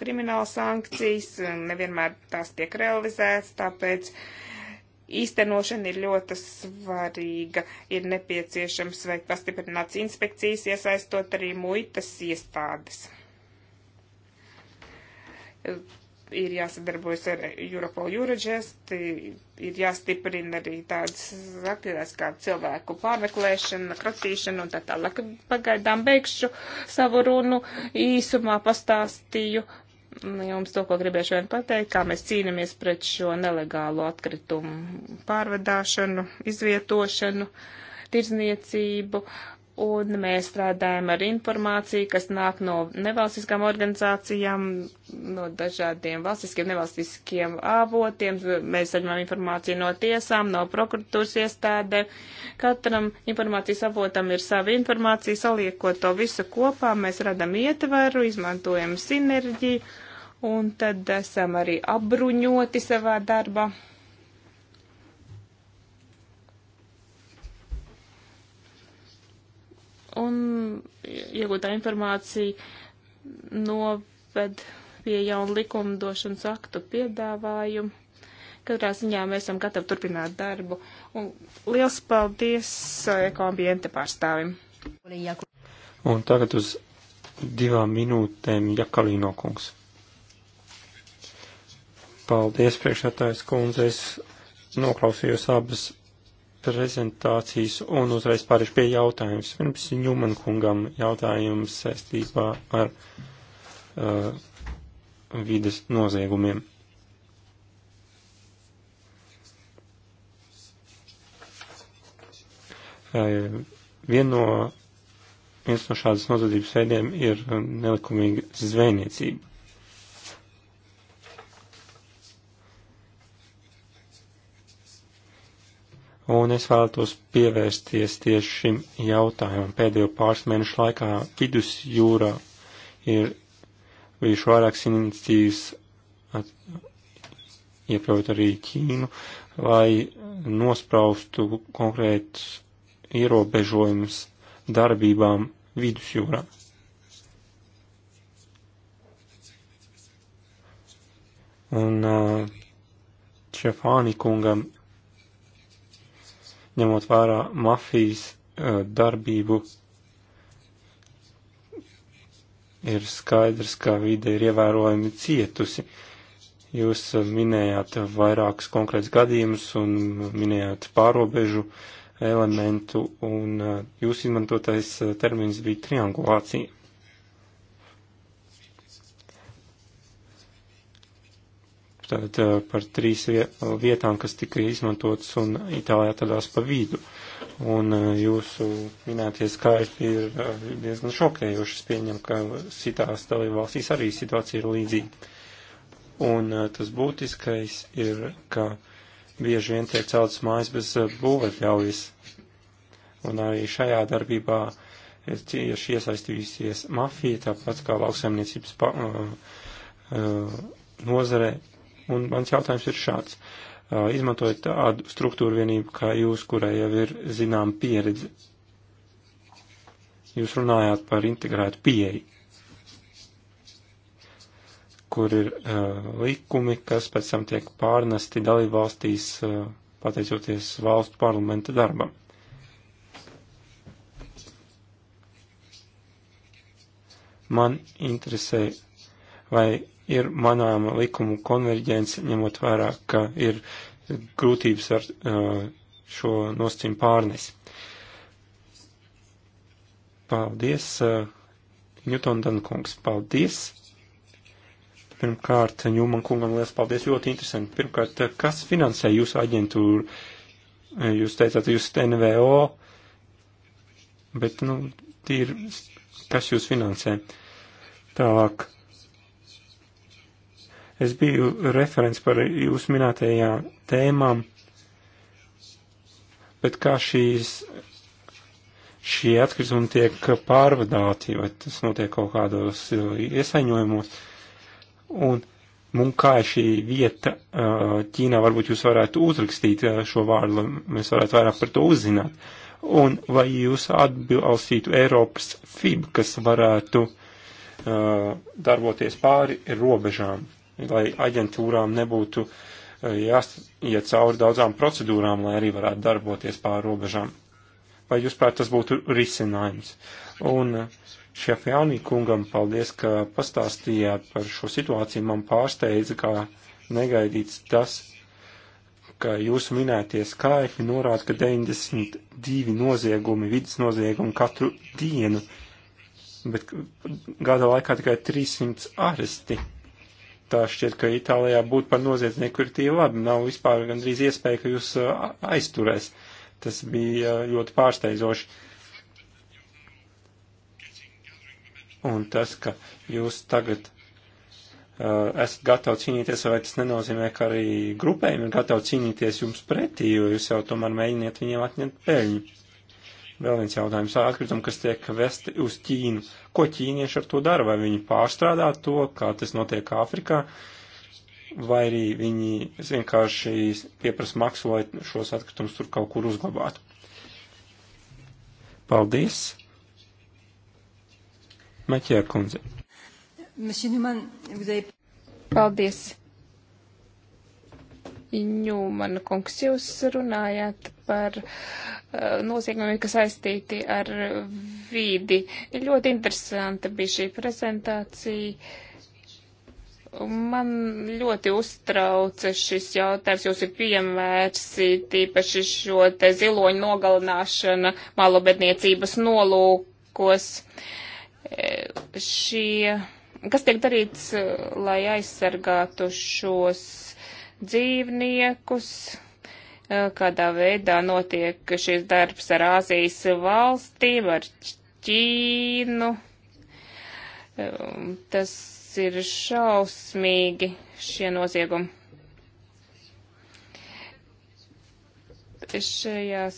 [SPEAKER 3] krimināla sankcijas, nevienmēr tās tiek realizētas, tāpēc īstenošana ir ļoti svarīga, ir nepieciešams veikt pastiprināts inspekcijas, iesaistot arī muitas iestādes uh, ir jāsadarbojas ar Europol Eurojust, ir jāstiprina arī tādas aktivitātes kā cilvēku pārmeklēšana, kratīšana un tā tālāk. Pagaidām beigšu savu runu, īsumā pastāstīju jums to, ko gribēju šodien pateikt, kā mēs cīnāmies pret šo nelegālo atkritumu pārvadāšanu, izvietošanu, tirzniecību. Uh, un mēs strādājam ar informāciju, kas nāk no nevalstiskām organizācijām, no dažādiem valstiskiem, nevalstiskiem avotiem. Mēs saņemam informāciju no tiesām, no prokuratūras iestādēm. Katram informācijas avotam ir sava informācija, saliekot to visu kopā, mēs radam ietvaru, izmantojam sinerģiju, un tad esam arī apbruņoti savā darbā. un iegūtā informācija noved pie jaunu likumdošanas aktu piedāvājumu. Katrā ziņā mēs esam gatavi turpināt darbu. Un liels paldies eh, ekoambiente pārstāvim.
[SPEAKER 1] Un tagad uz divām minūtēm Jakalīno kungs. Paldies, priekšētājs kundze. Es noklausījos abas prezentācijas un uzreiz pārišu pie jautājums. Pirms Ņuman kungam jautājums saistībā ar uh, vides noziegumiem. Uh, vien no, viens no šādas nozadzības veidiem ir um, nelikumīga zvejniecība. un es vēlētos pievērsties tieši šim jautājumam. Pēdējo pāris mēnešu laikā vidusjūrā ir bijuši vairākas iniciatīvas, at, iepļaut arī Ķīnu, lai nospraustu konkrētus ierobežojumus darbībām vidusjūrā. Un uh, Čefāni kungam ņemot vērā mafijas e, darbību, ir skaidrs, ka vide ir ievērojami cietusi. Jūs e, minējāt vairākus konkrētus gadījumus un minējāt pārobežu elementu, un e, jūs izmantotais termins bija triangulācija. tad eh, par trīs vietām, kas tika izmantotas un Itālijā tādās pa vidu. Un eh, jūsu minētie skaitļi ir eh, diezgan šokējoši. Es pieņemu, ka citās dalībvalstīs arī situācija ir līdzīga. Un tas būtiskais ir, ka bieži vien tiek celtas mājas bez būvētļaujas. Un arī šajā darbībā ir cieši iesaistījusies mafija, tāpat kā lauksaimniecības pa, uh, uh, nozare Un mans jautājums ir šāds. Izmantojot tādu struktūru vienību kā jūs, kurai jau ir zinām pieredze, jūs runājāt par integrētu pieeju, kur ir uh, likumi, kas pēc tam tiek pārnesti dalībvalstīs, uh, pateicoties valstu parlamenta darbam. Man interesē, vai ir manām likumu konverģence, ņemot vērā, ka ir grūtības ar uh, šo nosacījumu pārnesi. Paldies, uh, Newton Dankungs, paldies. Pirmkārt, Ņūman kungam liels paldies, ļoti interesanti. Pirmkārt, uh, kas finansē jūsu aģentūru? Jūs teicāt, jūs esat NVO, bet, nu, tīri, kas jūs finansē? Tālāk Es biju referents par jūs minētajām tēmām, bet kā šīs, šie atkritumi tiek pārvadāti, vai tas notiek kaut kādos uh, iesaņojumos, un, un kā ir šī vieta uh, Ķīnā, varbūt jūs varētu uzrakstīt uh, šo vārdu, lai mēs varētu vairāk par to uzzināt, un vai jūs atbilstītu Eiropas FIB, kas varētu darboties pāri robežām lai aģentūrām nebūtu e, jāiet cauri daudzām procedūrām, lai arī varētu darboties pāri robežām. Vai jūs prāt, tas būtu risinājums? Un e, šef Jānī kungam paldies, ka pastāstījāt par šo situāciju. Man pārsteidza, kā negaidīts tas, ka jūsu minētie skaitļi norāda, ka 92 noziegumi, vidas noziegumi katru dienu, bet gada laikā tikai 300 aresti tā šķiet, ka Itālijā būt par noziedznieku ir tie labi. Nav vispār gandrīz iespēja, ka jūs aizturēs. Tas bija ļoti pārsteidzoši. Un tas, ka jūs tagad uh, esat gatavi cīnīties, vai tas nenozīmē, ka arī grupējumi ir gatavi cīnīties jums pretī, jo jūs jau tomēr mēģiniet viņiem atņemt peļņu. Vēl viens jautājums - atkritumi, kas tiek vesti uz Ķīnu. Ko ķīnieši ar to dara? Vai viņi pārstrādā to, kā tas notiek Āfrikā, vai arī viņi vienkārši pieprasa maksu, lai šos atkritumus tur kaut kur uzglabātu? Paldies! Maķēr kundze.
[SPEAKER 3] Paldies! Ņūmana kungs, jūs runājāt par uh, noziegumiem, kas saistīti ar vīdi. Ļoti interesanta bija šī prezentācija. Man ļoti uztrauca šis jautājums, jūs ir piemērsi tīpaši šo te ziloņu nogalināšana malobedniecības nolūkos. Eh, šie, kas tiek darīts, eh, lai aizsargātu šos dzīvniekus, kādā veidā notiek šis darbs ar Āzijas valstīm, ar Ķīnu. Tas ir šausmīgi šie noziegumi. Šajās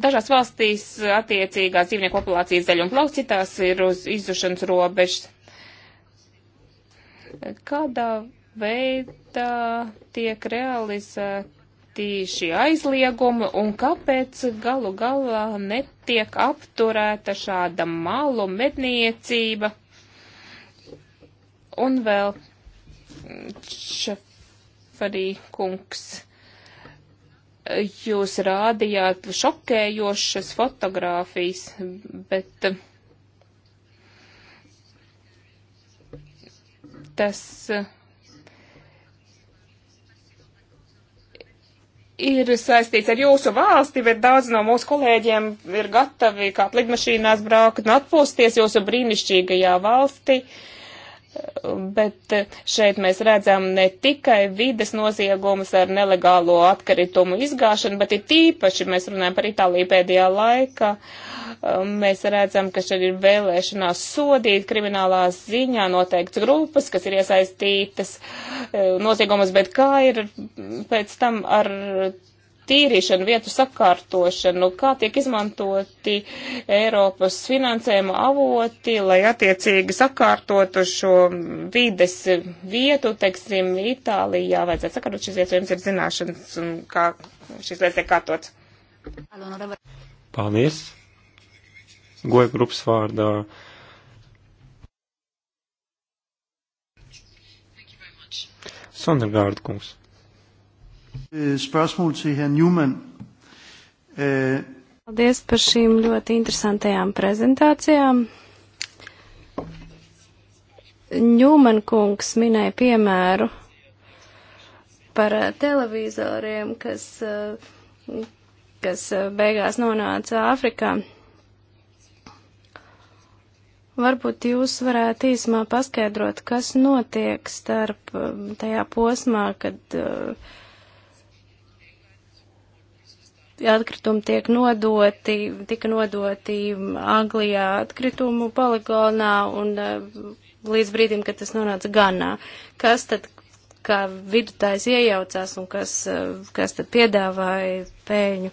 [SPEAKER 3] dažās valstīs attiecīgās dzīvnieku populācijas zaļ un plaukcitās ir uz izušanas robežas kādā veidā tiek realizēti šie aizliegumi un kāpēc galu galā netiek apturēta šāda malu medniecība. Un vēl Čafarī kungs, jūs rādījāt šokējošas fotogrāfijas, bet. Uh, tas ir saistīts ar jūsu valsti, bet daudz no mūsu kolēģiem ir gatavi kā plidmašīnās braukt un atpūsties jūsu brīnišķīgajā valstī. Uh, Bet šeit mēs redzam ne tikai vides noziegumus ar nelegālo atkaritumu izgāšanu, bet ir tīpaši, mēs runājam par Itāliju pēdējā laikā, um, mēs redzam, ka šeit ir vēlēšanās sodīt kriminālā ziņā noteikts grupas, kas ir iesaistītas uh, noziegumus, bet kā ir pēc tam ar tīrīšanu, vietu sakārtošanu, kā tiek izmantoti Eiropas finansējuma avoti, lai attiecīgi sakārtotu šo vides vietu, teiksim, Itālijā vajadzētu sakārtot šīs vietas, jums ir zināšanas, kā šīs lietas tiek kārtotas.
[SPEAKER 1] Paldies! Goja grupas vārdā. Sondergārda kungs. Øh, Spørsmål til Herr Newman. Øh,
[SPEAKER 2] Paldies par šīm ļoti interesantajām prezentācijām. Ņūman kungs minēja piemēru par eh, televīzoriem, kas, eh, kas eh, beigās nonāca Āfrikā. Varbūt jūs varētu īsumā paskaidrot, kas notiek starp tajā posmā, kad uh, atkritumi tiek nodoti, tika nodoti Anglijā atkritumu poligonā un eh, līdz brīdim, kad tas nonāca Ganā. Kas tad, kā vidutājs iejaucās un kas, eh, kas tad piedāvāja pēļņu?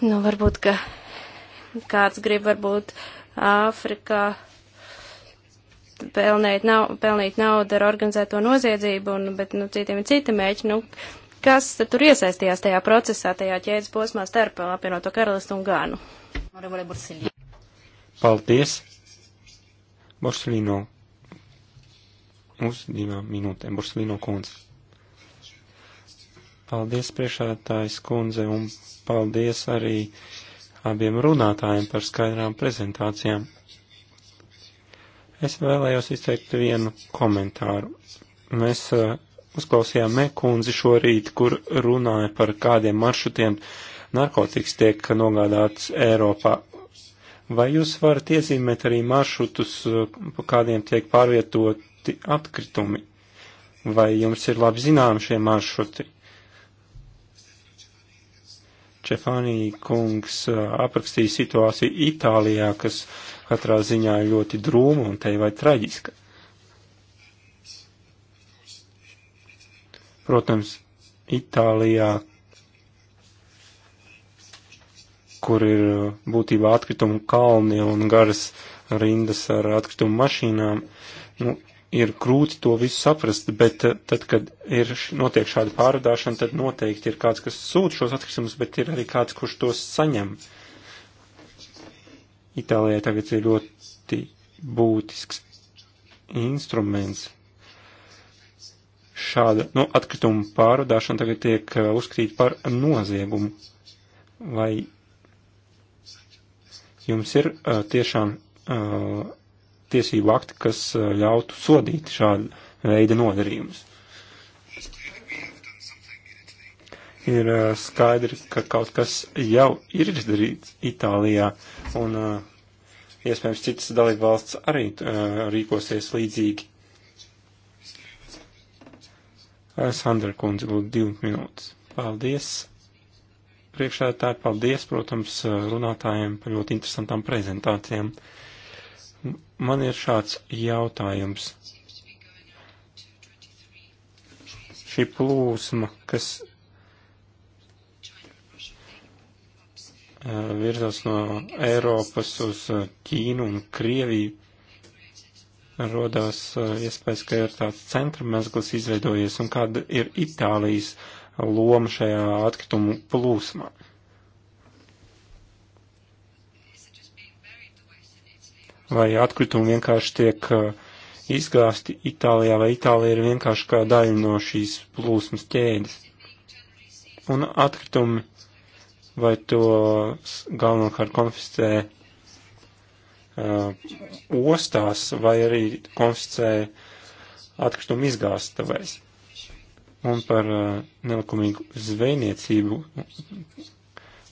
[SPEAKER 2] Nu, varbūt, ka kāds grib varbūt Āfrikā pelnīt, nav, pelnīt naudu ar organizēto noziedzību, un, bet nu, citiem ir cita mēģi. Nu, Kas tad tur iesaistījās tajā procesā, tajā ķēdes posmā starp apvienoto karalistu un Gānu?
[SPEAKER 1] Paldies! Borsalino uz divām minūtēm, Borsalino kundze. Paldies priekšādātājs kundze un paldies arī abiem runātājiem par skaidrām prezentācijām. Es vēlējos izteikt vienu komentāru. Mēs uh, uzklausījām Mekundzi šorīt, kur runāja par kādiem maršrutiem narkotikas tiek nogādāts Eiropā. Vai jūs varat iezīmēt arī maršrutus, pa kādiem tiek pārvietoti atkritumi? Vai jums ir labi zinām šie maršruti? Čefānī kungs aprakstīja situāciju Itālijā, kas katrā ziņā ir ļoti drūma un te vai traģiska. Protams, Itālijā, kur ir uh, būtībā atkritumu kalni un garas rindas ar atkritumu mašīnām, nu, ir grūti to visu saprast, bet uh, tad, kad ir notiek šāda pārādāšana, tad noteikti ir kāds, kas sūta šos atkritumus, bet ir arī kāds, kurš tos saņem. Itālijai tagad ir ļoti būtisks instruments šāda nu, atkrituma pārvadāšana tagad tiek eh, uzskatīta par noziegumu. Vai jums ir uh, tiešām uh, tiesību akti, kas uh, ļautu sodīt šādu veidu nodarījumus? Ir uh, skaidrs, ka kaut kas jau ir izdarīts Itālijā, un uh, iespējams citas dalībvalsts arī uh, rīkosies līdzīgi. Sandra kundze, lūdzu, divu minūtes. Paldies! Priekšētāji, paldies, protams, runātājiem par ļoti interesantām prezentācijām. Man ir šāds jautājums. Šī plūsma, kas eh, virzās no Eiropas uz eh, Ķīnu un Krieviju, rodās uh, iespējas, ka ir tāds centra mezgls izveidojies un kāda ir Itālijas loma šajā atkritumu plūsmā. Vai atkritumi vienkārši tiek uh, izgāsti Itālijā, vai Itālija ir vienkārši kā daļa no šīs plūsmas ķēdes? Un atkritumi, vai to galvenokārt konfiscē Uh, ostās vai arī konfiscē atkritumu izgāstavēs. Un par uh, nelikumīgu zvejniecību,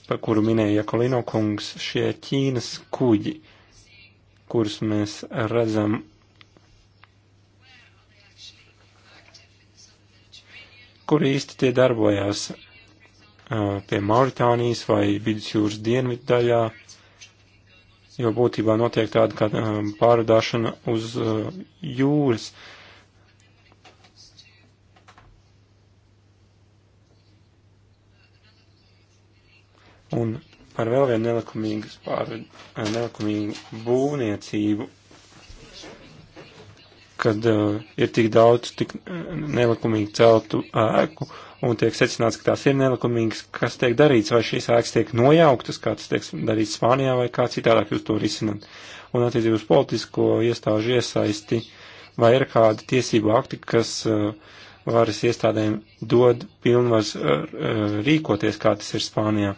[SPEAKER 1] par kuru minēja Jakolino kungs, šie Ķīnas kuģi, kurus mēs redzam kur īsti tie darbojās, uh, pie Mauritānijas vai Vidusjūras dienvidu daļā, jo būtībā notiek tāda kā eh, pārvadāšana uz eh, jūras. Un par vēl vienu nelikumīgu, pār, eh, nelikumīgu būvniecību, kad uh, ir tik daudz tik nelikumīgi celtu ēku. Uh, un tiek secināts, ka tās ir nelikumīgas, kas tiek darīts, vai šīs ēkas tiek nojauktas, kā tas tiek darīts Spānijā, vai kā citādāk jūs to risinat. Un attiecībā uz politisko iestāžu iesaisti, vai ir kādi tiesību akti, kas uh, varas iestādēm dod pilnvars uh, uh, rīkoties, kā tas ir Spānijā.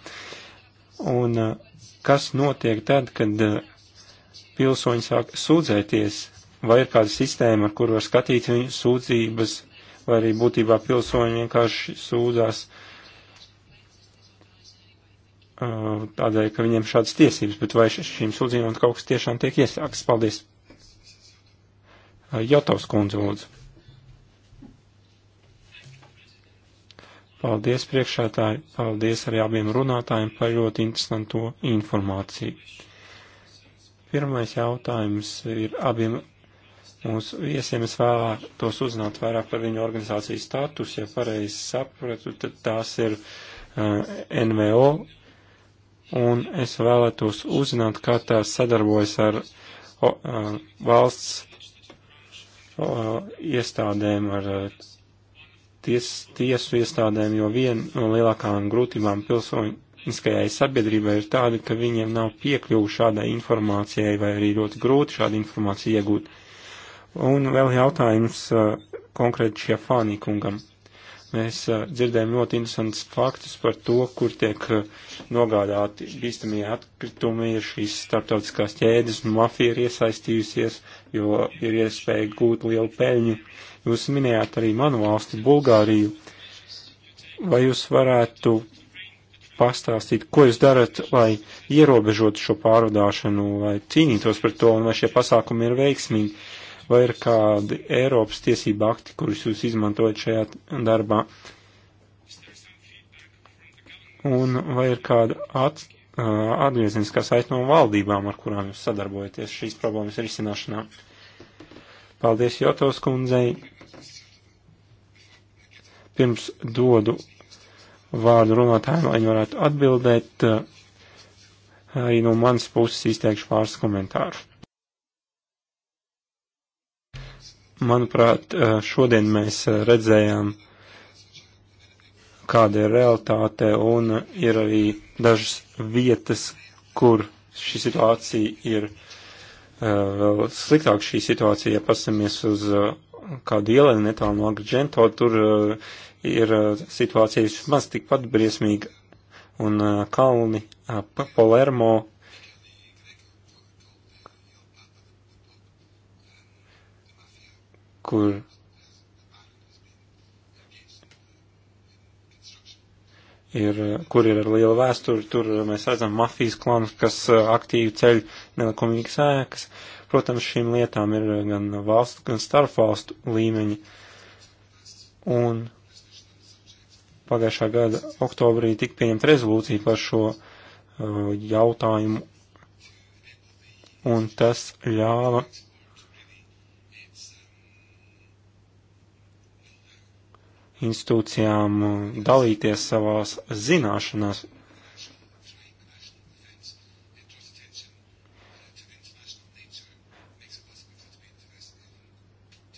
[SPEAKER 1] Un kas notiek tad, kad pilsoņi sāk sūdzēties, vai ir kāda sistēma, ar kuru var skatīt viņu sūdzības vai arī būtībā pilsoņi vienkārši sūdzās uh, tādēļ, ka viņiem šādas tiesības, bet vai šīm sūdzībām kaut kas tiešām tiek iesākts? Paldies! Uh, Jotovs kundze, lūdzu. Paldies priekšētāji, paldies arī abiem runātājiem par ļoti interesanto informāciju. Pirmais jautājums ir abiem Mūsu viesiem es vēlētos uzzināt vairāk par viņu organizācijas status, ja pareizi sapratu, tad tās ir uh, eh, NVO, un es vēlētos uzzināt, kā tās sadarbojas ar o, uh, valsts o, iestādēm, ar eh, ties, tiesu iestādēm, jo viena no lielākām grūtībām pilsoniskajai sabiedrībai ir tāda, ka viņiem nav piekļuvu šādai informācijai vai arī ļoti grūti šādu informāciju iegūt. Uh, Un vēl jautājums uh, konkrēti šie fānī kungam. Mēs uh, dzirdējam ļoti interesantus faktus par to, kur tiek uh, nogādāti bīstamie atkritumi, ir šīs starptautiskās ķēdes, mafija ir iesaistījusies, jo ir iespēja gūt lielu peļņu. Jūs minējāt arī manu valsti, Bulgāriju. Vai jūs varētu pastāstīt, ko jūs darat, lai ierobežotu šo pārvadāšanu, lai cīnītos par to, un vai šie pasākumi ir veiksmīgi vai ir kādi Eiropas tiesība akti, kurus jūs izmantojat šajā darbā? Un vai ir kāda at, atgriezniskā saita no valdībām, ar kurām jūs sadarbojaties šīs problēmas risināšanā? Paldies Jotos kundzei. Pirms dodu vārdu runātājiem, lai viņi varētu atbildēt, arī no manas puses izteikšu pāris komentārus. Manuprāt, šodien mēs redzējām, kāda ir realitāte, un ir arī dažas vietas, kur šī situācija ir vēl sliktāk. Šī situācija, ja pasamies uz kādu ielēnu netālu no Agrigento, tur ir situācija vismaz tikpat briesmīga, un kalni pa Palermo kur ir, kur ir ar lielu vēsturi, tur mēs redzam mafijas klanus, kas eh, aktīvi ceļ nelikumīgas ēkas. Protams, šīm lietām ir gan valstu, gan starpvalstu līmeņi. Un pagājušā gada oktobrī tika pieņemta rezolūcija par šo uh, jautājumu, un tas ļāva institūcijām uh, dalīties savās zināšanās.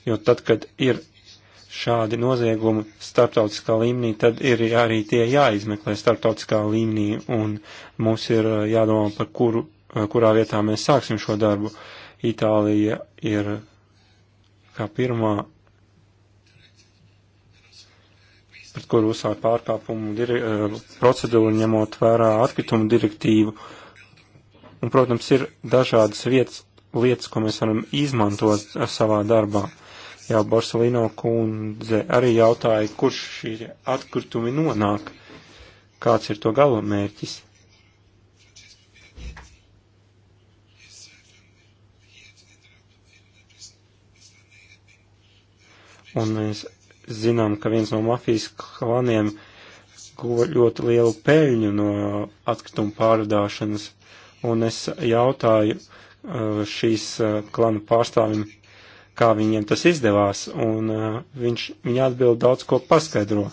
[SPEAKER 1] Jo tad, kad ir šādi noziegumi starptautiskā līmenī, tad ir arī tie jāizmeklē starptautiskā līmenī, un mums ir uh, jādomā par kuru, uh, kurā vietā mēs sāksim šo darbu. Itālija ir kā pirmā pret kuru uzsākt pārkāpumu diri, eh, procedūru, ņemot vērā atkritumu direktīvu. Un, protams, ir dažādas vietas, lietas, ko mēs varam izmantot savā darbā. Jā, Borsalino kundze arī jautāja, kurš šī atkritumi nonāk, kāds ir to galamērķis. Un mēs zinām, ka viens no mafijas klaniem guva ļoti lielu peļņu no atkritumu pārvadāšanas, un es jautāju uh, šīs uh, klana pārstāvim, kā viņiem tas izdevās, un uh, viņš, viņa atbild daudz ko paskaidro.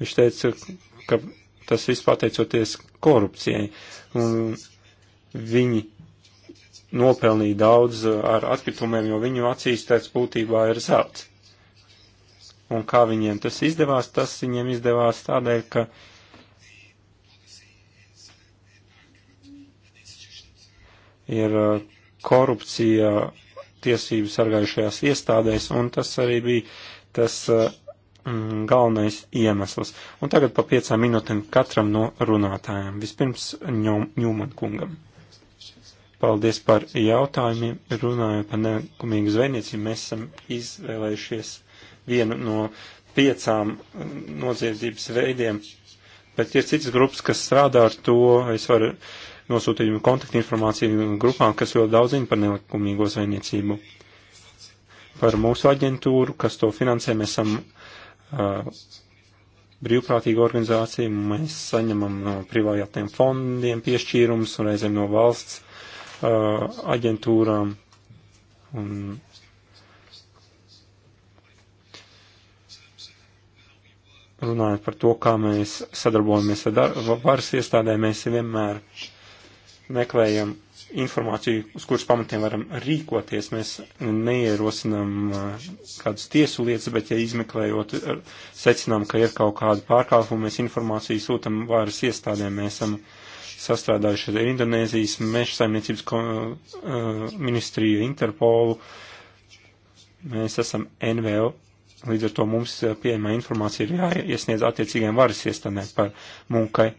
[SPEAKER 1] Viņš teica, ka tas viss pateicoties korupcijai, un viņi nopelnīja daudz ar atkritumiem, jo viņu acīs tāds būtībā ir zelts. Un kā viņiem tas izdevās, tas viņiem izdevās tādēļ, ka ir uh, korupcija tiesību sargājušajās iestādēs, un tas arī bija tas uh, mm, galvenais iemesls. Un tagad pa piecām minūtēm katram no runātājiem. Vispirms Ņūman kungam. Paldies par jautājumiem. Runājot par nekumīgu zvejniecību, mēs esam izvēlējušies vienu no piecām mm, noziedzības veidiem, bet ir citas grupas, kas strādā ar to, es varu nosūtīt kontaktinformāciju grupām, kas ļoti daudz zina par nelikumīgo zvejniecību. Par mūsu aģentūru, kas to finansē, mēs esam uh, brīvprātīga organizācija, mēs saņemam no privātiem fondiem piešķīrums un reizēm no valsts uh, aģentūrām. Un runājot par to, kā mēs sadarbojamies ar varas iestādēm, mēs vienmēr meklējam informāciju, uz kuras pamatiem varam rīkoties. Mēs neierosinām uh, kādus tiesu lietas, bet, ja izmeklējot, uh, secinām, ka ir kaut kāda pārkāpuma, mēs informāciju sūtam varas iestādēm. Mēs esam sastrādājuši ar Indonēzijas meža saimniecības uh, ministriju Interpolu. Mēs esam NVO Līdz ar to mums eh, pieejamā informācija ir jāiesniedz attiecīgiem varas iestādēm par munkai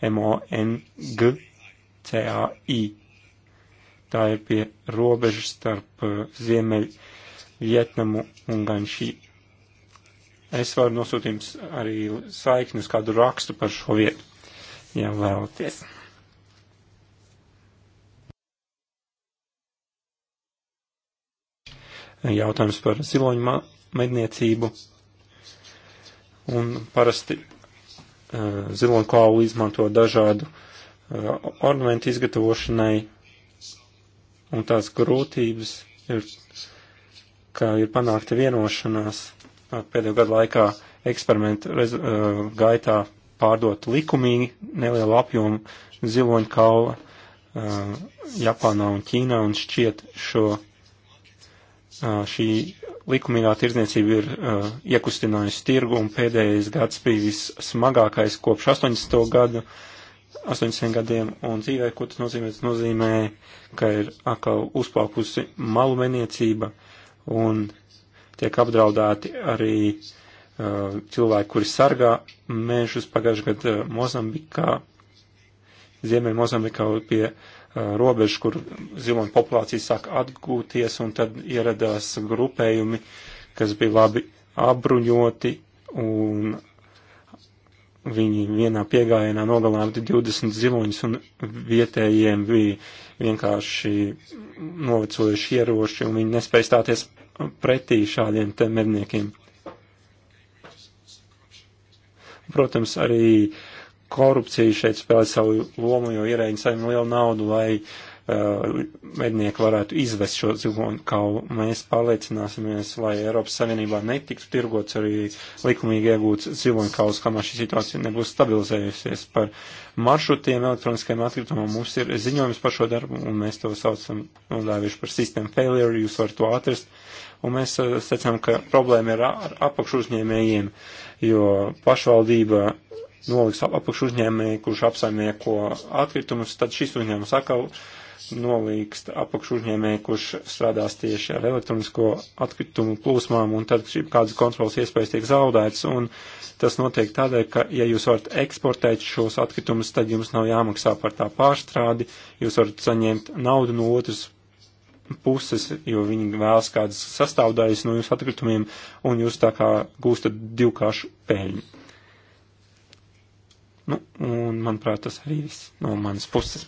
[SPEAKER 1] MONGCAI. Tā ir pie robežas starp eh, Ziemeļ Vietnamu un Ganšī. Es varu nosūtīt jums arī saikni uz kādu rakstu par šo vietu, ja vēlaties. Jautājums par ziloņu medniecību. Un parasti uh, zilo kaulu izmanto dažādu uh, ornamentu izgatavošanai, un tās grūtības ir, ka ir panākta vienošanās eh, pēdējo gadu laikā eksperimentu rez, uh, gaitā pārdot likumīgi nelielu apjomu ziloņu kaula uh, Japānā un Ķīnā un šķiet šo, uh, šī likumīgā tirdzniecība ir uh, iekustinājusi tirgu un pēdējais gads bija vissmagākais kopš 80. gadu, 80 gadiem un dzīvē, ko tas nozīmē, tas nozīmē, ka ir atkal uzplaukusi malu meniecība un tiek apdraudēti arī uh, cilvēki, kuri sargā mežus pagājušajā gadā Mozambikā, Ziemē Mozambikā pie uh, Uh, robežu, kur ziloņu populācija sāk atgūties, un tad ieradās grupējumi, kas bija labi apbruņoti, un viņi vienā piegājienā nogalināti 20 ziloņus, un vietējiem bija vienkārši novecojuši ieroši, un viņi nespēja stāties pretī šādiem te medniekiem. Protams, arī uh, korupcija šeit spēlē savu lomu, jo ierēģi saņem lielu naudu, lai uh, mednieki varētu izvest šo ziloņu kaulu. Mēs pārliecināsimies, lai Eiropas Savienībā netiktu tirgots arī likumīgi iegūts ziloņu kauls, kamēr šī situācija nebūs stabilizējusies. Par maršrutiem elektroniskajiem atkritumam mums ir ziņojums par šo darbu, un mēs to saucam nodāvījuši par sistēmu failure, jūs varat to atrast. Un mēs uh, secinām, ka problēma ir ar apakšu uzņēmējiem, jo pašvaldība noliks apakšu uzņēmēju, kurš apsaimnieko atkritumus, tad šis uzņēmums atkal nolīgst apakšu uzņēmēju, kurš strādās tieši ar elektronisko atkritumu plūsmām, un tad kādas kontrolas iespējas tiek zaudētas, un tas notiek tādēļ, ka, ja jūs varat eksportēt šos atkritumus, tad jums nav jāmaksā par tā pārstrādi, jūs varat saņemt naudu no otras puses, jo viņi vēlas kādas sastāvdaļas no jūsu atkritumiem, un jūs tā kā gūstat divkāršu peļņu. Nu, un, manuprāt, tas arī viss no manas puses.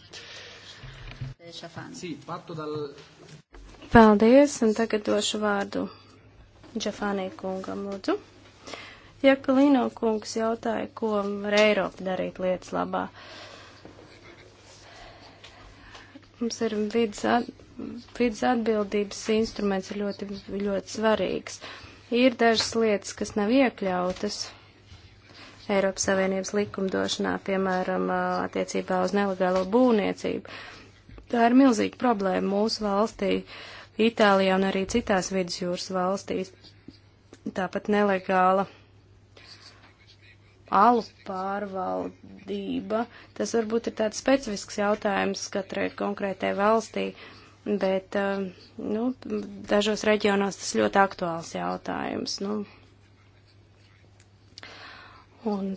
[SPEAKER 2] Paldies, un tagad došu vārdu Džafānī kungam, lūdzu. Ja Kalino kungs jautāja, ko var Eiropa darīt lietas labā, mums ir vidas, at, vidas atbildības instruments ļoti, ļoti svarīgs. Ir dažas lietas, kas nav iekļautas Eiropas Savienības likumdošanā, piemēram, attiecībā uz nelegālo būvniecību. Tā ir milzīga problēma mūsu valstī, Itālijā un arī citās vidusjūras valstīs. Tāpat nelegāla alu pārvaldība. Tas varbūt ir tāds specifisks jautājums katrai konkrētai valstī, bet nu, dažos reģionos tas ļoti aktuāls jautājums. Nu, Un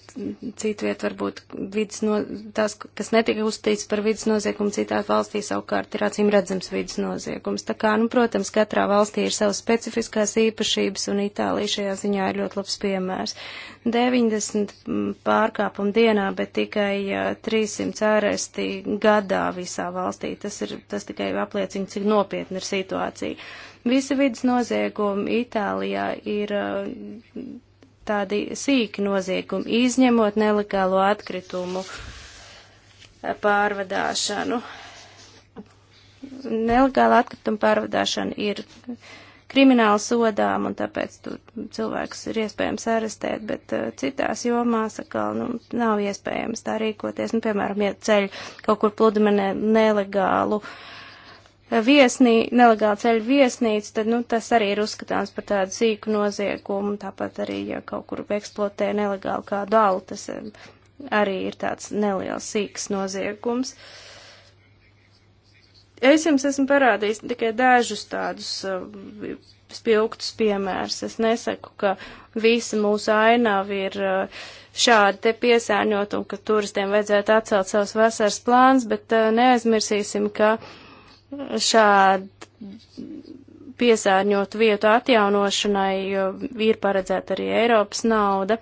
[SPEAKER 2] citviet varbūt vidas no, tas, kas netika uzstīts par vidas noziegumu citās valstīs, savukārt ir acīm redzams vidas noziegums. Tā kā, nu, protams, katrā valstī ir savas specifiskās īpašības, un Itālija šajā ziņā ir ļoti labs piemērs. 90 mm, pārkāpumu dienā, bet tikai 300 āresti gadā visā valstī. Tas, ir, tas tikai apliecina, cik nopietna ir situācija. Visi vidas noziegumi Itālijā ir tādi sīki noziegumi, izņemot nelegālo atkritumu pārvadāšanu. Nelegāla atkrituma pārvadāšana ir krimināli sodām, un tāpēc tur cilvēkus ir iespējams arestēt, bet uh, citās jomās atkal nu, nav iespējams tā rīkoties. Nu, piemēram, ja ceļ kaut kur pludmenē nelegālu uh, viesnī, nelegāli ceļu viesnīcu, tad, nu, tas arī ir uzskatāms par tādu sīku noziegumu, tāpat arī, ja kaut kur eksploatē nelegāli kādu alu, tas eh, arī ir tāds neliels sīks noziegums. Es jums esmu parādījis tikai dažus tādus eh, spilgtus piemērus. Es nesaku, ka visa mūsu ainava ir eh, šādi te piesārņot un ka turistiem vajadzētu atcelt savus vasaras plāns, bet neaizmirsīsim, ka uh, šādu piesārņotu vietu atjaunošanai, jo ir paredzēta arī Eiropas nauda.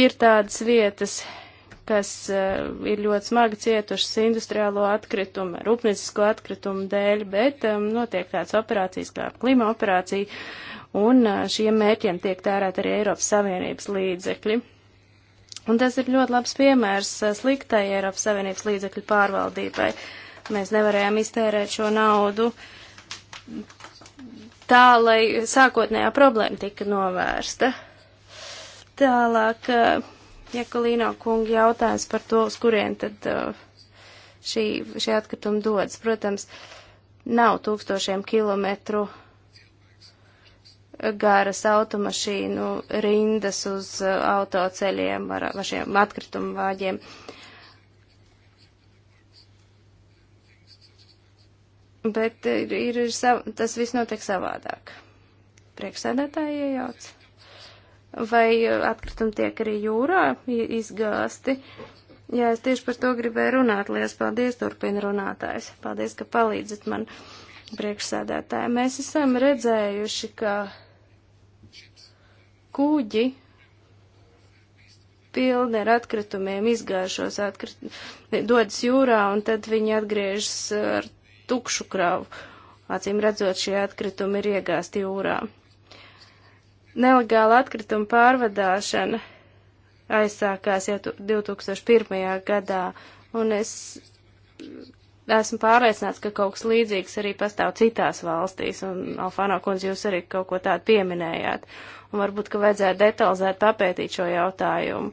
[SPEAKER 2] Ir tādas vietas, kas uh, ir ļoti smagi cietušas industriālo atkritumu, rūpniecisko atkritumu dēļ, bet um, notiek tāds operācijas kā klima operācija, un uh, šiem mērķiem tiek tērēt arī Eiropas Savienības līdzekļi. Un tas ir ļoti labs piemērs uh, sliktai Eiropas Savienības līdzekļu pārvaldībai. Uh, Mēs nevarējām iztērēt šo naudu tā, lai sākotnējā problēma tika novērsta. Tālāk, eh, Jekulīno kungi jautājums par to, uz kurien tad eh, šī, šī atkrituma dodas. Protams, nav tūkstošiem kilometru garas automašīnu rindas uz eh, autoceļiem ar, ar šiem atkritumu vāģiem. Uh, bet ir, ir, ir sav, tas viss notiek savādāk. Priekšsēdētāji iejauc. Vai uh, atkritumi tiek arī jūrā izgāsti? Jā, es tieši par to gribēju runāt. Lielas paldies, turpina runātājs. Paldies, ka palīdzat man priekšsēdētāji. Mēs esam redzējuši, ka kuģi pilni ar atkritumiem, izgājušos atkrit... dodas jūrā un tad viņi atgriežas ar tukšu kravu. Acīm redzot, šie atkritumi ir iegāsti jūrā. Nelegāla atkrituma pārvadāšana aizsākās jau 2001. gadā, un es esmu pārliecināts, ka kaut kas līdzīgs arī pastāv citās valstīs, un Alfāno kundze jūs arī kaut ko tādu pieminējāt, un varbūt, ka vajadzētu detalizēt papētīt šo jautājumu,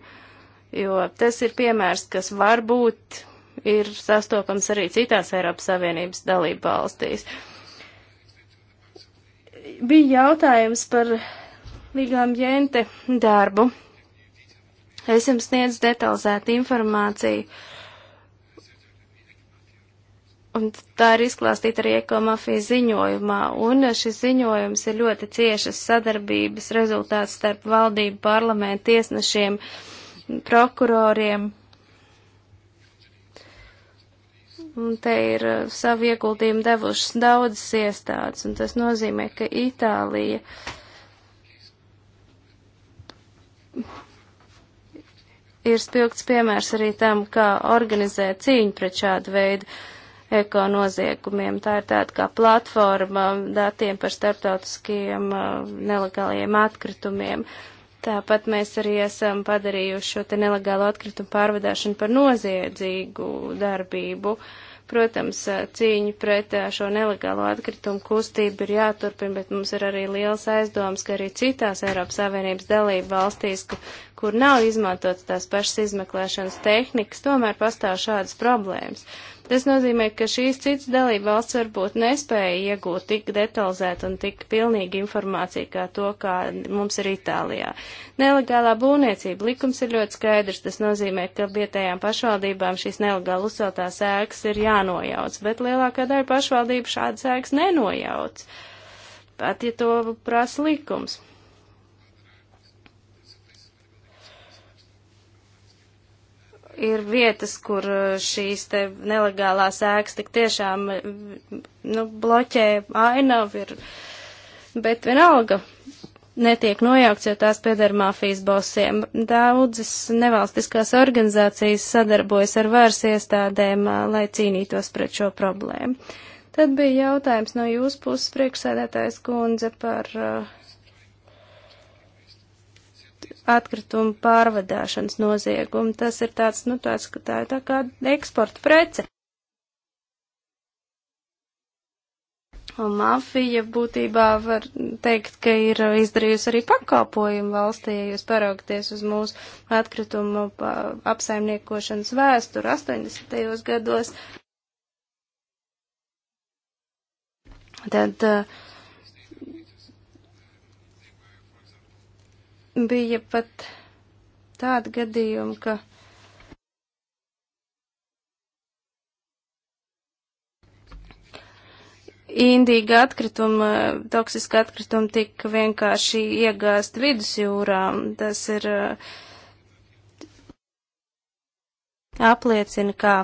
[SPEAKER 2] jo tas ir piemērs, kas var būt ir sastopams arī citās Eiropas Savienības dalību valstīs. Bija jautājums par Ligām Jente darbu. Es jums sniedzu detalizētu informāciju. Un tā ir izklāstīta arī ekomafijas ziņojumā, un šis ziņojums ir ļoti ciešas sadarbības rezultāts starp valdību, parlamentu, tiesnešiem, prokuroriem Un te ir uh, savu ieguldījumu devušas daudzas iestādes, un tas nozīmē, ka Itālija ir spilgts piemērs arī tam, kā organizē cīņu pret šādu veidu eko noziegumiem. Tā ir tāda kā platforma datiem par starptautiskiem uh, nelegāliem atkritumiem. Uh, Tāpat mēs arī esam padarījuši šo te nelegālo atkritumu pārvadāšanu par noziedzīgu darbību. Protams, cīņa pret šo nelegālo atkritumu kustību ir jāturpina, bet mums ir arī liels aizdoms, ka arī citās Eiropas Savienības dalība valstīs, kur nav izmantotas tās pašas izmeklēšanas tehnikas, tomēr pastāv šādas problēmas. Uh, Tas nozīmē, ka šīs citas dalība valsts varbūt nespēja iegūt tik detalizēt un tik pilnīgi informāciju kā to, kā mums ir Itālijā. Nelegālā būvniecība likums ir ļoti skaidrs. Tas nozīmē, ka vietējām pašvaldībām šīs nelegāli uzceltās ēkas ir jānojauc, bet lielākā daļa pašvaldību šādas ēkas nenojauc. Pat ja to prasa likums. ir vietas, kur uh, šīs te nelegālās ēkas tik tiešām, uh, nu, bloķē ainavu ir, bet vienalga netiek nojaukts, jo tās pieder mafijas bosiem. Daudzas nevalstiskās organizācijas sadarbojas ar vairs iestādēm, uh, lai cīnītos pret šo problēmu. Tad bija jautājums no jūsu puses, priekšsēdētājs kundze, par uh, atkritumu pārvadāšanas noziegumu. Tas ir tāds, nu, tāds, ka tā ir tā kā eksporta prece. Un mafija būtībā var teikt, ka ir izdarījusi arī pakalpojumu valstī, ja jūs paraugties uz mūsu atkritumu apsaimniekošanas vēsturi 80. gados. Tad uh, bija pat tādi gadījumi, ka indīga atkrituma, toksiska atkrituma tika vienkārši iegāst vidusjūrā. Tas ir uh, apliecina, kā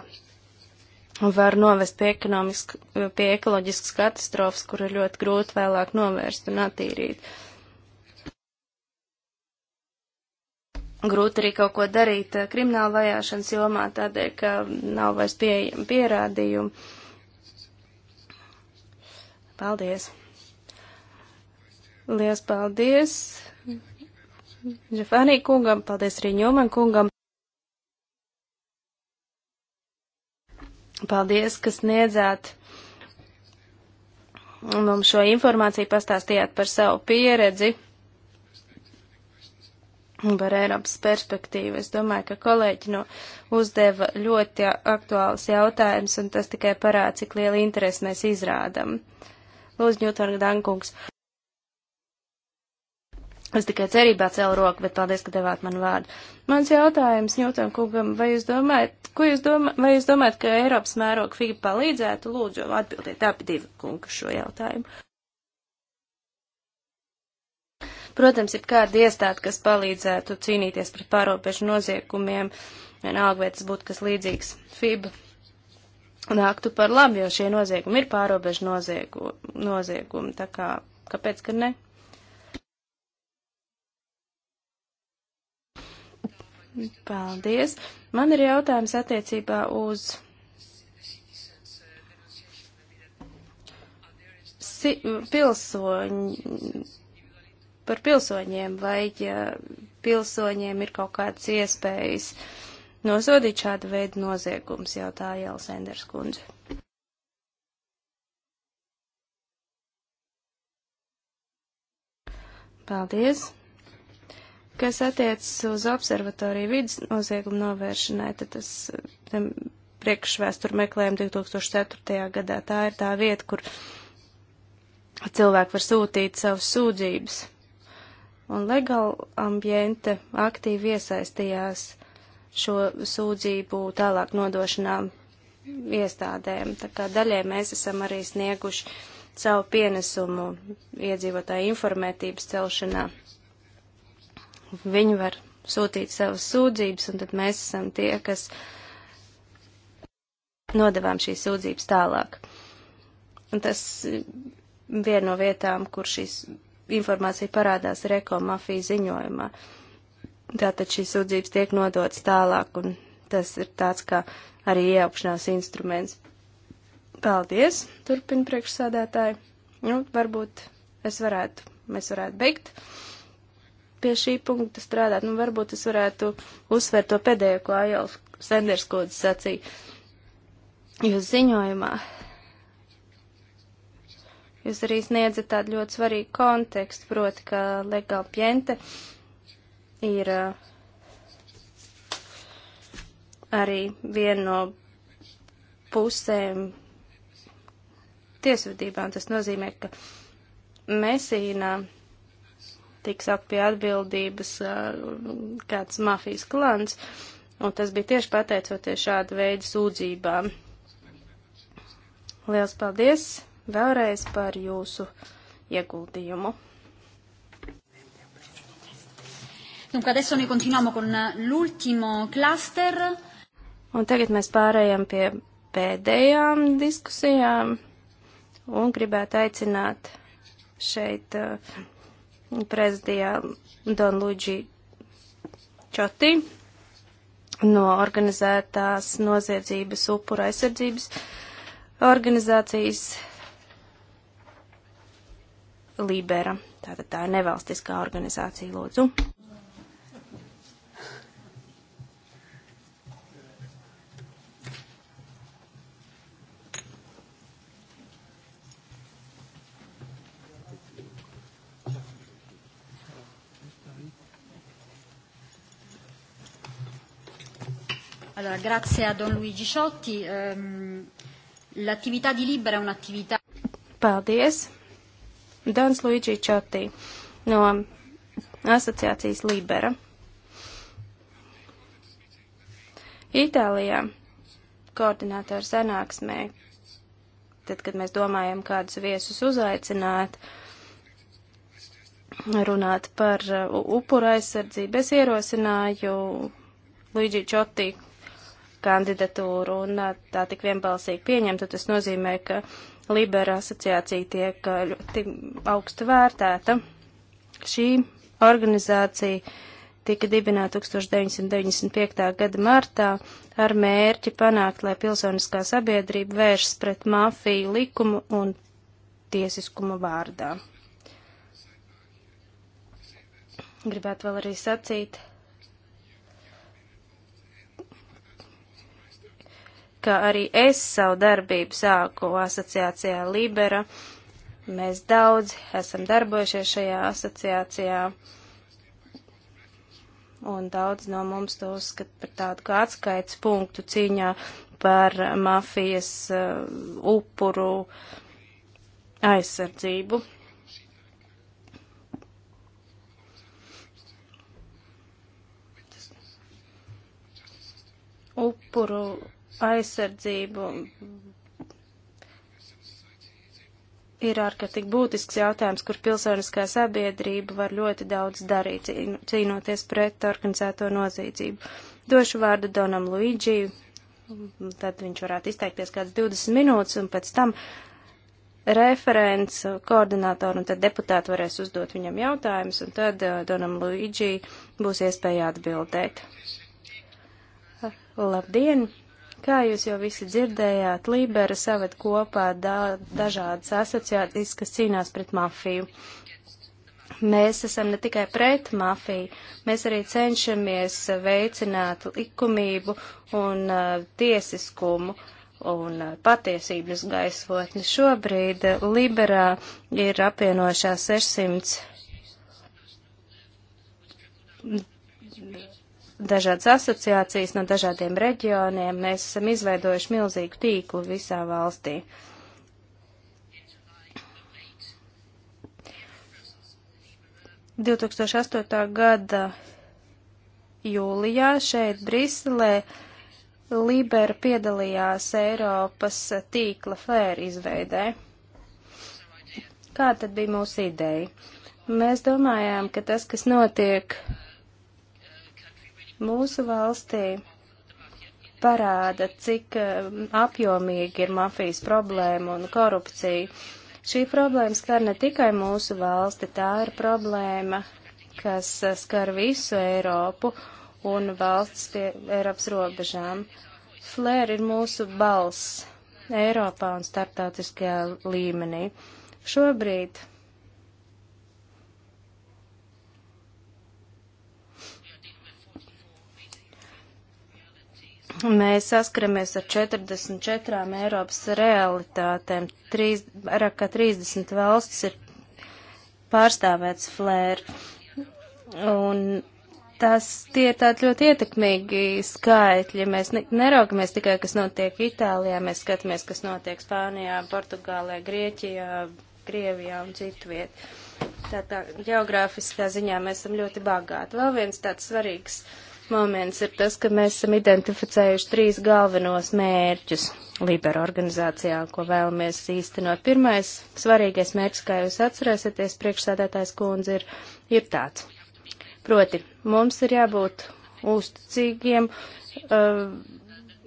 [SPEAKER 2] var novest pie, pie ekoloģiskas katastrofas, kuru ļoti grūti vēlāk novērst un attīrīt. Uh, grūti arī kaut ko darīt eh, krimināla vajāšanas jomā, tādēļ, ka nav vairs pieejami pierādījumi. Paldies! Lielas paldies! Džafanī kungam, paldies arī Ņūman kungam. Paldies, ka sniedzāt mums šo informāciju, pastāstījāt par savu pieredzi un par Eiropas perspektīvu. Es domāju, ka kolēģi no nu uzdeva ļoti aktuāls jautājums, un tas tikai parāda, cik lielu interesi mēs izrādam. Lūdzu, Ņūtorga Dankungs. Es tikai cerībā cēlu roku, bet paldies, ka devāt man vārdu. Mans jautājums Ņūtam kungam, vai jūs domājat, ko jūs domājat, vai jūs domājat, ka Eiropas mēroga figi palīdzētu? Lūdzu, atbildiet abi divi kungu šo jautājumu. Protams, ir kāda iestāde, kas palīdzētu cīnīties pret pārobežu noziegumiem, vienalga, vai tas būtu kas līdzīgs FIB nāktu par labu, jo šie noziegumi ir pārobežu noziegu, noziegumi, tā kā kāpēc, ka ne? Paldies. Man ir jautājums attiecībā uz si pilsoņu par pilsoņiem, vai ja pilsoņiem ir kaut kādas iespējas nosodīt šādu veidu noziegums, jautāja Jālis Enders kundze. Paldies! Kas attiecas uz observatoriju vidas noziegumu novēršanai, tad tas priekšvēsturu meklējumu 2004. gadā. Tā ir tā vieta, kur cilvēki var sūtīt savus sūdzības un legal ambiente aktīvi iesaistījās šo sūdzību tālāk nodošanā iestādēm. Tā kā daļai mēs esam arī snieguši savu pienesumu iedzīvotāju informētības celšanā. Viņi var sūtīt savas sūdzības, un tad mēs esam tie, kas nodevām šīs sūdzības tālāk. Un tas viena no vietām, kur šīs informācija parādās Reko mafija ziņojumā. Tātad šīs sūdzības tiek nodotas tālāk, un tas ir tāds kā arī iejaukšanās instruments. Paldies, turpina priekšsādātāji. Nu, varbūt es varētu, mēs varētu beigt pie šī punkta strādāt. Nu, varbūt es varētu uzsvērt to pēdējo, ko Ajals Senders kodis sacīja. Jūs ziņojumā Jūs arī sniedzat tādu ļoti svarīgu kontekstu, proti, ka legāla pjente ir uh, arī viena no pusēm tiesvedībām. Tas nozīmē, ka Mesīnā tiks sakt pie atbildības uh, kāds mafijas klans, un tas bija tieši pateicoties šāda veida sūdzībām. Liels paldies! vēlreiz par jūsu ieguldījumu. Dunque, adesso noi continuiamo con eh, l'ultimo cluster. Un tagad mēs pārējām pie pēdējām diskusijām un gribētu aicināt šeit uh, prezidijā Don Luģi Čoti no organizētās noziedzības upura aizsardzības organizācijas Libera. Tātad tā ir nevalstiskā organizācija, lūdzu. Allora, grazie a Don Luigi Ciotti. Um, l'attività di Libera è un'attività. Paldies. Dans Luigi Čotī no asociācijas Libera. Itālijā koordinātoru sanāksmē, tad, kad mēs domājam, kādus viesus uzaicināt, runāt par uh, upura aizsardzību, es ierosināju Luigi Čotī kandidatūru, un uh, tā tik vienbalsīgi pieņemta, tas nozīmē, ka Libera asociācija tiek ļoti augstu vērtēta. Šī organizācija tika dibināta 1995. gada martā ar mērķi panākt, lai pilsoniskā sabiedrība vēršas pret mafiju likumu un tiesiskuma vārdā. Gribētu vēl arī sacīt, ka arī es savu darbību sāku asociācijā Libera. Mēs daudz esam darbojušies šajā asociācijā, un daudz no mums to uzskat par tādu kā atskaits punktu cīņā par mafijas uh, upuru aizsardzību. Upuru aizsardzību ir ārkārtīgi būtisks jautājums, kur pilsoniskā sabiedrība var ļoti daudz darīt, cīnoties pret organizēto noziedzību. Došu vārdu Donam Luigi, tad viņš varētu izteikties kāds 20 minūtes, un pēc tam referents, koordinātori un tad deputāti varēs uzdot viņam jautājumus, un tad uh, Donam Luigi būs iespēja atbildēt. Labdien! Kā jūs jau visi dzirdējāt, Libera saved kopā da dažādas asociācijas, kas cīnās pret mafiju. Mēs esam ne tikai pret mafiju, mēs arī cenšamies veicināt likumību un uh, tiesiskumu un uh, patiesības gaisotni. Šobrīd Liberā ir apvienošās 600 dažādas asociācijas no dažādiem reģioniem. Mēs esam izveidojuši milzīgu tīklu visā valstī. gada jūlijā šeit Briselē Libera piedalījās Eiropas tīkla fēra izveidē. Kā tad bija mūsu ideja? Mēs domājām, ka tas, kas notiek mūsu valstī parāda, cik um, apjomīgi ir mafijas problēma un korupcija. Šī problēma skar ne tikai mūsu valsti, tā ir problēma, kas uh, skar visu Eiropu un valsts pie Eiropas robežām. Flēr ir mūsu balss Eiropā un starptautiskajā līmenī. Šobrīd mēs saskaramies ar 44 Eiropas realitātēm. Trīs, vairāk kā 30 valstis ir pārstāvēts flēr. Un tas tie ir tādi ļoti ietekmīgi skaitļi. Mēs ne, neraugamies tikai, kas notiek Itālijā, mēs skatāmies, kas notiek Spānijā, Portugālē, Grieķijā, Krievijā un citu vietu. Tā tā geogrāfiskā ziņā mēs esam ļoti bagāti. Vēl viens tāds svarīgs uh, moments ir tas, ka mēs esam identificējuši trīs galvenos mērķus Libera organizācijā, ko vēlamies īstenot. Pirmais svarīgais mērķis, kā jūs atcerēsieties, priekšsēdētājs kundze, ir, ir tāds. Proti, mums ir jābūt uzticīgiem, uh,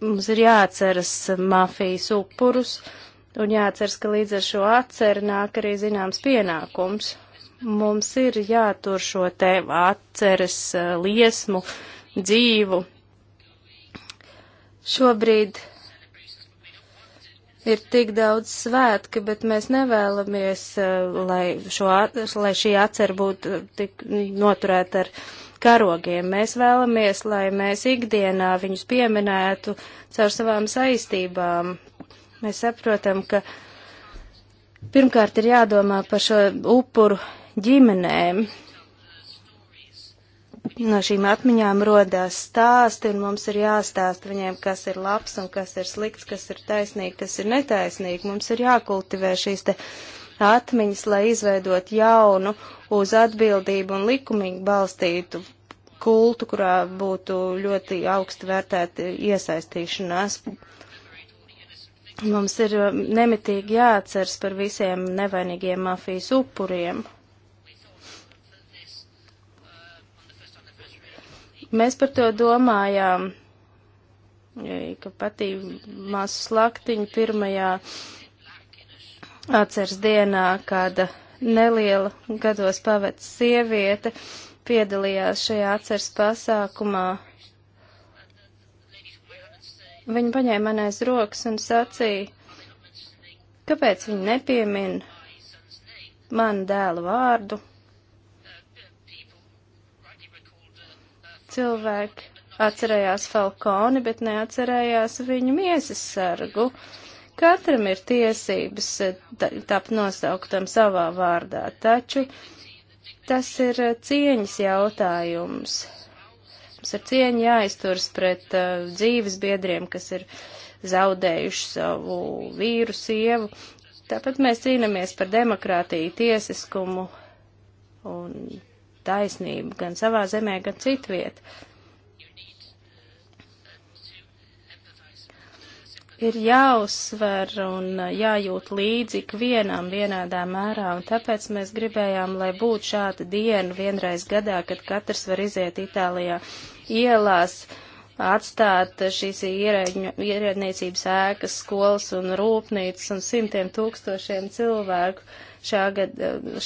[SPEAKER 2] mums ir jāatceras mafijas upurus un jāatceras, ka līdz ar šo atceru nāk arī zināms pienākums. Mums ir jātur šo te atceres uh, liesmu, uh, dzīvu. Šobrīd ir tik daudz svētki, bet mēs nevēlamies, eh, lai, šo, lai šī atcer būtu eh, tik noturēta ar karogiem. Mēs vēlamies, lai mēs ikdienā viņus pieminētu caur savām saistībām. Mēs saprotam, ka pirmkārt ir jādomā par šo upuru ģimenēm, no šīm atmiņām rodās stāsti, un mums ir jāstāsta viņiem, kas ir labs un kas ir slikts, kas ir taisnīgi, kas ir netaisnīgi. Mums ir jākultivē šīs te atmiņas, lai izveidot jaunu uz atbildību un likumīgi balstītu kultu, kurā būtu ļoti augstu vērtēta iesaistīšanās. Mums ir um, nemitīgi jāatceras par visiem nevainīgiem mafijas upuriem. Mēs par to domājām, e, ka patī māsu slaktiņu pirmajā atceras dienā, kāda neliela gados pavec sieviete piedalījās šajā atceras pasākumā. Viņa paņēma man aiz rokas un sacīja, kāpēc viņa nepiemin manu dēlu vārdu, Cilvēki atcerējās Falkoni, bet neatcerējās viņu miesas sargu. Katram ir tiesības eh, tap nosauktam savā vārdā, taču tas ir eh, cieņas jautājums. Mums ar cieņu jāizturas pret uh, dzīves biedriem, kas ir zaudējuši savu vīru, sievu. Tāpat mēs cīnāmies par demokrātiju, tiesiskumu un taisnību gan savā zemē, gan citviet. Ir jāuzsver un jājūt līdzi ikvienam vienādā mērā, un tāpēc mēs gribējām, lai būtu šāda diena vienreiz gadā, kad katrs var iziet Itālijā ielās. Uh, atstāt šīs ierēdniecības ēkas, skolas un rūpnīcas un simtiem tūkstošiem cilvēku. Šā gad,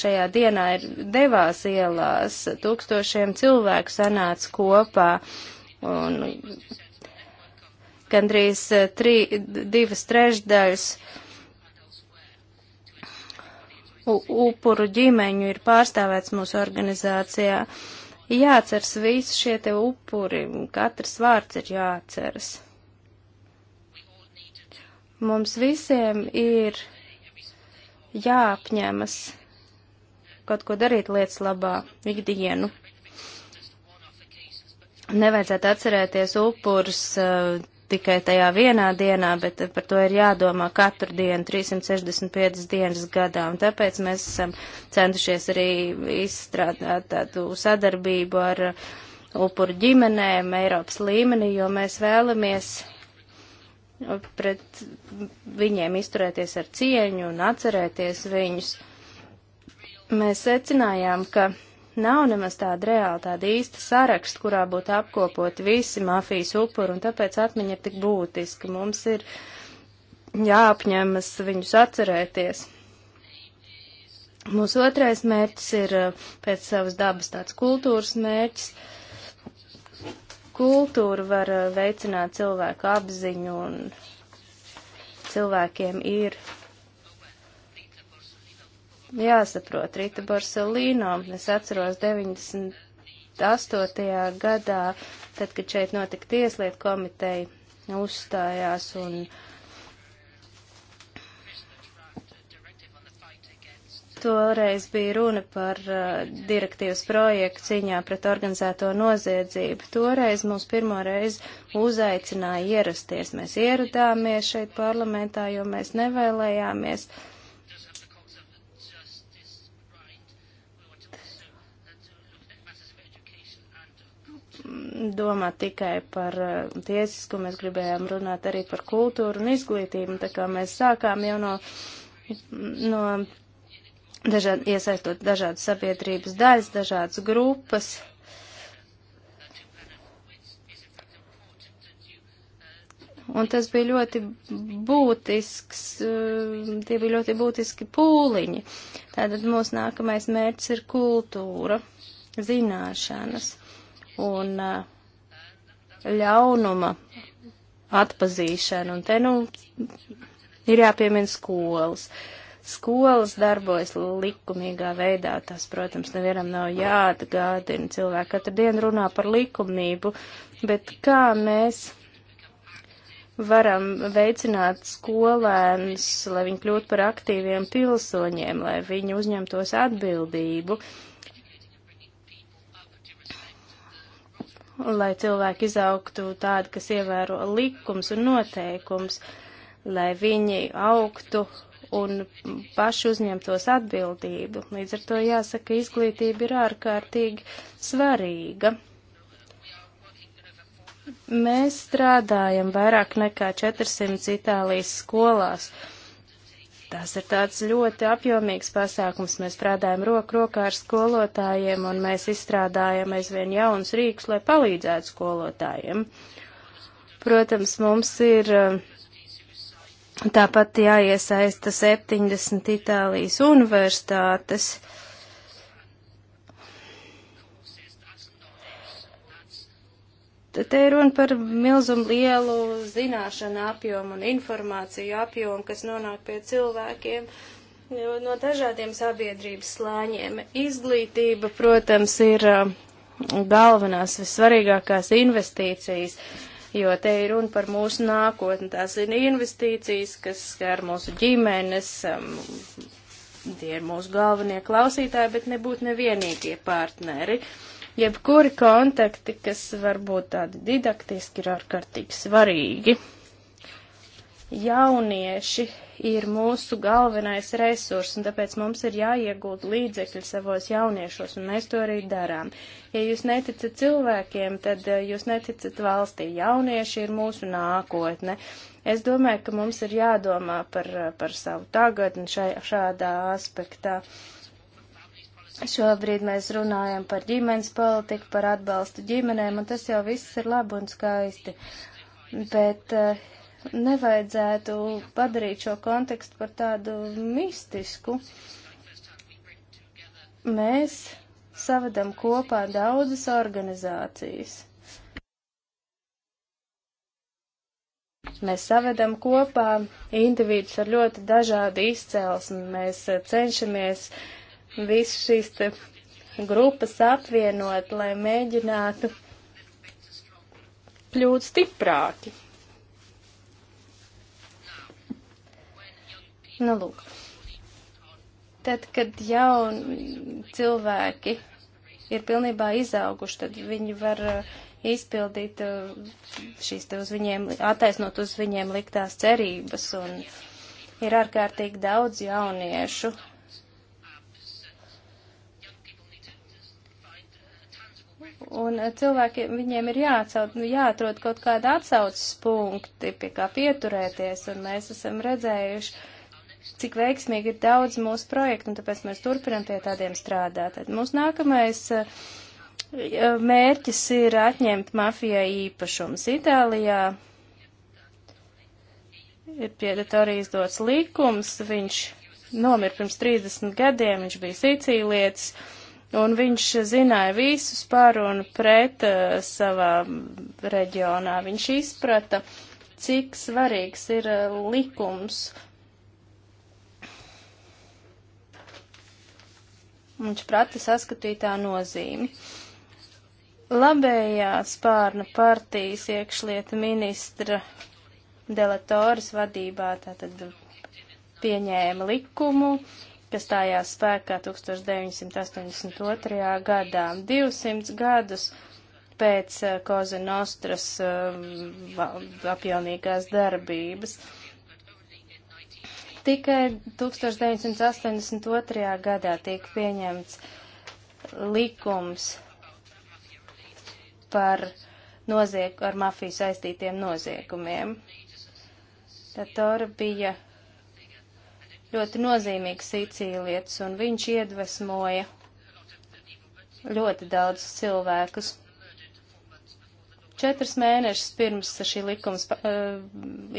[SPEAKER 2] šajā dienā ir devās ielās, tūkstošiem cilvēku sanāca kopā un gandrīz tri, divas trešdaļas upuru ģimeņu ir pārstāvēts mūsu organizācijā. Uh, jāceras visi šie te upuri, katrs vārds ir jāceras. Mums visiem ir jāapņemas kaut ko darīt lietas labā ikdienu. Nevajadzētu atcerēties upurs tikai tajā vienā dienā, bet par to ir jādomā katru dienu, 365 dienas gadā. Un tāpēc mēs esam centušies arī izstrādāt tādu sadarbību ar upuru ģimenēm Eiropas līmenī, jo mēs vēlamies pret viņiem izturēties ar cieņu un atcerēties viņus. Mēs secinājām, ka nav nemaz tāda reāla, tāda īsta saraksta, kurā būtu apkopot visi mafijas upuri, un tāpēc atmiņa ir tik būtiska. Mums ir jāapņemas viņus atcerēties. Mūsu otrais mērķis ir eh, pēc savas dabas tāds kultūras mērķis. Kultūra var eh, veicināt cilvēku apziņu un cilvēkiem ir jāsaprot, Rita Borsalīno, es atceros 98. gadā, tad, kad šeit notika tieslietu komiteja, uzstājās un toreiz bija runa par uh, direktīvas projektu ciņā pret organizēto noziedzību. Toreiz mūs pirmo reizi uzaicināja ierasties. Mēs ieradāmies šeit parlamentā, jo mēs nevēlējāmies uh, domāt tikai par eh, tiesisku, mēs gribējām runāt arī par kultūru un izglītību, un tā kā mēs sākām jau no, no dažād, iesaistot dažādas sabiedrības daļas, dažādas grupas. Un tas bija ļoti būtisks, eh, tie bija ļoti būtiski pūliņi. Tātad mūsu nākamais mērķis ir kultūra, zināšanas un eh, ļaunuma atpazīšanu. Un te nu ir jāpiemina skolas. Skolas darbojas likumīgā veidā, tas, protams, nevienam nav jāatgādina. Cilvēki katru dienu runā par likumību, bet kā mēs varam veicināt skolēnus, lai viņi kļūtu par aktīviem pilsoņiem, lai viņi uzņemtos atbildību. Uh, lai cilvēki izaugtu tādi, kas ievēro likums un noteikums, lai viņi augtu un paši uzņemtos atbildību. Līdz ar to jāsaka, izglītība ir ārkārtīgi svarīga. Mēs strādājam vairāk nekā 400 Itālijas skolās. Uh, Tas ir tāds ļoti apjomīgs pasākums. Mēs strādājam roku rokā ar skolotājiem un mēs izstrādājam aizvien jaunus rīkus, lai palīdzētu skolotājiem. Protams, mums ir eh, tāpat jāiesaista 70 Itālijas universitātes. Uh, Te ir runa par milzumu lielu zināšanu apjomu un informāciju apjomu, kas nonāk pie cilvēkiem no dažādiem sabiedrības slāņiem. Izglītība, protams, ir um, galvenās, vissvarīgākās investīcijas, jo te ir runa par mūsu nākotni. Tās ir investīcijas, kas skar mūsu ģimenes, um, tie ir mūsu galvenie klausītāji, bet nebūtu nevienīgie partneri. Uh, Jebkuri kontakti, kas var būt tādi didaktiski, ir ārkārtīgi svarīgi. Jaunieši ir mūsu galvenais resurs, un tāpēc mums ir jāiegūt līdzekļi savos jauniešos, un mēs to arī darām. Ja jūs neticat cilvēkiem, tad eh, jūs neticat valstī. Jaunieši ir mūsu nākotne. Es domāju, ka mums ir jādomā par, eh, par savu tagadni šādā aspektā. Uh, Šobrīd mēs runājam par ģimenes politiku, par atbalstu ģimenēm, un tas jau viss ir labi un skaisti. Bet uh, nevajadzētu padarīt šo kontekstu par tādu mistisku. Mēs savadam kopā daudzas organizācijas. Mēs savedam kopā individus ar ļoti dažādu izcelsmi. Mēs eh, cenšamies uh, visu šīs te grupas apvienot, lai mēģinātu kļūt stiprāki. Nu, lūk. Tad, kad jauni cilvēki ir pilnībā izauguši, tad viņi var uh, izpildīt uh, šīs te uz viņiem, attaisnot uz viņiem liktās cerības. Un ir ārkārtīgi daudz jauniešu, Un eh, cilvēkiem, viņiem ir jāatsaut, nu, jāatrod kaut kāda atsaucas punkti, pie kā pieturēties, un mēs esam redzējuši, cik veiksmīgi ir daudz mūsu projektu, un tāpēc mēs turpinam pie tādiem strādāt. Tad mūsu nākamais eh, eh, mērķis ir atņemt mafijai īpašums Itālijā. Ir pie Datorija izdots likums, viņš nomira pirms 30 gadiem, viņš bija Sīcīlietis un viņš zināja visus par un pret uh, savā reģionā. Viņš izprata, cik svarīgs ir uh, likums. Viņš prata saskatītā nozīmi. Labējā spārna partijas iekšlieta ministra Delatoras vadībā tātad pieņēma likumu, uh, kas stājās spēkā 1982. gadā, 200 gadus pēc Koza eh, Nostras um, apjaunīgās darbības. Tikai 1982. gadā tiek pieņemts likums par noziegu, ar mafiju saistītiem noziegumiem. Tatora bija ļoti nozīmīgs sīcīlietis, un viņš iedvesmoja ļoti daudzus cilvēkus. Četras mēnešus pirms šī likums uh,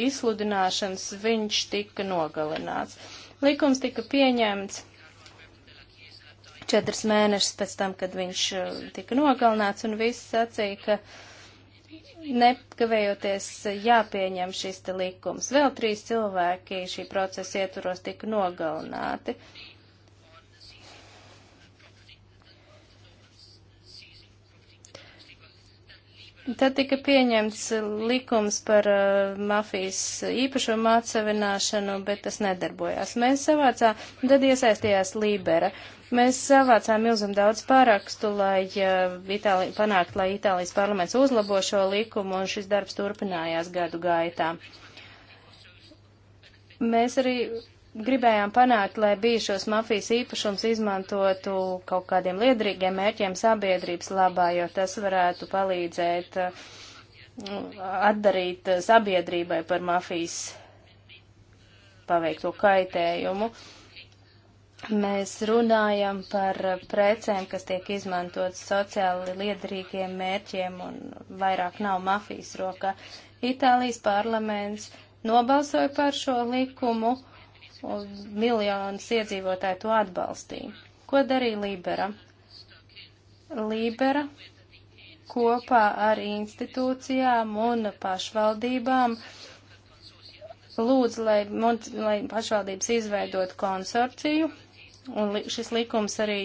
[SPEAKER 2] izsludināšanas viņš tika nogalināts. Likums tika pieņemts četras mēnešus pēc tam, kad viņš uh, tika nogalināts, un viss sacīja, ka nekavējoties jāpieņem šis te likums. Vēl trīs cilvēki šī procesa ietvaros tika nogalināti. Tad tika pieņemts likums par uh, mafijas īpašumu atsevināšanu, bet tas nedarbojās. Mēs savācā, tad iesaistījās Lībera. Uh, Mēs savācām milzam daudz pārakstu, lai Itāli, panākt, lai Itālijas parlaments uzlabo šo likumu, un šis darbs turpinājās gadu gaitā. Mēs arī gribējām panākt, lai bijušos mafijas īpašums izmantotu kaut kādiem liedrīgiem mērķiem sabiedrības labā, jo tas varētu palīdzēt uh, atdarīt sabiedrībai par mafijas paveikto kaitējumu. Uh, Mēs runājam par precēm, kas tiek izmantotas sociāli liederīgiem mērķiem un vairāk nav mafijas rokā. Itālijas parlaments nobalsoja par šo likumu un miljonus iedzīvotāju to atbalstīja. Ko darīja Libera? Libera kopā ar institūcijām un pašvaldībām lūdz, lai, lai pašvaldības izveidot konsorciju Un šis likums arī,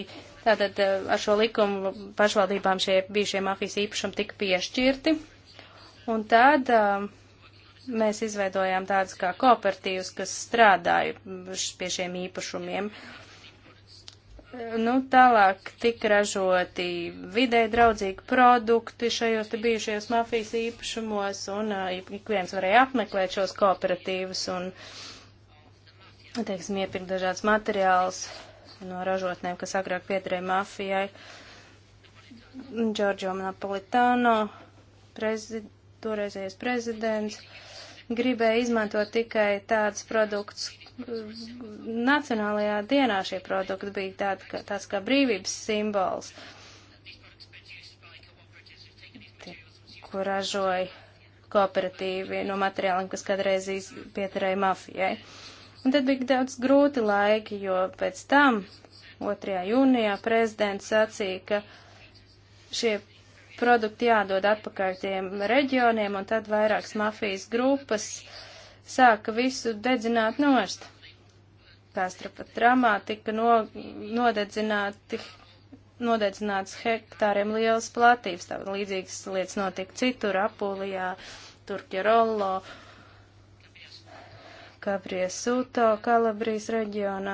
[SPEAKER 2] tātad eh, ar šo likumu pašvaldībām šie bijušie mafijas īpašumi tika piešķirti. Un tad eh, mēs izveidojām tādus kā kooperatīvus, kas strādāja pie šiem īpašumiem. Eh, nu, tālāk tika ražoti vidē draudzīgi produkti šajos te bijušajos mafijas īpašumos, un uh, ik viens varēja apmeklēt šos kooperatīvus un, teiksim, iepirkt dažādas materiālus, no ražotnēm, kas agrāk piederēja mafijai. Giorgio Napolitano, prezid, toreizējais prezidents, gribēja izmantot tikai tādus produktus. Nacionālajā dienā šie produkti bija tād, kā, tāds kā brīvības simbols, ko ražoja kooperatīvi no materiāliem, kas kādreiz pieturēja mafijai. Uh, Un tad bija daudz grūti laiki, jo pēc tam 2. jūnijā prezidents sacīja, ka šie produkti jādod atpakaļ tiem reģioniem, un tad vairākas mafijas grupas sāka visu dedzināt nost. Kāstrapa tramā tika no, nodedzināti, nodedzināts hektāriem lielas platības, tā līdzīgas lietas notika citur, Apulijā, Turkja Rollo Kabrijas Sūto, Kalabrijas reģionā.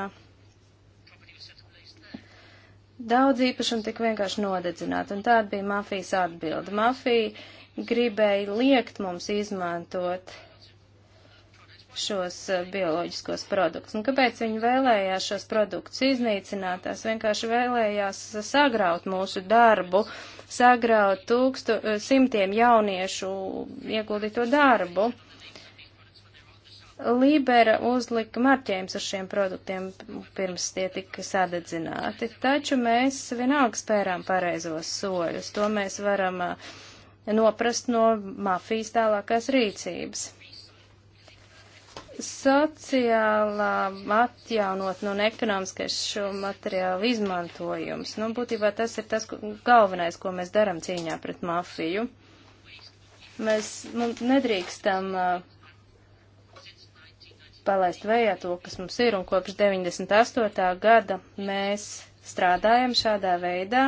[SPEAKER 2] Daudz īpašumu tik vienkārši nodedzināt, un tāda bija mafijas atbilde. Mafija gribēja liekt mums izmantot šos eh, bioloģiskos produktus. Un kāpēc viņi vēlējās šos produktus iznīcināt? Tās vienkārši vēlējās sagraut mūsu darbu, sagraut tūkstu, eh, simtiem jauniešu ieguldīto darbu. Libera uzlika marķējums uz šiem produktiem pirms tie tika sadedzināti, taču mēs vienalga spērām pareizos soļus. To mēs varam eh, noprast no mafijas tālākās rīcības. Sociālā atjaunot un nu, ekonomiskais šo materiālu izmantojums. Nu, būtībā tas ir tas ko, galvenais, ko mēs daram cīņā pret mafiju. Mēs nu, nedrīkstam uh, palaist vējā to, kas mums ir, un kopš 98. gada mēs strādājam šādā veidā.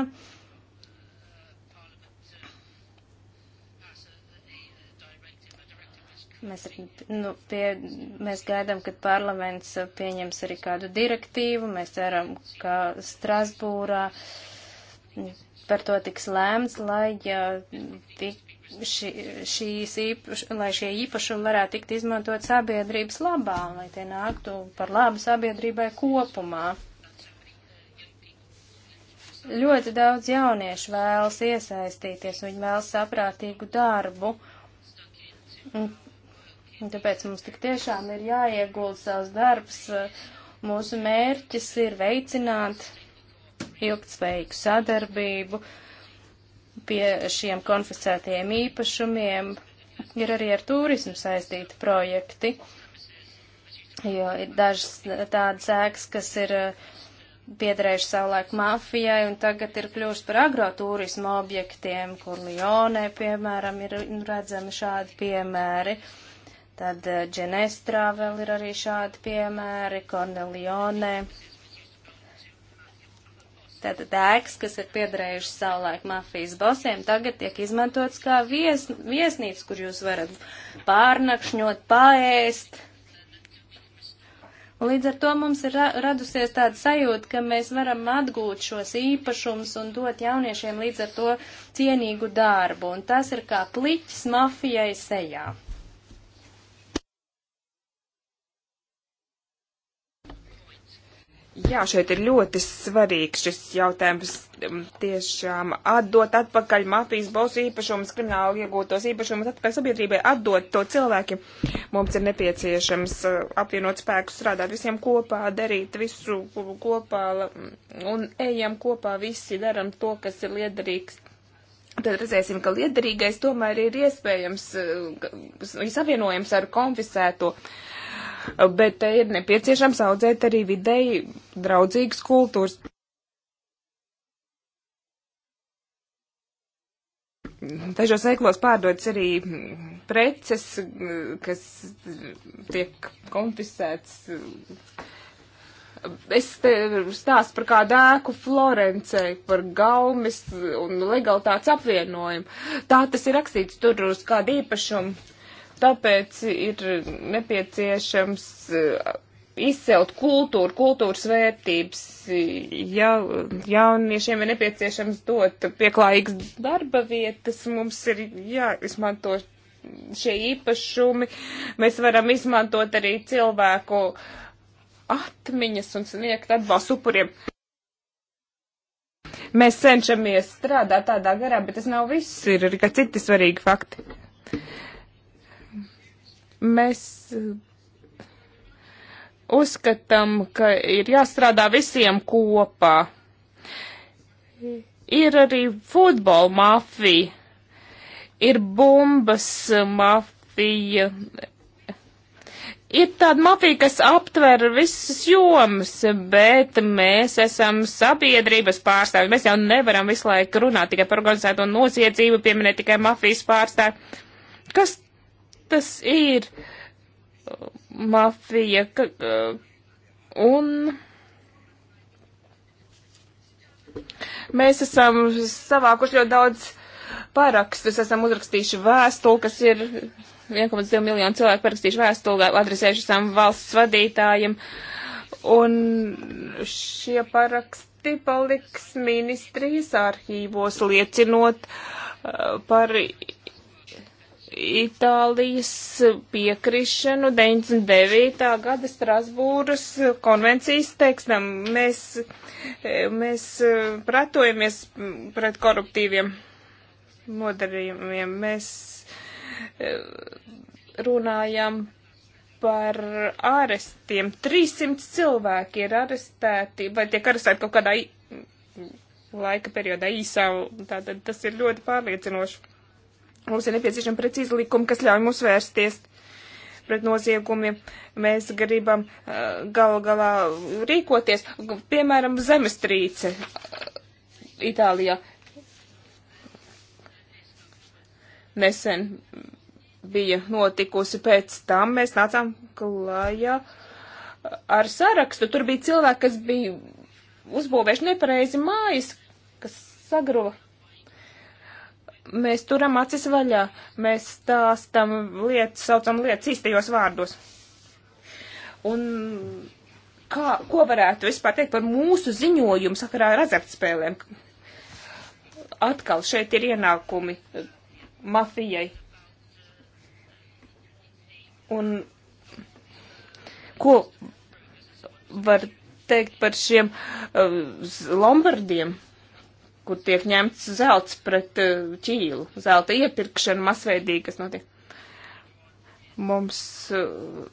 [SPEAKER 2] Mēs, nu, pie, mēs gaidām, kad parlaments pieņems arī kādu direktīvu. Mēs ceram, ka Strasbūrā par to tiks lēmts, lai ja, tik, ši, šīs īpaš, lai šie īpašumi varētu tikt izmantot sabiedrības labā, lai tie nāktu par labu sabiedrībai kopumā. Ļoti daudz jauniešu vēlas iesaistīties, viņi vēlas saprātīgu darbu. Un, un tāpēc mums tik tiešām ir jāiegulda savs darbs. Mūsu mērķis ir veicināt ilgtspējīgu sadarbību, uh, pie šiem konfiscētajiem īpašumiem ir arī ar turismu saistīti projekti, jo ir dažas tādas ēkas, kas ir uh, piederējuši savulaik mafijai un tagad ir kļuvuši par agroturismu objektiem, kur Lionē, piemēram, ir nu, redzami šādi piemēri. Tad Dženestrā uh, vēl ir arī šādi piemēri, Kornelionē. Tātad ēkas, kas ir piederējušas savulaik mafijas bosiem, tagad tiek izmantotas kā vies, viesnīca, kur jūs varat pārnakšņot, pārēst. Un līdz ar to mums ir ra radusies tāda sajūta, ka mēs varam atgūt šos īpašumus un dot jauniešiem līdz ar to cienīgu darbu. Un tas ir kā pliķis mafijai sejā.
[SPEAKER 3] Jā, šeit ir ļoti svarīgs šis jautājums. Mm, tiešām atdot atpakaļ mafijas balsu īpašumus, krimināli iegūtos īpašumus, atpakaļ sabiedrībai, atdot to cilvēkiem. Mums ir nepieciešams uh, apvienot spēkus, strādāt visiem kopā, darīt visu kopā mm, un ejam kopā visi, daram to, kas ir liederīgs. Tad redzēsim, ka liederīgais tomēr ir iespējams, uh, savienojams ar konfiscēto. Uh, bet te ir nepieciešams audzēt arī videi draudzīgas kultūras. Dažos veiklos pārdodas arī preces, kas tiek konfiscētas. Es te stāstu par kādu ēku Florencei, par gaumes un legalitātes apvienojumu. Tā tas ir rakstīts tur uz kādu īpašumu Tāpēc ir nepieciešams eh, izcelt kultūru, kultūras vērtības. Ja jauniešiem ir nepieciešams dot pieklājīgas darba vietas, mums ir jāizmanto šie īpašumi. Mēs varam izmantot arī cilvēku atmiņas un sniegt atbalstu upuriem mēs cenšamies strādāt tādā garā, bet tas nav viss, ir arī citi svarīgi fakti. Mēs uh, uzskatām, ka ir jāstrādā visiem kopā. Ir arī futbola mafija, ir bumbas mafija, ir tāda mafija, kas aptver visas jomas, bet mēs esam sabiedrības pārstāvji. Mēs jau nevaram visu laiku runāt tikai par organizēto noziedzību, pieminēt tikai mafijas pārstāvju. Kas tas ir mafija, ka, uh, un mēs esam savākuši ļoti daudz parakstus, esam uzrakstījuši vēstuli, kas ir 1,2 miljonu cilvēku parakstījuši vēstuli, adresējuši sam valsts vadītājiem, un šie paraksti paliks ministrijas arhīvos liecinot uh, par Itālijas piekrišanu 99. gada Strasbūras konvencijas tekstam. Mēs, mēs eh, pratojamies pret koruptīviem nodarījumiem. Mēs eh, runājam par arestiem. 300 cilvēki ir arestēti vai tiek arestēti kaut kādā laika periodā īsā. Tātad tas ir ļoti pārliecinoši. Mums ir nepieciešama precīza likuma, kas ļauj mums vērsties pret noziegumiem. Mēs gribam uh, gal galā rīkoties, piemēram, zemestrīce uh, Itālijā. Nesen bija notikusi pēc tam, mēs nācām klājā ar sarakstu. Tur bija cilvēki, kas bija uzbūvējuši nepareizi mājas, kas sagrova mēs turam acis vaļā, mēs stāstam lietas, saucam lietas īstajos vārdos. Un kā, ko varētu vispār teikt par mūsu ziņojumu sakarā ar azartspēlēm? Atkal šeit ir ienākumi mafijai. Un ko var teikt par šiem uh, lombardiem? kur tiek ņemts zelts pret eh, ķīlu, zelta iepirkšana masveidīgi, kas notiek. Mums eh,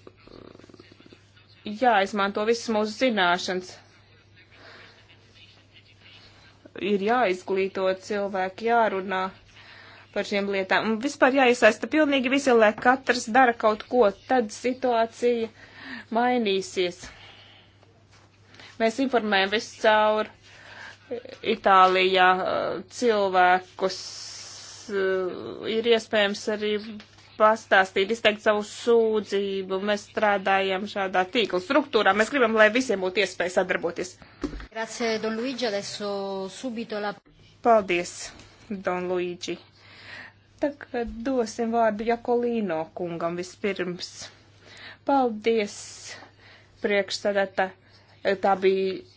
[SPEAKER 3] jāizmanto visas mūsu zināšanas. Ir jāizglīto cilvēki, jārunā par šiem lietām. Un vispār jāiesaista pilnīgi visi, lai katrs dara kaut ko, tad situācija mainīsies. Mēs informējam visu cauri Itālijā uh, cilvēkus uh, ir iespējams arī pastāstīt, izteikt savu sūdzību. Mēs strādājam šādā tīkla struktūrā. Mēs gribam, lai visiem būtu iespēja sadarboties.
[SPEAKER 2] Grazie, Don Luigi. Adesso subito
[SPEAKER 3] la... Paldies, Don Luigi. Tagad dosim vārdu Jakolīno kungam vispirms. Paldies, priekšsēdētā. Tā bija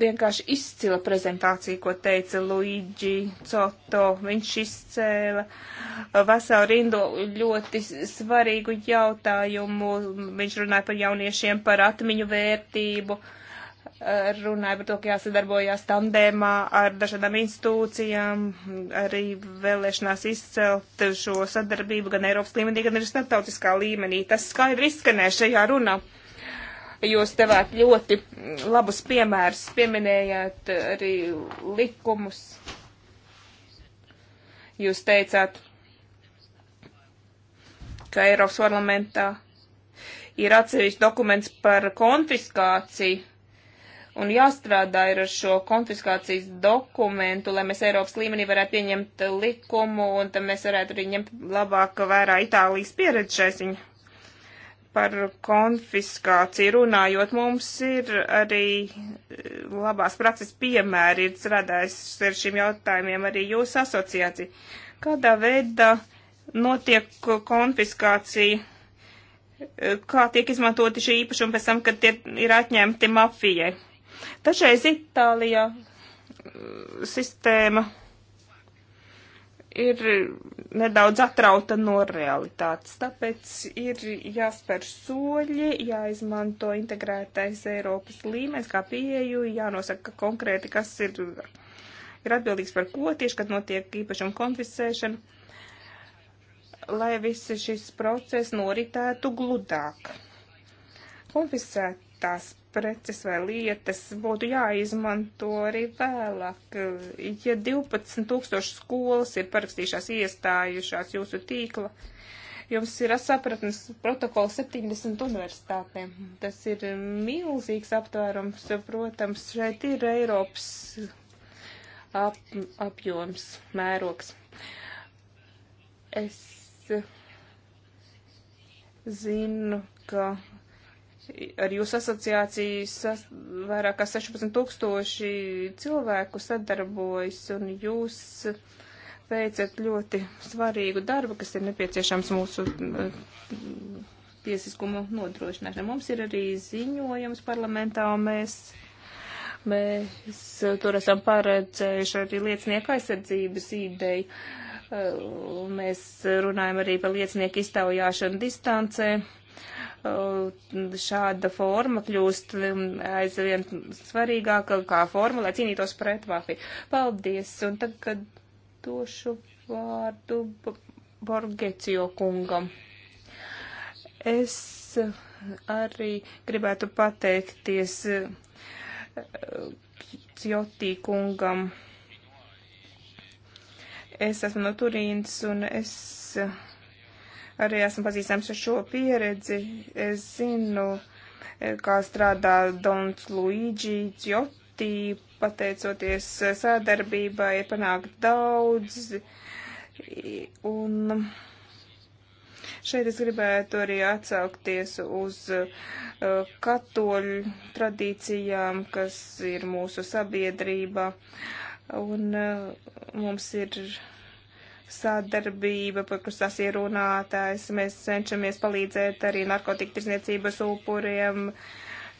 [SPEAKER 3] vienkārši izcila prezentācija, ko teica Luigi Coto. Viņš izcēla uh, veselu rindu ļoti svarīgu jautājumu. Viņš runāja par jauniešiem, par atmiņu vērtību, uh, runāja par to, ka jāsadarbojās tandēmā ar dažādām institūcijām, arī vēlēšanās izcelt šo sadarbību gan Eiropas līmenī, gan arī starptautiskā līmenī. Tas skaidri izskanē šajā runā. Jūs devāt ļoti labus piemērus, pieminējāt arī likumus. Jūs teicāt, ka Eiropas parlamentā ir atsevišķi dokuments par konfiskāciju. Un jāstrādā ir ar šo konfiskācijas dokumentu, lai mēs Eiropas līmenī varētu pieņemt likumu, un tad mēs varētu arī ņemt labāk vērā Itālijas pieredzi šai ziņā par konfiskāciju runājot, mums ir arī eh, labās prakses piemēri, ir strādājis ar šiem jautājumiem arī jūsu asociācija. Kādā veidā notiek konfiskācija, eh, kā tiek izmantoti šie īpašumi pēc tam, kad tie ir atņemti mafijai? Dažreiz Itālijā eh, sistēma ir nedaudz atrauta no realitātes. Tāpēc ir jāspēr soļi, jāizmanto integrētais Eiropas līmenis kā pieeju, jānosaka konkrēti, kas ir, ir atbildīgs par ko tieši, kad notiek īpašuma konfiscēšana, lai viss šis process noritētu gludāk. Konfiscētās preces vai lietas būtu jāizmanto arī vēlāk. Ja 12 tūkstoši skolas ir parakstījušās iestājušās jūsu tīkla, jums ir sapratnes protokols 70 universitātēm. Tas ir milzīgs aptvērums, protams, šeit ir Eiropas ap, apjoms, mērogs. Es zinu, ka ar jūsu asociācijas vairāk kā 16 tūkstoši cilvēku sadarbojas, un jūs veicat ļoti svarīgu darbu, kas ir nepieciešams mūsu eh, tiesiskumu nodrošināšanai. Mums ir arī ziņojums parlamentā, un mēs, mēs tur esam paredzējuši arī liecinieku aizsardzības ideju. Eh, mēs runājam arī par liecinieku iztaujāšanu distancē. Uh, šāda forma kļūst um, aizvien svarīgāka kā forma, lai cīnītos pret mafiju. Paldies, un tagad došu vārdu Borgecijo kungam. Es arī gribētu pateikties uh, Jotī kungam. Es esmu no Turīnas un es. Uh, arī esmu pazīstams ar šo pieredzi. Es zinu, eh, kā strādā Dons Luigi Giotti, pateicoties eh, sadarbībai, ir panākt daudz. Un šeit es gribētu arī atsaukties uz eh, katoļu tradīcijām, kas ir mūsu sabiedrība. Un mums ir sadarbība, par kuras tas ir runātājs. Mēs cenšamies palīdzēt arī narkotika tirzniecības upuriem.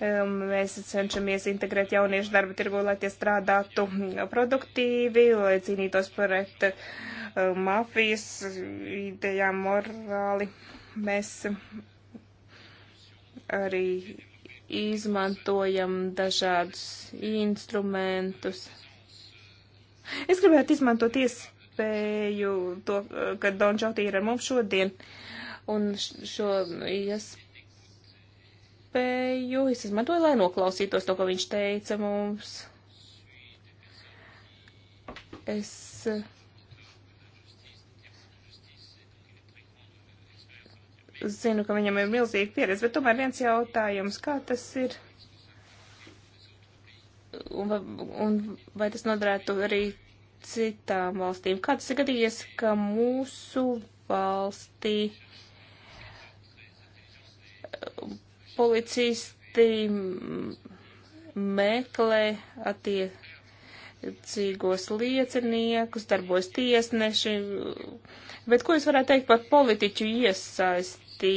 [SPEAKER 3] Um, mēs cenšamies integrēt jauniešu darba tirgu, lai tie strādātu produktīvi, lai cīnītos pret um, mafijas idejām morāli. Mēs arī izmantojam dažādus instrumentus. Es gribētu izmantot iespēju iespēju, to, ka Don Džoti ir ar mums šodien, un šo iespēju es izmantoju, lai noklausītos to, ko viņš teica mums. Es zinu, ka viņam ir milzīga pieredze, bet tomēr viens jautājums, kā tas ir? Un, un vai tas nodarētu arī citām valstīm. Kāds ir gadījies, ka mūsu valstī eh, policisti meklē attiecīgos lieciniekus, darbojas tiesneši, bet ko jūs varētu teikt par politiķu iesaisti?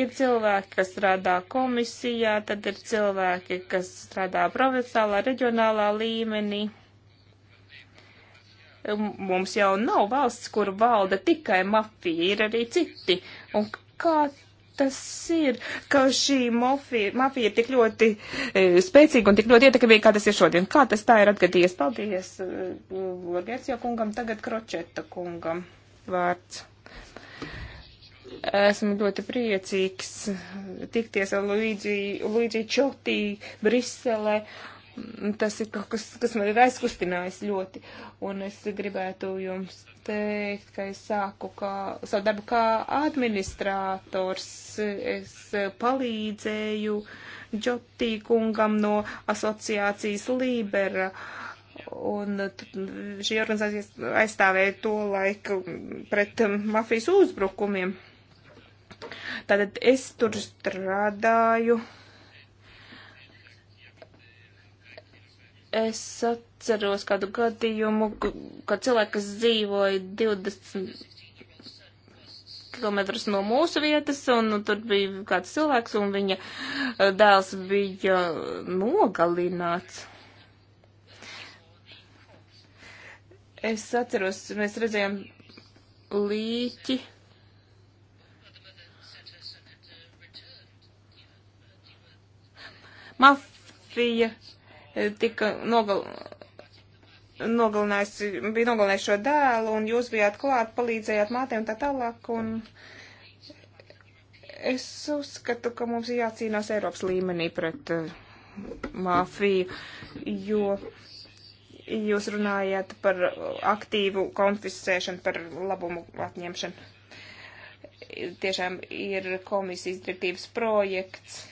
[SPEAKER 3] ir cilvēki, kas strādā komisijā, tad ir cilvēki, kas strādā provinciālā, reģionālā līmenī. Mums jau nav valsts, kur valda tikai mafija, ir arī citi. Un kā tas ir, ka šī mafija, mafija ir tik ļoti e, spēcīga un tik ļoti ietekmīga, kā tas ir šodien? Kā tas tā ir atgadījies? Paldies e, Lorgēcijo kungam, tagad Kročeta kungam vārds. Esmu ļoti priecīgs tikties ar Luigi, Luigi Čotī Briselē. Uh, tas ir kaut kas, kas man ir aizkustinājis ļoti. Un es gribētu jums teikt, ka es sāku kā, savu darbu kā administrators. Es palīdzēju Džotī kungam no asociācijas Libera. Un šī organizācija aizstāvēja to laiku pret mafijas uzbrukumiem. Tātad es tur strādāju. Es atceros kādu gadījumu, kad cilvēki, kas dzīvoja 20 kilometrus no mūsu vietas, un nu, tur bija kāds cilvēks, un viņa eh, dēls bija nogalināts. Es atceros, mēs redzējām līķi. Mafija tika nogal, nogalinājis, bija nogalinājis šo dēlu, un jūs bijāt klāt, palīdzējāt mātei un tā tālāk, un es uzskatu, ka mums ir jācīnās Eiropas līmenī pret uh, mafiju, jo jūs runājāt par aktīvu konfiscēšanu, par labumu atņemšanu. Tiešām ir komisijas direktīvas projekts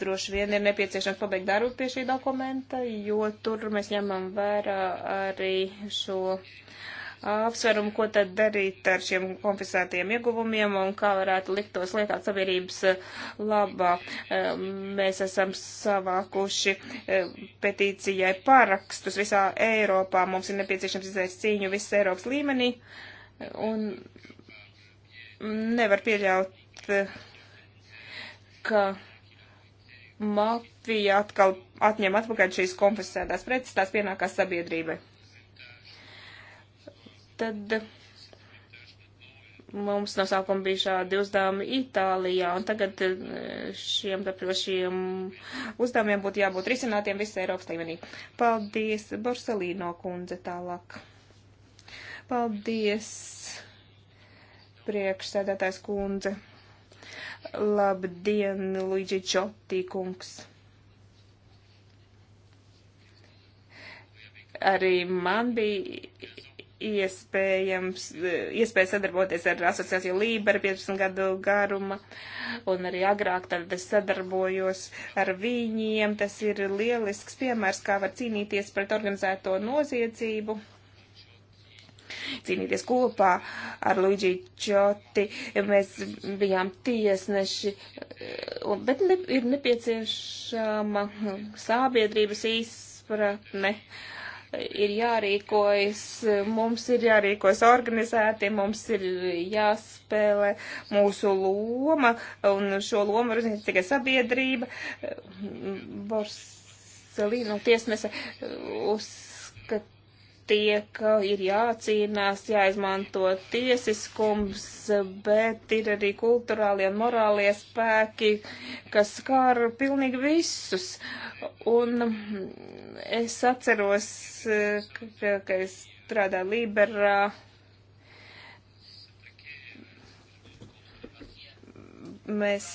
[SPEAKER 3] droši vien ir nepieciešams pabeigt darbu pie šī dokumenta, jo tur mēs ņemam vērā arī šo apsverumu, ko tad darīt ar šiem konfiscētiem ieguvumiem un kā varētu likt tos liekāt sabiedrības labā. Mēs esam savākuši petīcijai parakstus visā Eiropā. Mums ir nepieciešams izvērst cīņu visas Eiropas līmenī un nevar pieļaut ka Maltija atkal atņem atpakaļ šīs konfiscētās preces, tās pienākās sabiedrībai. Tad mums no sākuma bija šādi uzdevumi Itālijā, un tagad eh, šiem teprošiem uzdevumiem būtu jābūt risinātiem visai Eiropas līmenī. Paldies, Borsalīno kundze, tālāk. Paldies, priekšsēdētājs kundze. Labdien, Luigi Čotī kungs! Arī man bija iespējams, iespēja sadarboties ar asociāciju Lībera 15 gadu garuma, un arī agrāk tad es sadarbojos ar viņiem. Tas ir lielisks piemērs, kā var cīnīties pret organizēto noziedzību cīnīties kopā ar Luigi Čoti. Mēs bijām tiesneši, bet ne, ir nepieciešama sabiedrības izpratne. Ir jārīkojas, mums ir jārīkojas organizēti, mums ir jāspēlē mūsu loma, un šo lomu var uzņemt tikai sabiedrība. Bors Salīno tiesnese uz jānotiek, ir jācīnās, jāizmanto tiesiskums, bet ir arī kulturālie un morālie spēki, kas skār pilnīgi visus. Un es atceros, ka, ka es strādāju Liberā. Mēs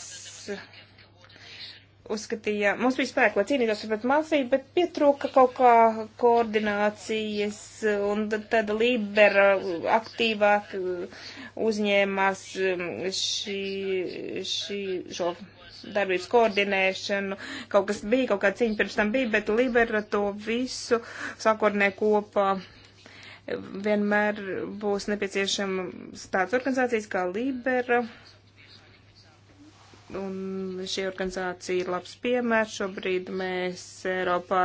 [SPEAKER 3] uzskatīja, mums bija spēki, lai cīnītos pret mafiju, bet pietrūka kaut kā koordinācijas un tāda libera aktīvāk uzņēmās um, šī, šī, šo darbības koordinēšanu, kaut kas bija, kaut kā cīņa pirms tam bija, bet libera to visu sakornē kopā. Vienmēr būs nepieciešama tāds organizācijas kā libera Un šī organizācija ir labs piemērs. Šobrīd mēs Eiropā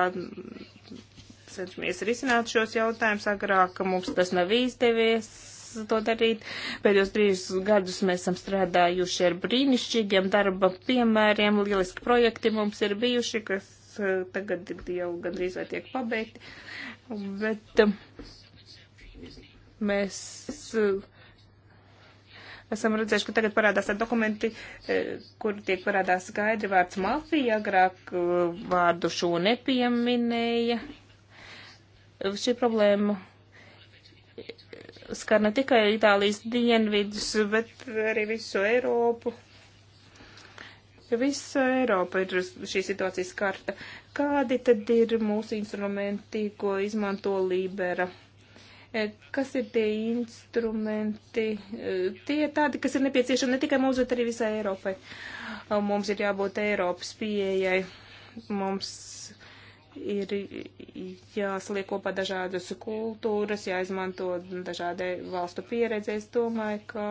[SPEAKER 3] cenšamies risināt šos jautājumus. Agrāk mums tas nav izdevies to darīt. Pēdējos trīs gadus mēs esam strādājuši ar brīnišķīgiem darba piemēriem. Lieliski projekti mums ir bijuši, kas eh, tagad jau gandrīz vai tiek pabeigti. Bet eh, mēs eh, Esam redzējuši, ka tagad parādās tādi dokumenti, eh, kur tiek parādās skaidri vārds mafija, agrāk eh, vārdu šo nepieminēja. Šī problēma eh, skar ne tikai Itālijas dienvidus, bet arī visu Eiropu. Visa Eiropa ir šī situācijas karta. Kādi tad ir mūsu instrumenti, ko izmanto Lībera? E, kas ir tie instrumenti? E, tie ir tādi, kas ir nepieciešami ne tikai mums, bet arī visai Eiropai. E, mums ir jābūt Eiropas pieejai. Mums ir jāsliek kopā dažādas kultūras, jāizmanto dažādai valstu pieredze. Es domāju, ka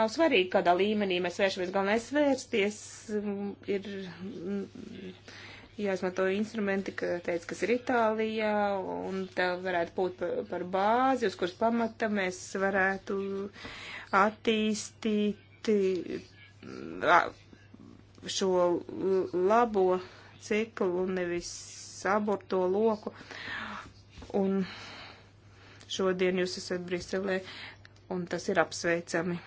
[SPEAKER 3] nav svarīgi, kādā līmenī mēs vēršamies, galvenais vērsties mm, ir mm, jāizmanto instrumenti, ka teica, kas ir Itālijā, un tā varētu būt par, par bāzi, uz kuras pamata mēs varētu attīstīt mm, šo labo ciklu un nevis aborto loku. Un šodien jūs esat Briselē, un tas ir apsveicami.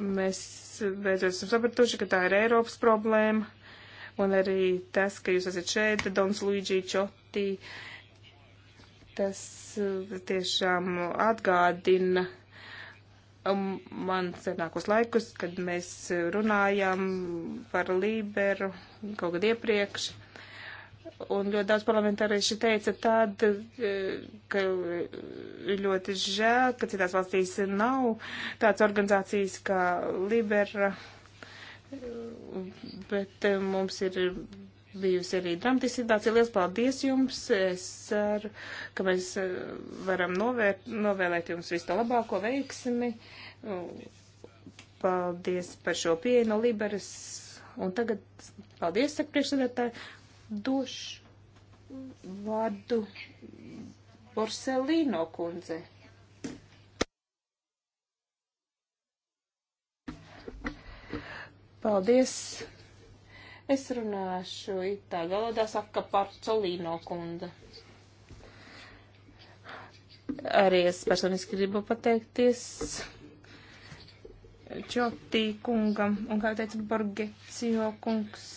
[SPEAKER 3] Mēs beidzot esam sapratuši, ka tā ir Eiropas problēma, un arī tas, ka jūs esat šeit, Dons Luigi Čotī, tas uh, tiešām atgādina um, man senākos laikus, kad mēs runājām par Līberu kaut kad iepriekš un ļoti daudz parlamentārieši teica tad, e, ka ļoti žēl, ka citās valstīs nav tāds organizācijas kā Libera, bet e, mums ir bijusi arī dramatiska situācija. Lielas paldies jums! Es ceru, ka mēs e, varam novēr, novēlēt jums visu to labāko veiksmi. Paldies par šo pieeju no Liberas. Un tagad paldies, saka priekšsēdētāji. Došu vārdu Borselīno kundze. Paldies! Es runāšu itāļu valodā, saka Parcolīno kunda. Arī es personiski gribu pateikties Čotī kungam un, kā teica, Borgecijo kungs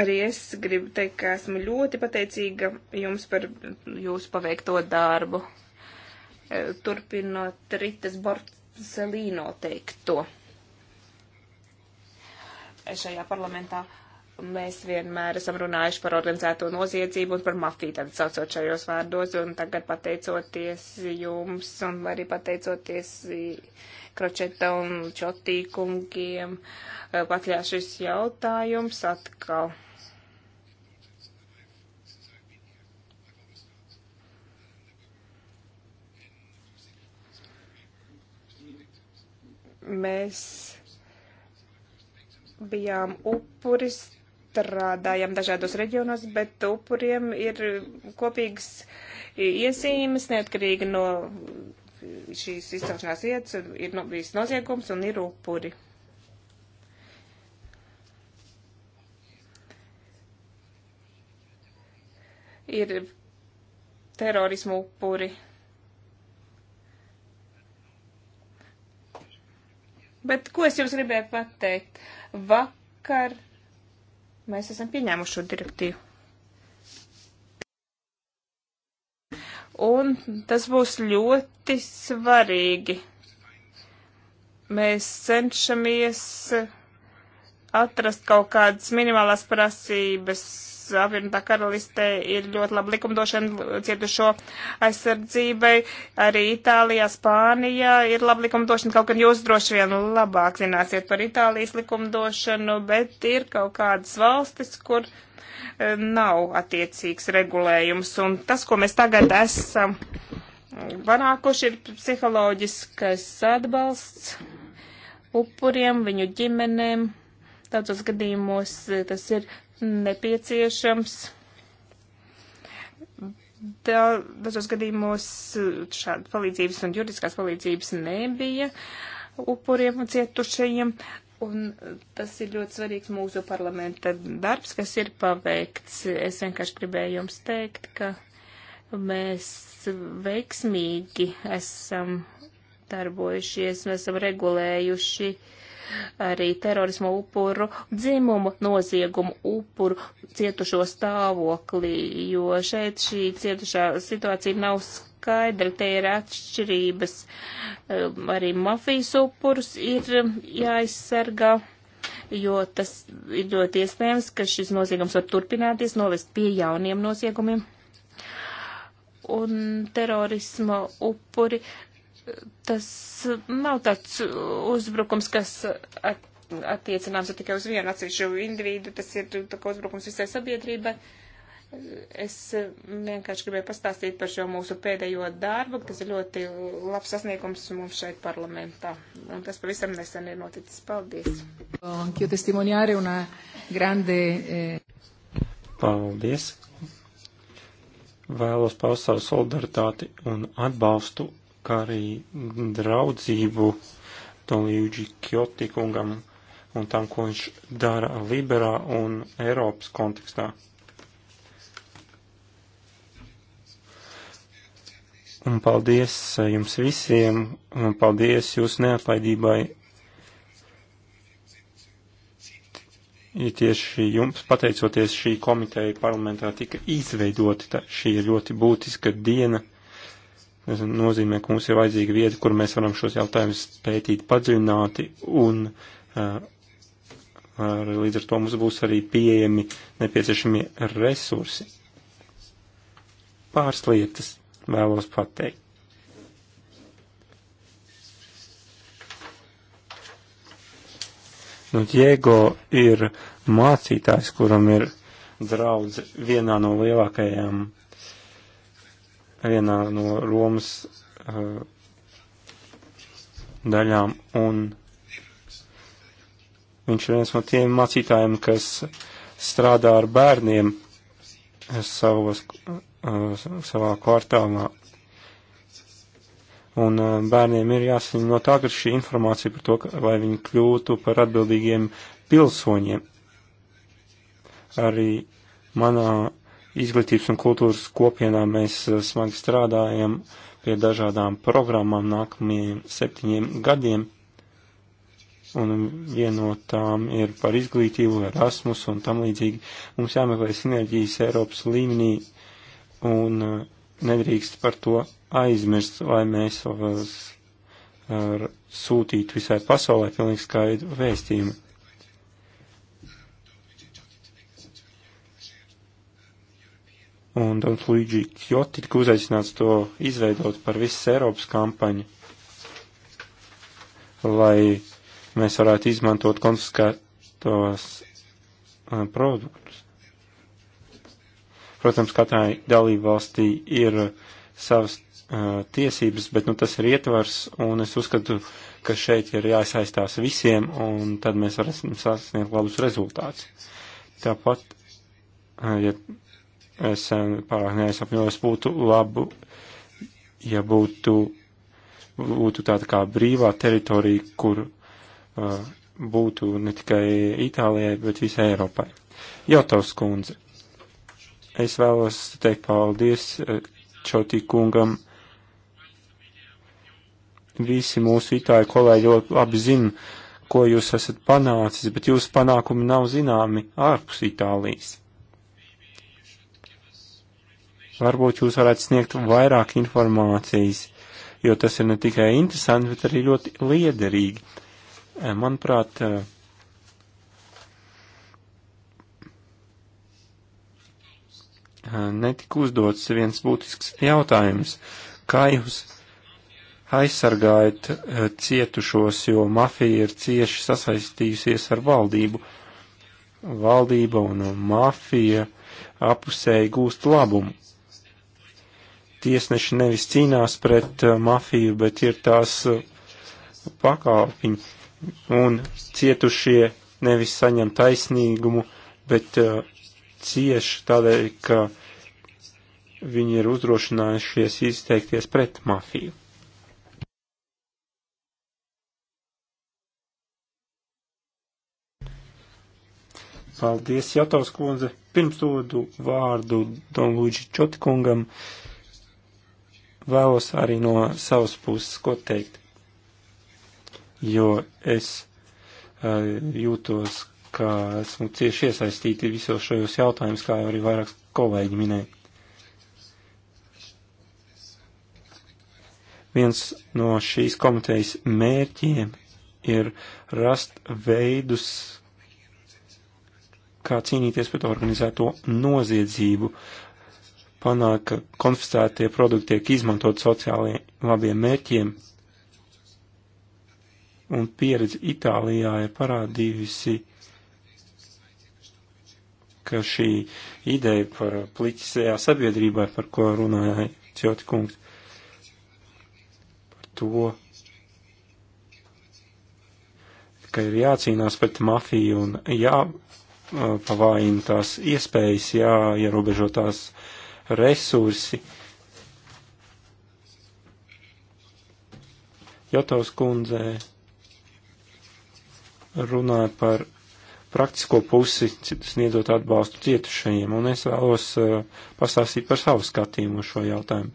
[SPEAKER 3] Arī es gribu teikt, ka esmu ļoti pateicīga jums par jūsu paveikto darbu. E, turpinot Ritas Borcelīno teikto e, šajā parlamentā Mēs vienmēr esam runājuši par organizēto noziedzību un par mafiju, tad saucot šajos vārdos, un tagad pateicoties jums un arī pateicoties Kročeta un Čotī kungiem, e, patļā šis jautājums atkal. mēs bijām upuris strādājam dažādos reģionos, bet upuriem ir kopīgas iezīmes, neatkarīgi no šīs izcelšanās vietas, ir no, bijis noziegums un ir upuri. Ir terorismu upuri. Bet ko es jums gribēju pateikt? Vakar Mēs esam pieņēmuši šo direktīvu. Un tas būs ļoti svarīgi. Mēs cenšamies uh, atrast kaut kādas minimālās prasības. Apvienotā karalistē ir ļoti laba likumdošana cietušo aizsardzībai. Arī Itālijā, Spānijā ir laba likumdošana. Kaut gan jūs droši vien labāk zināsiet par Itālijas likumdošanu, bet ir kaut kādas valstis, kur e, nav attiecīgs regulējums. Un tas, ko mēs tagad esam panākuši, ir psiholoģiskais atbalsts upuriem, viņu ģimenēm Daudzos gadījumos e, tas ir nepieciešams. Daudzos gadījumos e, šāda palīdzības un juridiskās palīdzības nebija upuriem un cietušajiem. Un tas ir ļoti svarīgs mūsu parlamenta darbs, kas ir paveikts. Es vienkārši gribēju jums teikt, ka mēs veiksmīgi esam darbojušies, mēs esam regulējuši uh, arī terorismu upuru, dzimumu noziegumu upuru cietušo stāvoklī, jo šeit šī cietušā situācija nav skaidra, te ir atšķirības, ehm, arī mafijas upurus ir jāaizsargā jo tas ir ļoti iespējams, ka šis noziegums var turpināties, novest pie jauniem noziegumiem. Un terorisma upuri tas nav tāds uzbrukums, kas at, attiecināms tikai uz vienu atsevišķu individu, tas ir uzbrukums visai sabiedrībai. Es vienkārši gribēju pastāstīt par šo mūsu pēdējo darbu, kas ir ļoti labs sasniegums mums šeit parlamentā. Un tas pavisam nesen ir noticis. Paldies! Eh,
[SPEAKER 1] Paldies! Vēlos paust savu solidaritāti un atbalstu kā arī draudzību Don Luigi Kjotikungam un tam, ko viņš dara liberā un Eiropas kontekstā. Un paldies jums visiem, un paldies jūsu neatlaidībai. Ja tieši jums, pateicoties šī komiteja parlamentā, tika izveidota, tā, šī ir ļoti būtiska diena nozīmē, ka mums ir vajadzīga vieta, kur mēs varam šos jautājumus pētīt padziļināti un uh, ar, līdz ar to mums būs arī pieejami nepieciešamie resursi. Pāris lietas vēlos pateikt. Nu, Diego ir mācītājs, kuram ir draudz vienā no lielākajām vienā no Romas uh, daļām, un viņš ir viens no tiem mācītājiem, kas strādā ar bērniem savos, uh, savā kvartālā. Un uh, bērniem ir jāsaņem no tā, ka šī informācija par to, ka, lai viņi kļūtu par atbildīgiem pilsoņiem. Arī manā izglītības un kultūras kopienā mēs eh, smagi strādājam pie dažādām programmām nākamajiem septiņiem gadiem, un vienotām no ir par izglītību, Erasmus un tam līdzīgi. Mums jāmeklē sinerģijas Eiropas līmenī, un eh, nedrīkst par to aizmirst, lai mēs sūtītu visai pasaulē pilnīgi skaidru vēstījumu. un Dons Luigi Kjoti tika uzaicināts to izveidot par visas Eiropas kampaņu, lai mēs varētu izmantot konfiskētos uh, produktus. Protams, katrai dalību valstī ir savas uh, tiesības, bet nu, tas ir ietvars, un es uzskatu, ka šeit ir jāsaistās visiem, un tad mēs varēsim sasniegt labus rezultātus. Tāpat, uh, ja esam pārāk neaizsapņojos, būtu labu, ja būtu, būtu tāda kā brīvā teritorija, kur uh, būtu ne tikai Itālijai, bet visai Eiropai. Jautavs kundze, es vēlos teikt paldies uh, Čotī kungam. Visi mūsu itāļu kolēģi ļoti labi zina, ko jūs esat panācis, bet jūsu panākumi nav zināmi ārpus Itālijas Varbūt jūs varētu sniegt vairāk informācijas, jo tas ir ne tikai interesanti, bet arī ļoti liederīgi. E, manuprāt, e, e, netika uzdots viens būtisks jautājums. Kā jūs aizsargājat cietušos, jo mafija ir cieši sasaistījusies ar valdību? Valdība un mafija apusēji gūst labumu tiesneši nevis cīnās pret eh, mafiju, bet ir tās eh, pakāpiņi. Un cietušie nevis saņem taisnīgumu, bet eh, cieši tādēļ, ka viņi ir uzdrošinājušies izteikties pret mafiju. Paldies, Jatovs kundze. Pirms dodu vārdu Don Luģi Čotikungam. Uh, vēlos arī no savas puses ko teikt, jo es jūtos, ka esmu cieši iesaistīti visos šajos jautājumus, kā jau arī vairāks kolēģi minēja. Viens no šīs komitejas mērķiem ir rast veidus, kā cīnīties pret organizēto noziedzību, uh, panāk, ka konfiscētie produkti tiek izmantot sociāliem labiem mērķiem. Un pieredze Itālijā ir parādījusi, ka šī ideja par pliķisējā sabiedrībai, par ko runāja Cioti kungs, par to, ka ir jācīnās pret mafiju un jāpavājina uh, tās iespējas, jāierobežo tās resursi. Jotovs kundze runāja par praktisko pusi, sniedzot atbalstu cietušajiem, un es vēlos uh, pastāstīt par savu skatījumu uz šo jautājumu.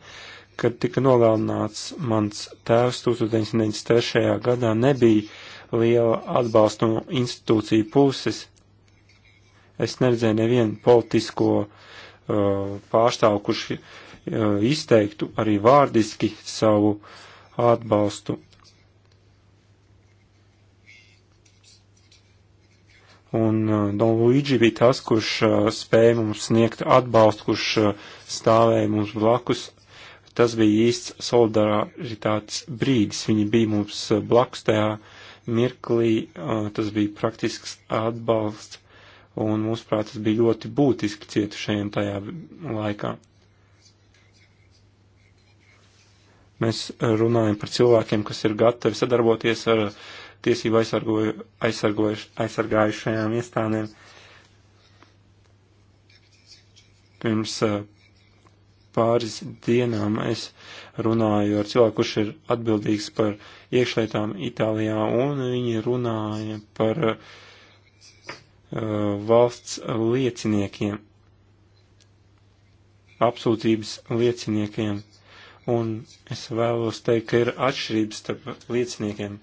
[SPEAKER 1] Kad tika nogalināts mans tēvs 1993. gadā, nebija liela atbalsta no institūciju puses. Es neredzēju nevienu politisko uh, Uh, pārstāvu, kurš uh, izteiktu arī vārdiski savu atbalstu. Un uh, Don Luigi bija tas, kurš spēja mums sniegt atbalstu, kurš stāvēja mums blakus. Tas bija īsts solidaritātes brīdis. Viņi bija mums blakus tajā mirklī. Tas bija praktisks atbalsts un mūsuprāt tas bija ļoti būtiski cietušajiem tajā laikā. Mēs runājam par cilvēkiem, kas ir gatavi sadarboties ar tiesību aizsargājušajām iestādēm. Pirms eh, pāris dienām es runāju ar cilvēku, kurš ir atbildīgs par iekšlietām Itālijā, un viņi runāja par uh, Uh, valsts lieciniekiem, apsūdzības lieciniekiem. Un es vēlos teikt, ka ir atšķirības starp lieciniekiem,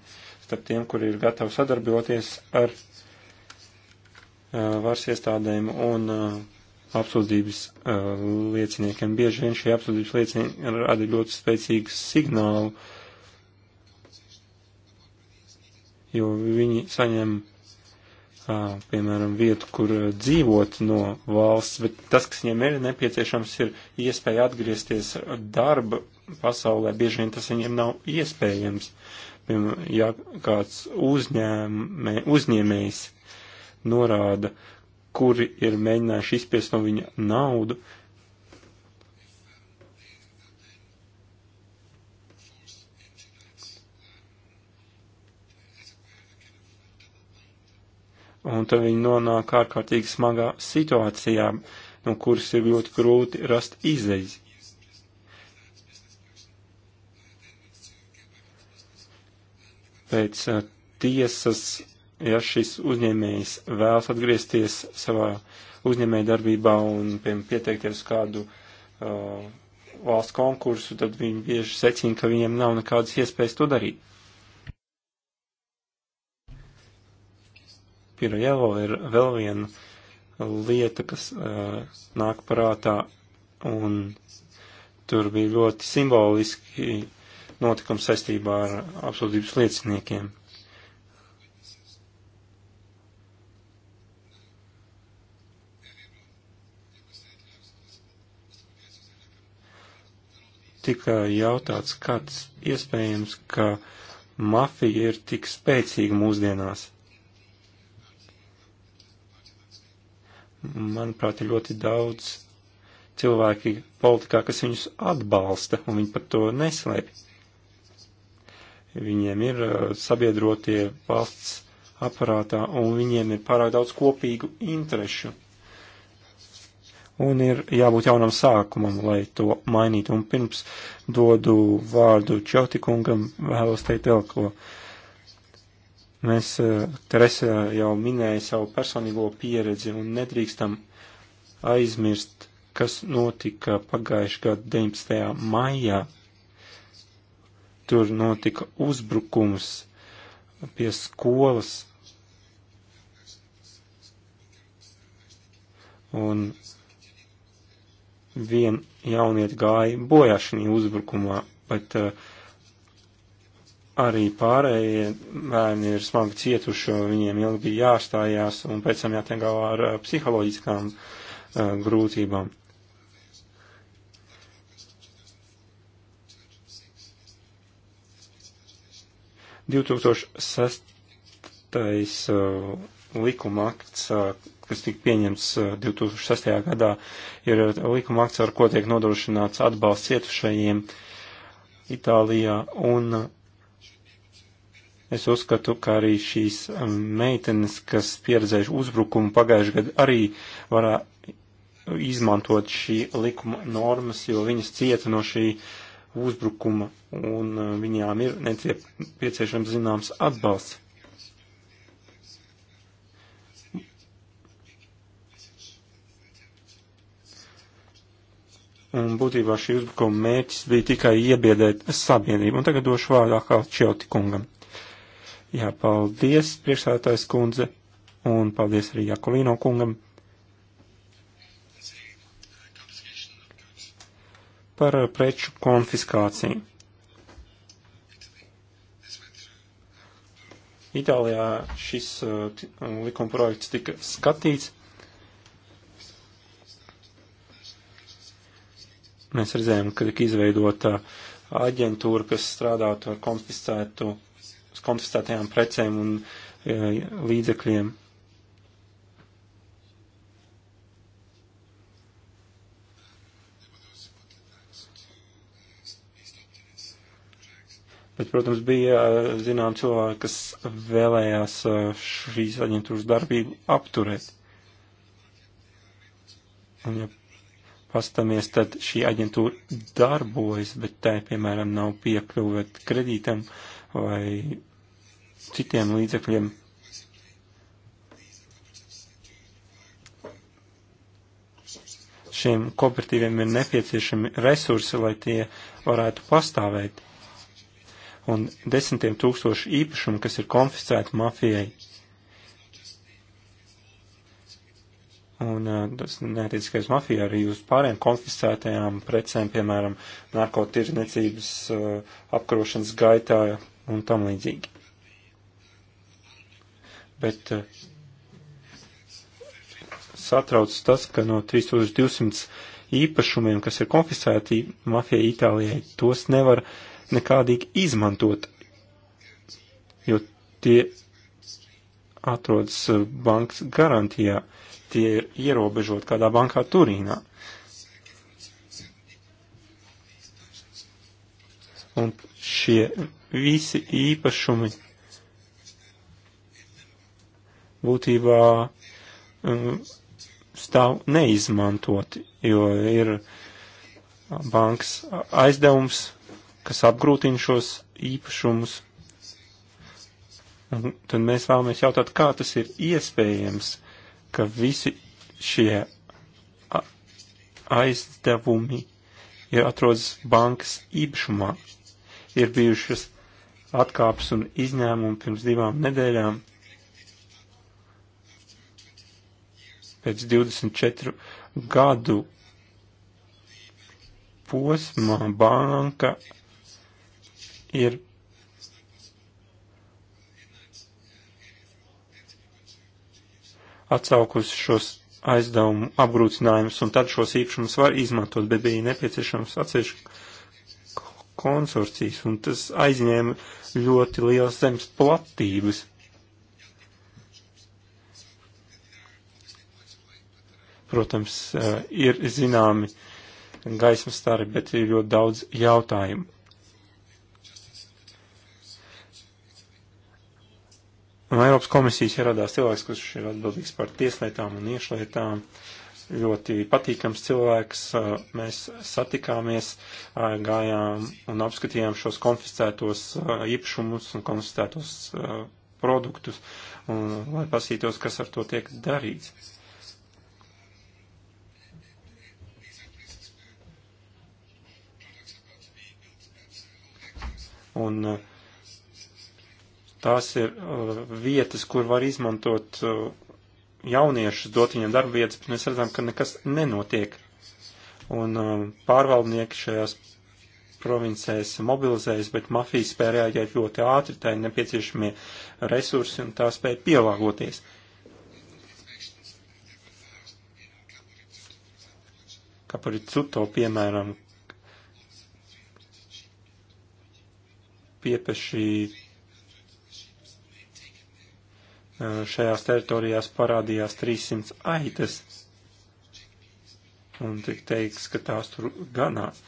[SPEAKER 1] starp tiem, kuri ir gatavi sadarboties ar uh, varas iestādēm un uh, apsūdzības lieciniekiem. Bieži vien šie apsūdzības liecinieki rada ļoti spēcīgu signālu, jo viņi saņem uh, piemēram, vietu, kur eh, dzīvot no valsts, bet tas, kas viņiem ir nepieciešams, ir iespēja atgriezties darba pasaulē. Bieži vien tas viņiem nav iespējams. Piemēram, ja kāds uzņēmē, uzņēmējs norāda, kuri ir mēģinājuši izspiest no viņa naudu, uh, un tad viņi nonāk ārkārtīgi smagā situācijā, no kuras ir ļoti grūti rast izeizi. Pēc eh, tiesas, ja šis uzņēmējs vēlas atgriezties savā uzņēmēja darbībā un, piemēram, pieteikties kādu uh, valsts konkursu, tad viņi bieži secina, ka viņiem nav nekādas iespējas to darīt. Pirjelo ir vēl viena lieta, kas uh, nāk parātā, un tur bija ļoti simboliski notikumi saistībā ar apsūdzības lieciniekiem. tika jautāts, kāds iespējams, ka mafija ir tik spēcīga mūsdienās. Manuprāt, ir ļoti daudz cilvēki politikā, kas viņus atbalsta, un viņi pat to neslēpj. Viņiem ir uh, sabiedrotie valsts aparātā, un viņiem ir pārāk daudz kopīgu interešu. Un ir jābūt jaunam sākumam, lai to mainītu. Un pirms dodu vārdu Čotikungam, vēlos teikt vēl ko. Uh, Mēs, eh, Terese jau minēja savu personīgo pieredzi un nedrīkstam aizmirst, kas notika pagājušajā gadā 19. maijā. Tur notika uzbrukums pie skolas. Un vien jaunieti gāja bojā šī uzbrukumā, bet uh, arī pārējie bērni ir smagi cietuši, viņiem ilgi bija jāstājās un pēc tam jātiek galā ar psiholoģiskām uh, grūtībām. Divtūkstošsestais uh, likuma akts, uh, kas tika pieņemts 2006. gadā, ir likuma akts, ar ko tiek nodrošināts atbalsts cietušajiem Itālijā un Es uzskatu, ka arī šīs um, meitenes, kas pieredzējuši uzbrukumu pagājuši gadu, arī varā izmantot šī likuma normas, jo viņas cieta no šī uzbrukuma un uh, viņām ir nepieciešams zināms atbalsts. Un būtībā šī uzbrukuma mērķis bija tikai iebiedēt sabiedrību. Un tagad došu vārdu atkal Čelti kungam. Jā, paldies, priekšsēdētājs kundze, un paldies arī Jakolīno kungam. Par preču konfiskāciju. Itālijā šis uh, likumprojekts tika skatīts. Mēs redzējām, ka tika izveidota aģentūra, kas strādātu ar konfiscētu konfiscētajām precēm un e, līdzekļiem. Bet, protams, bija e, zinām cilvēki, kas vēlējās e, šīs aģentūras darbību apturēt. Un, ja pastamies, tad šī aģentūra darbojas, bet tai, piemēram, nav piekļuvet kredītam vai citiem līdzekļiem. Šiem kooperatīviem ir nepieciešami resursi, lai tie varētu pastāvēt. Un desmitiem tūkstoši īpašumu, kas ir konfiscēti mafijai. Un tas neatiec tikai uz mafiju, arī uz pārējām konfiscētajām precēm, piemēram, narkotirdzniecības apkarošanas gaitā un tam līdzīgi bet eh, satrauc tas, ka no 3200 īpašumiem, kas ir konfiscēti mafijai Itālijai, tos nevar nekādīgi izmantot, jo tie atrodas eh, bankas garantijā, tie ir ierobežot kādā bankā Turīnā. Un šie visi īpašumi būtībā um, stāv neizmantoti, jo ir bankas aizdevums, kas apgrūtina šos īpašumus. Un tad mēs vēlamies jautāt, kā tas ir iespējams, ka visi šie aizdevumi ir atrodas bankas īpašumā. Ir bijušas atkāpes un izņēmumi pirms divām nedēļām pēc 24 gadu posmā banka ir atsaukus šos aizdevumu apgrūtinājumus, un tad šos īpašumus var izmantot, bet bija nepieciešams atsevišķi konsorcijas, un tas aizņēma ļoti liels zemes platības. Protams, eh, ir zināmi gaismas stari, bet ir ļoti daudz jautājumu. Un Eiropas komisijas ieradās cilvēks, kurš ir atbildīgs par tieslietām un iešlietām. Ļoti patīkams cilvēks. Eh, mēs satikāmies, eh, gājām un apskatījām šos konfiscētos īpašumus un konfiscētos produktus, un, lai pasītos, kas ar to tiek darīts. Un uh, tās ir uh, vietas, kur var izmantot uh, jauniešus, dot viņiem darba vietas, bet mēs redzam, ka nekas nenotiek. Un pārvaldnieki šajās provincēs mobilizējas, bet mafija spēja reaģēt ļoti ātri, tā ir nepieciešamie resursi un tā spēja pielāgoties. Kaparicuto, piemēram, piepeši šajās teritorijās parādījās 300 aitas. Un tik teiks, ka tās tur ganās.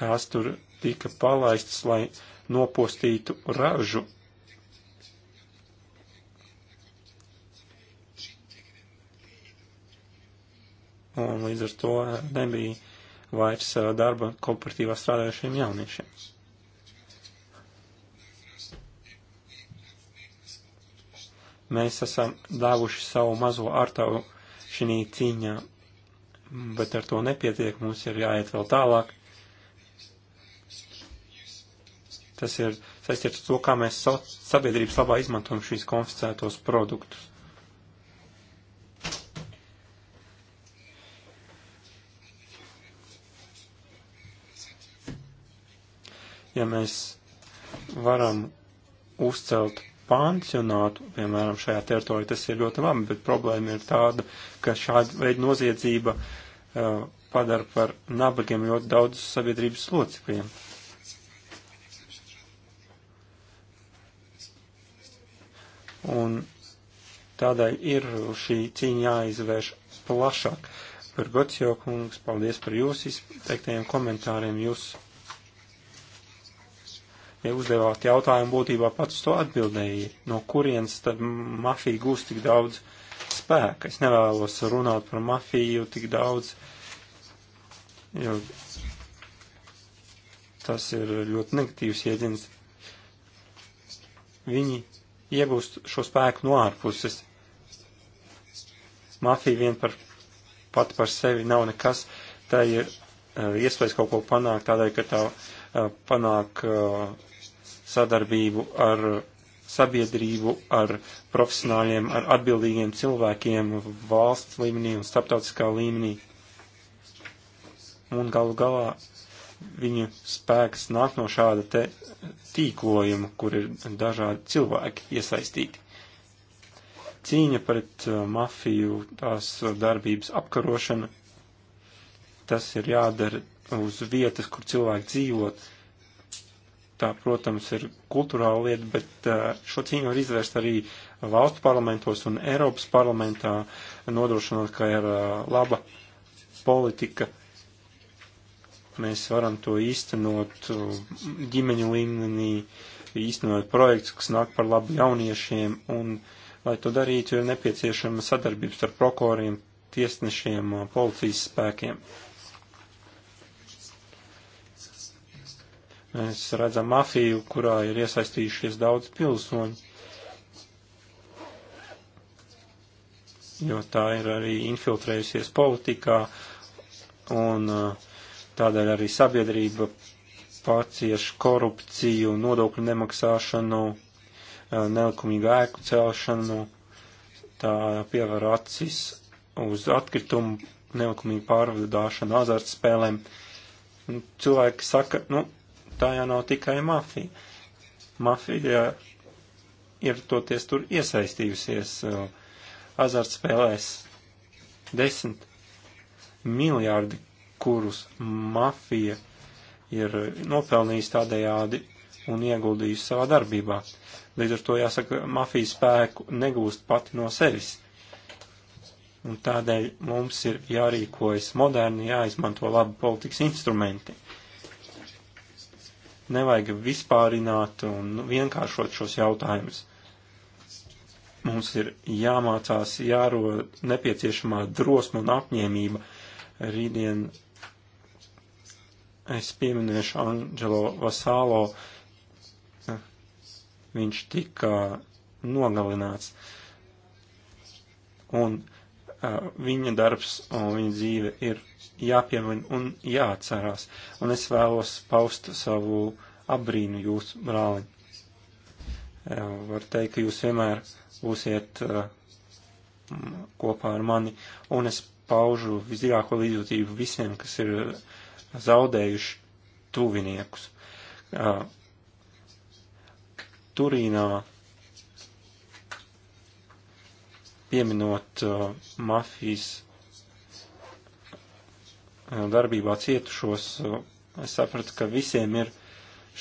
[SPEAKER 1] Tās tur tika palaistas, lai nopostītu ražu. Un līdz ar to nebija vairs eh, darba kooperatīvā strādājušiem jauniešiem. Mēs esam dāvuši savu mazo artavu šī cīņā, bet ar to nepietiek, mums ir jāiet vēl tālāk. Tas ir saistīts ar to, kā mēs sabiedrības labā izmantojam šīs konfiscētos produktus. ja mēs varam uzcelt pansionātu, piemēram, šajā teritorijā, tas ir ļoti labi, bet problēma ir tāda, ka šāda veida noziedzība uh, padara par nabagiem ļoti daudzus sabiedrības locekļiem. Un tādēļ ir šī cīņa jāizvērš plašāk. Par Gocio kungs, paldies par jūsu izteiktajiem komentāriem, jūsu ja uzdevāt jautājumu, būtībā pats to atbildēji, no kurienes tad mafija gūst tik daudz spēka. Es nevēlos runāt par mafiju tik daudz, jo tas ir ļoti negatīvs iedziens. Viņi iegūst šo spēku no ārpuses. Mafija vien par, pat par sevi nav nekas, tā ir eh, iespējas kaut ko panākt tādēļ, ka tā eh, panāk uh, sadarbību ar sabiedrību, ar profesionāļiem, ar atbildīgiem cilvēkiem valsts līmenī un starptautiskā līmenī. Un galu galā viņu spēks nāk no šāda te tīklojuma, kur ir dažādi cilvēki iesaistīti. Cīņa pret uh, mafiju, tās darbības apkarošana, tas ir jādara uz vietas, kur cilvēki dzīvot tā, protams, ir kultūrāla lieta, bet šo cīņu var izvērst arī valstu parlamentos un Eiropas parlamentā, nodrošinot, ka ir laba politika. Mēs varam to īstenot ģimeņu līmenī, īstenot projekts, kas nāk par labu jauniešiem, un, lai to darītu, ir nepieciešama sadarbības ar prokuroriem, tiesnešiem, policijas spēkiem. Mēs redzam mafiju, kurā ir iesaistījušies daudz pilsoņu, jo tā ir arī infiltrējusies politikā, un uh, tādēļ arī sabiedrība pārcieš korupciju, nodokļu nemaksāšanu, uh, nelikumīgu ēku celšanu, tā pievar acis uz atkritumu nelikumīgu pārvadāšanu azartspēlēm. Cilvēki saka, nu, tā jau nav tikai mafija. Mafija ir toties tur iesaistījusies uh, azartspēlēs desmit miljārdi, kurus mafija ir nopelnījusi tādējādi un ieguldījusi savā darbībā. Līdz ar to jāsaka, mafijas spēku negūst pati no sevis. Un tādēļ mums ir jārīkojas moderni, jāizmanto labi politikas instrumenti nevajag vispārināt un vienkāršot šos jautājumus. Mums ir jāmācās, jārod nepieciešamā drosma un apņēmība. Rītdien es pieminēšu Anģelo Vasālo. Viņš tika nogalināts. Un uh, viņa darbs un viņa dzīve ir jāpiemina un jāatcerās, un es vēlos paust savu apbrīnu jūs, brāli. Var teikt, ka jūs vienmēr būsiet uh, kopā ar mani, un es paužu visdziļāko līdzjūtību visiem, kas ir uh, zaudējuši tuviniekus. Uh, Turīnā pieminot mafijas Eh, darbībā cietušos, eh, es sapratu, ka visiem ir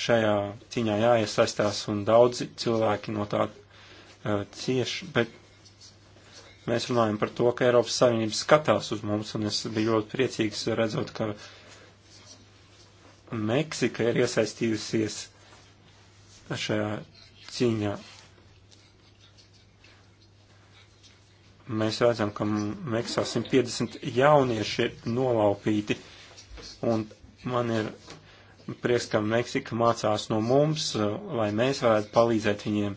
[SPEAKER 1] šajā ciņā jāiesaistās un daudzi cilvēki no tā eh, cieši, bet mēs runājam par to, ka Eiropas Savienība skatās uz mums, un es biju ļoti priecīgs redzot, ka Meksika ir iesaistījusies šajā cīņā. mēs redzam, ka Meksā 150 jaunieši ir nolaupīti. Un man ir prieks, ka Meksika mācās no mums, lai mēs varētu palīdzēt viņiem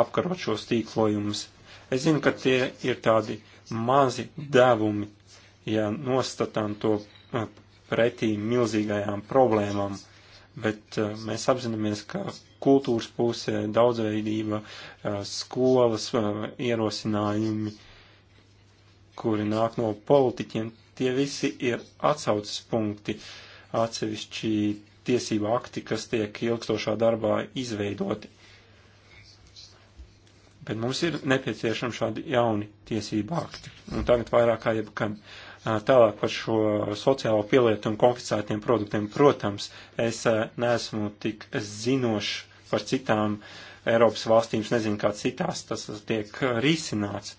[SPEAKER 1] apkarot šos tīklojumus. Es zinu, ka tie ir tādi mazi devumi, ja nostatām to pretī milzīgajām problēmām, bet mēs apzināmies, ka kultūras pusē daudzveidība, skolas ierosinājumi, kuri nāk no politiķiem, tie visi ir atsaucas punkti atsevišķi tiesību akti, kas tiek ilgstošā darbā izveidoti. Bet mums ir nepieciešami šādi jauni tiesību akti. Un tagad vairāk kā jebkam. Tālāk par šo sociālo pielietu un konfiscētiem produktiem. Protams, es neesmu tik zinošs par citām Eiropas valstīm, es nezinu, kā citās tas tiek risināts.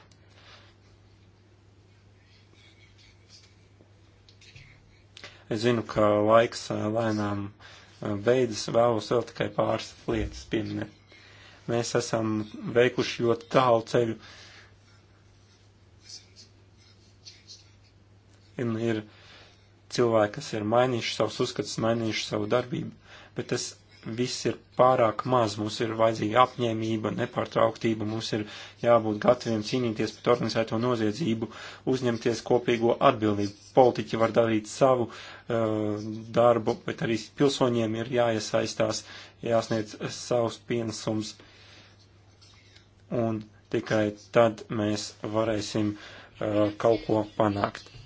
[SPEAKER 1] Es zinu, ka laiks lēnām beidzas, vēlos vēl tikai pāris lietas pieminēt. Mēs esam veikuši ļoti tālu ceļu. Un ir cilvēki, kas ir mainījuši savus uzskatus, mainījuši savu darbību, bet es viss ir pārāk maz, mums ir vajadzīga apņēmība, nepārtrauktība, mums ir jābūt gataviem cīnīties pret organizēto noziedzību, uzņemties kopīgo atbildību. Politiķi var darīt savu uh, darbu, bet arī pilsoņiem ir jāiesaistās, jāsniedz savus pienesums, un tikai tad mēs varēsim uh, kaut ko panākt.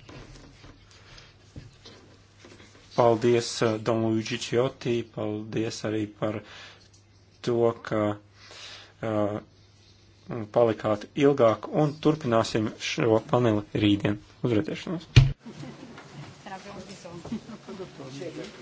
[SPEAKER 1] Paldies uh, Donluigi Čioti, paldies arī par to, ka uh, palikāt ilgāk un turpināsim šo paneli rītdien. Uzredzēšanos! Thank you.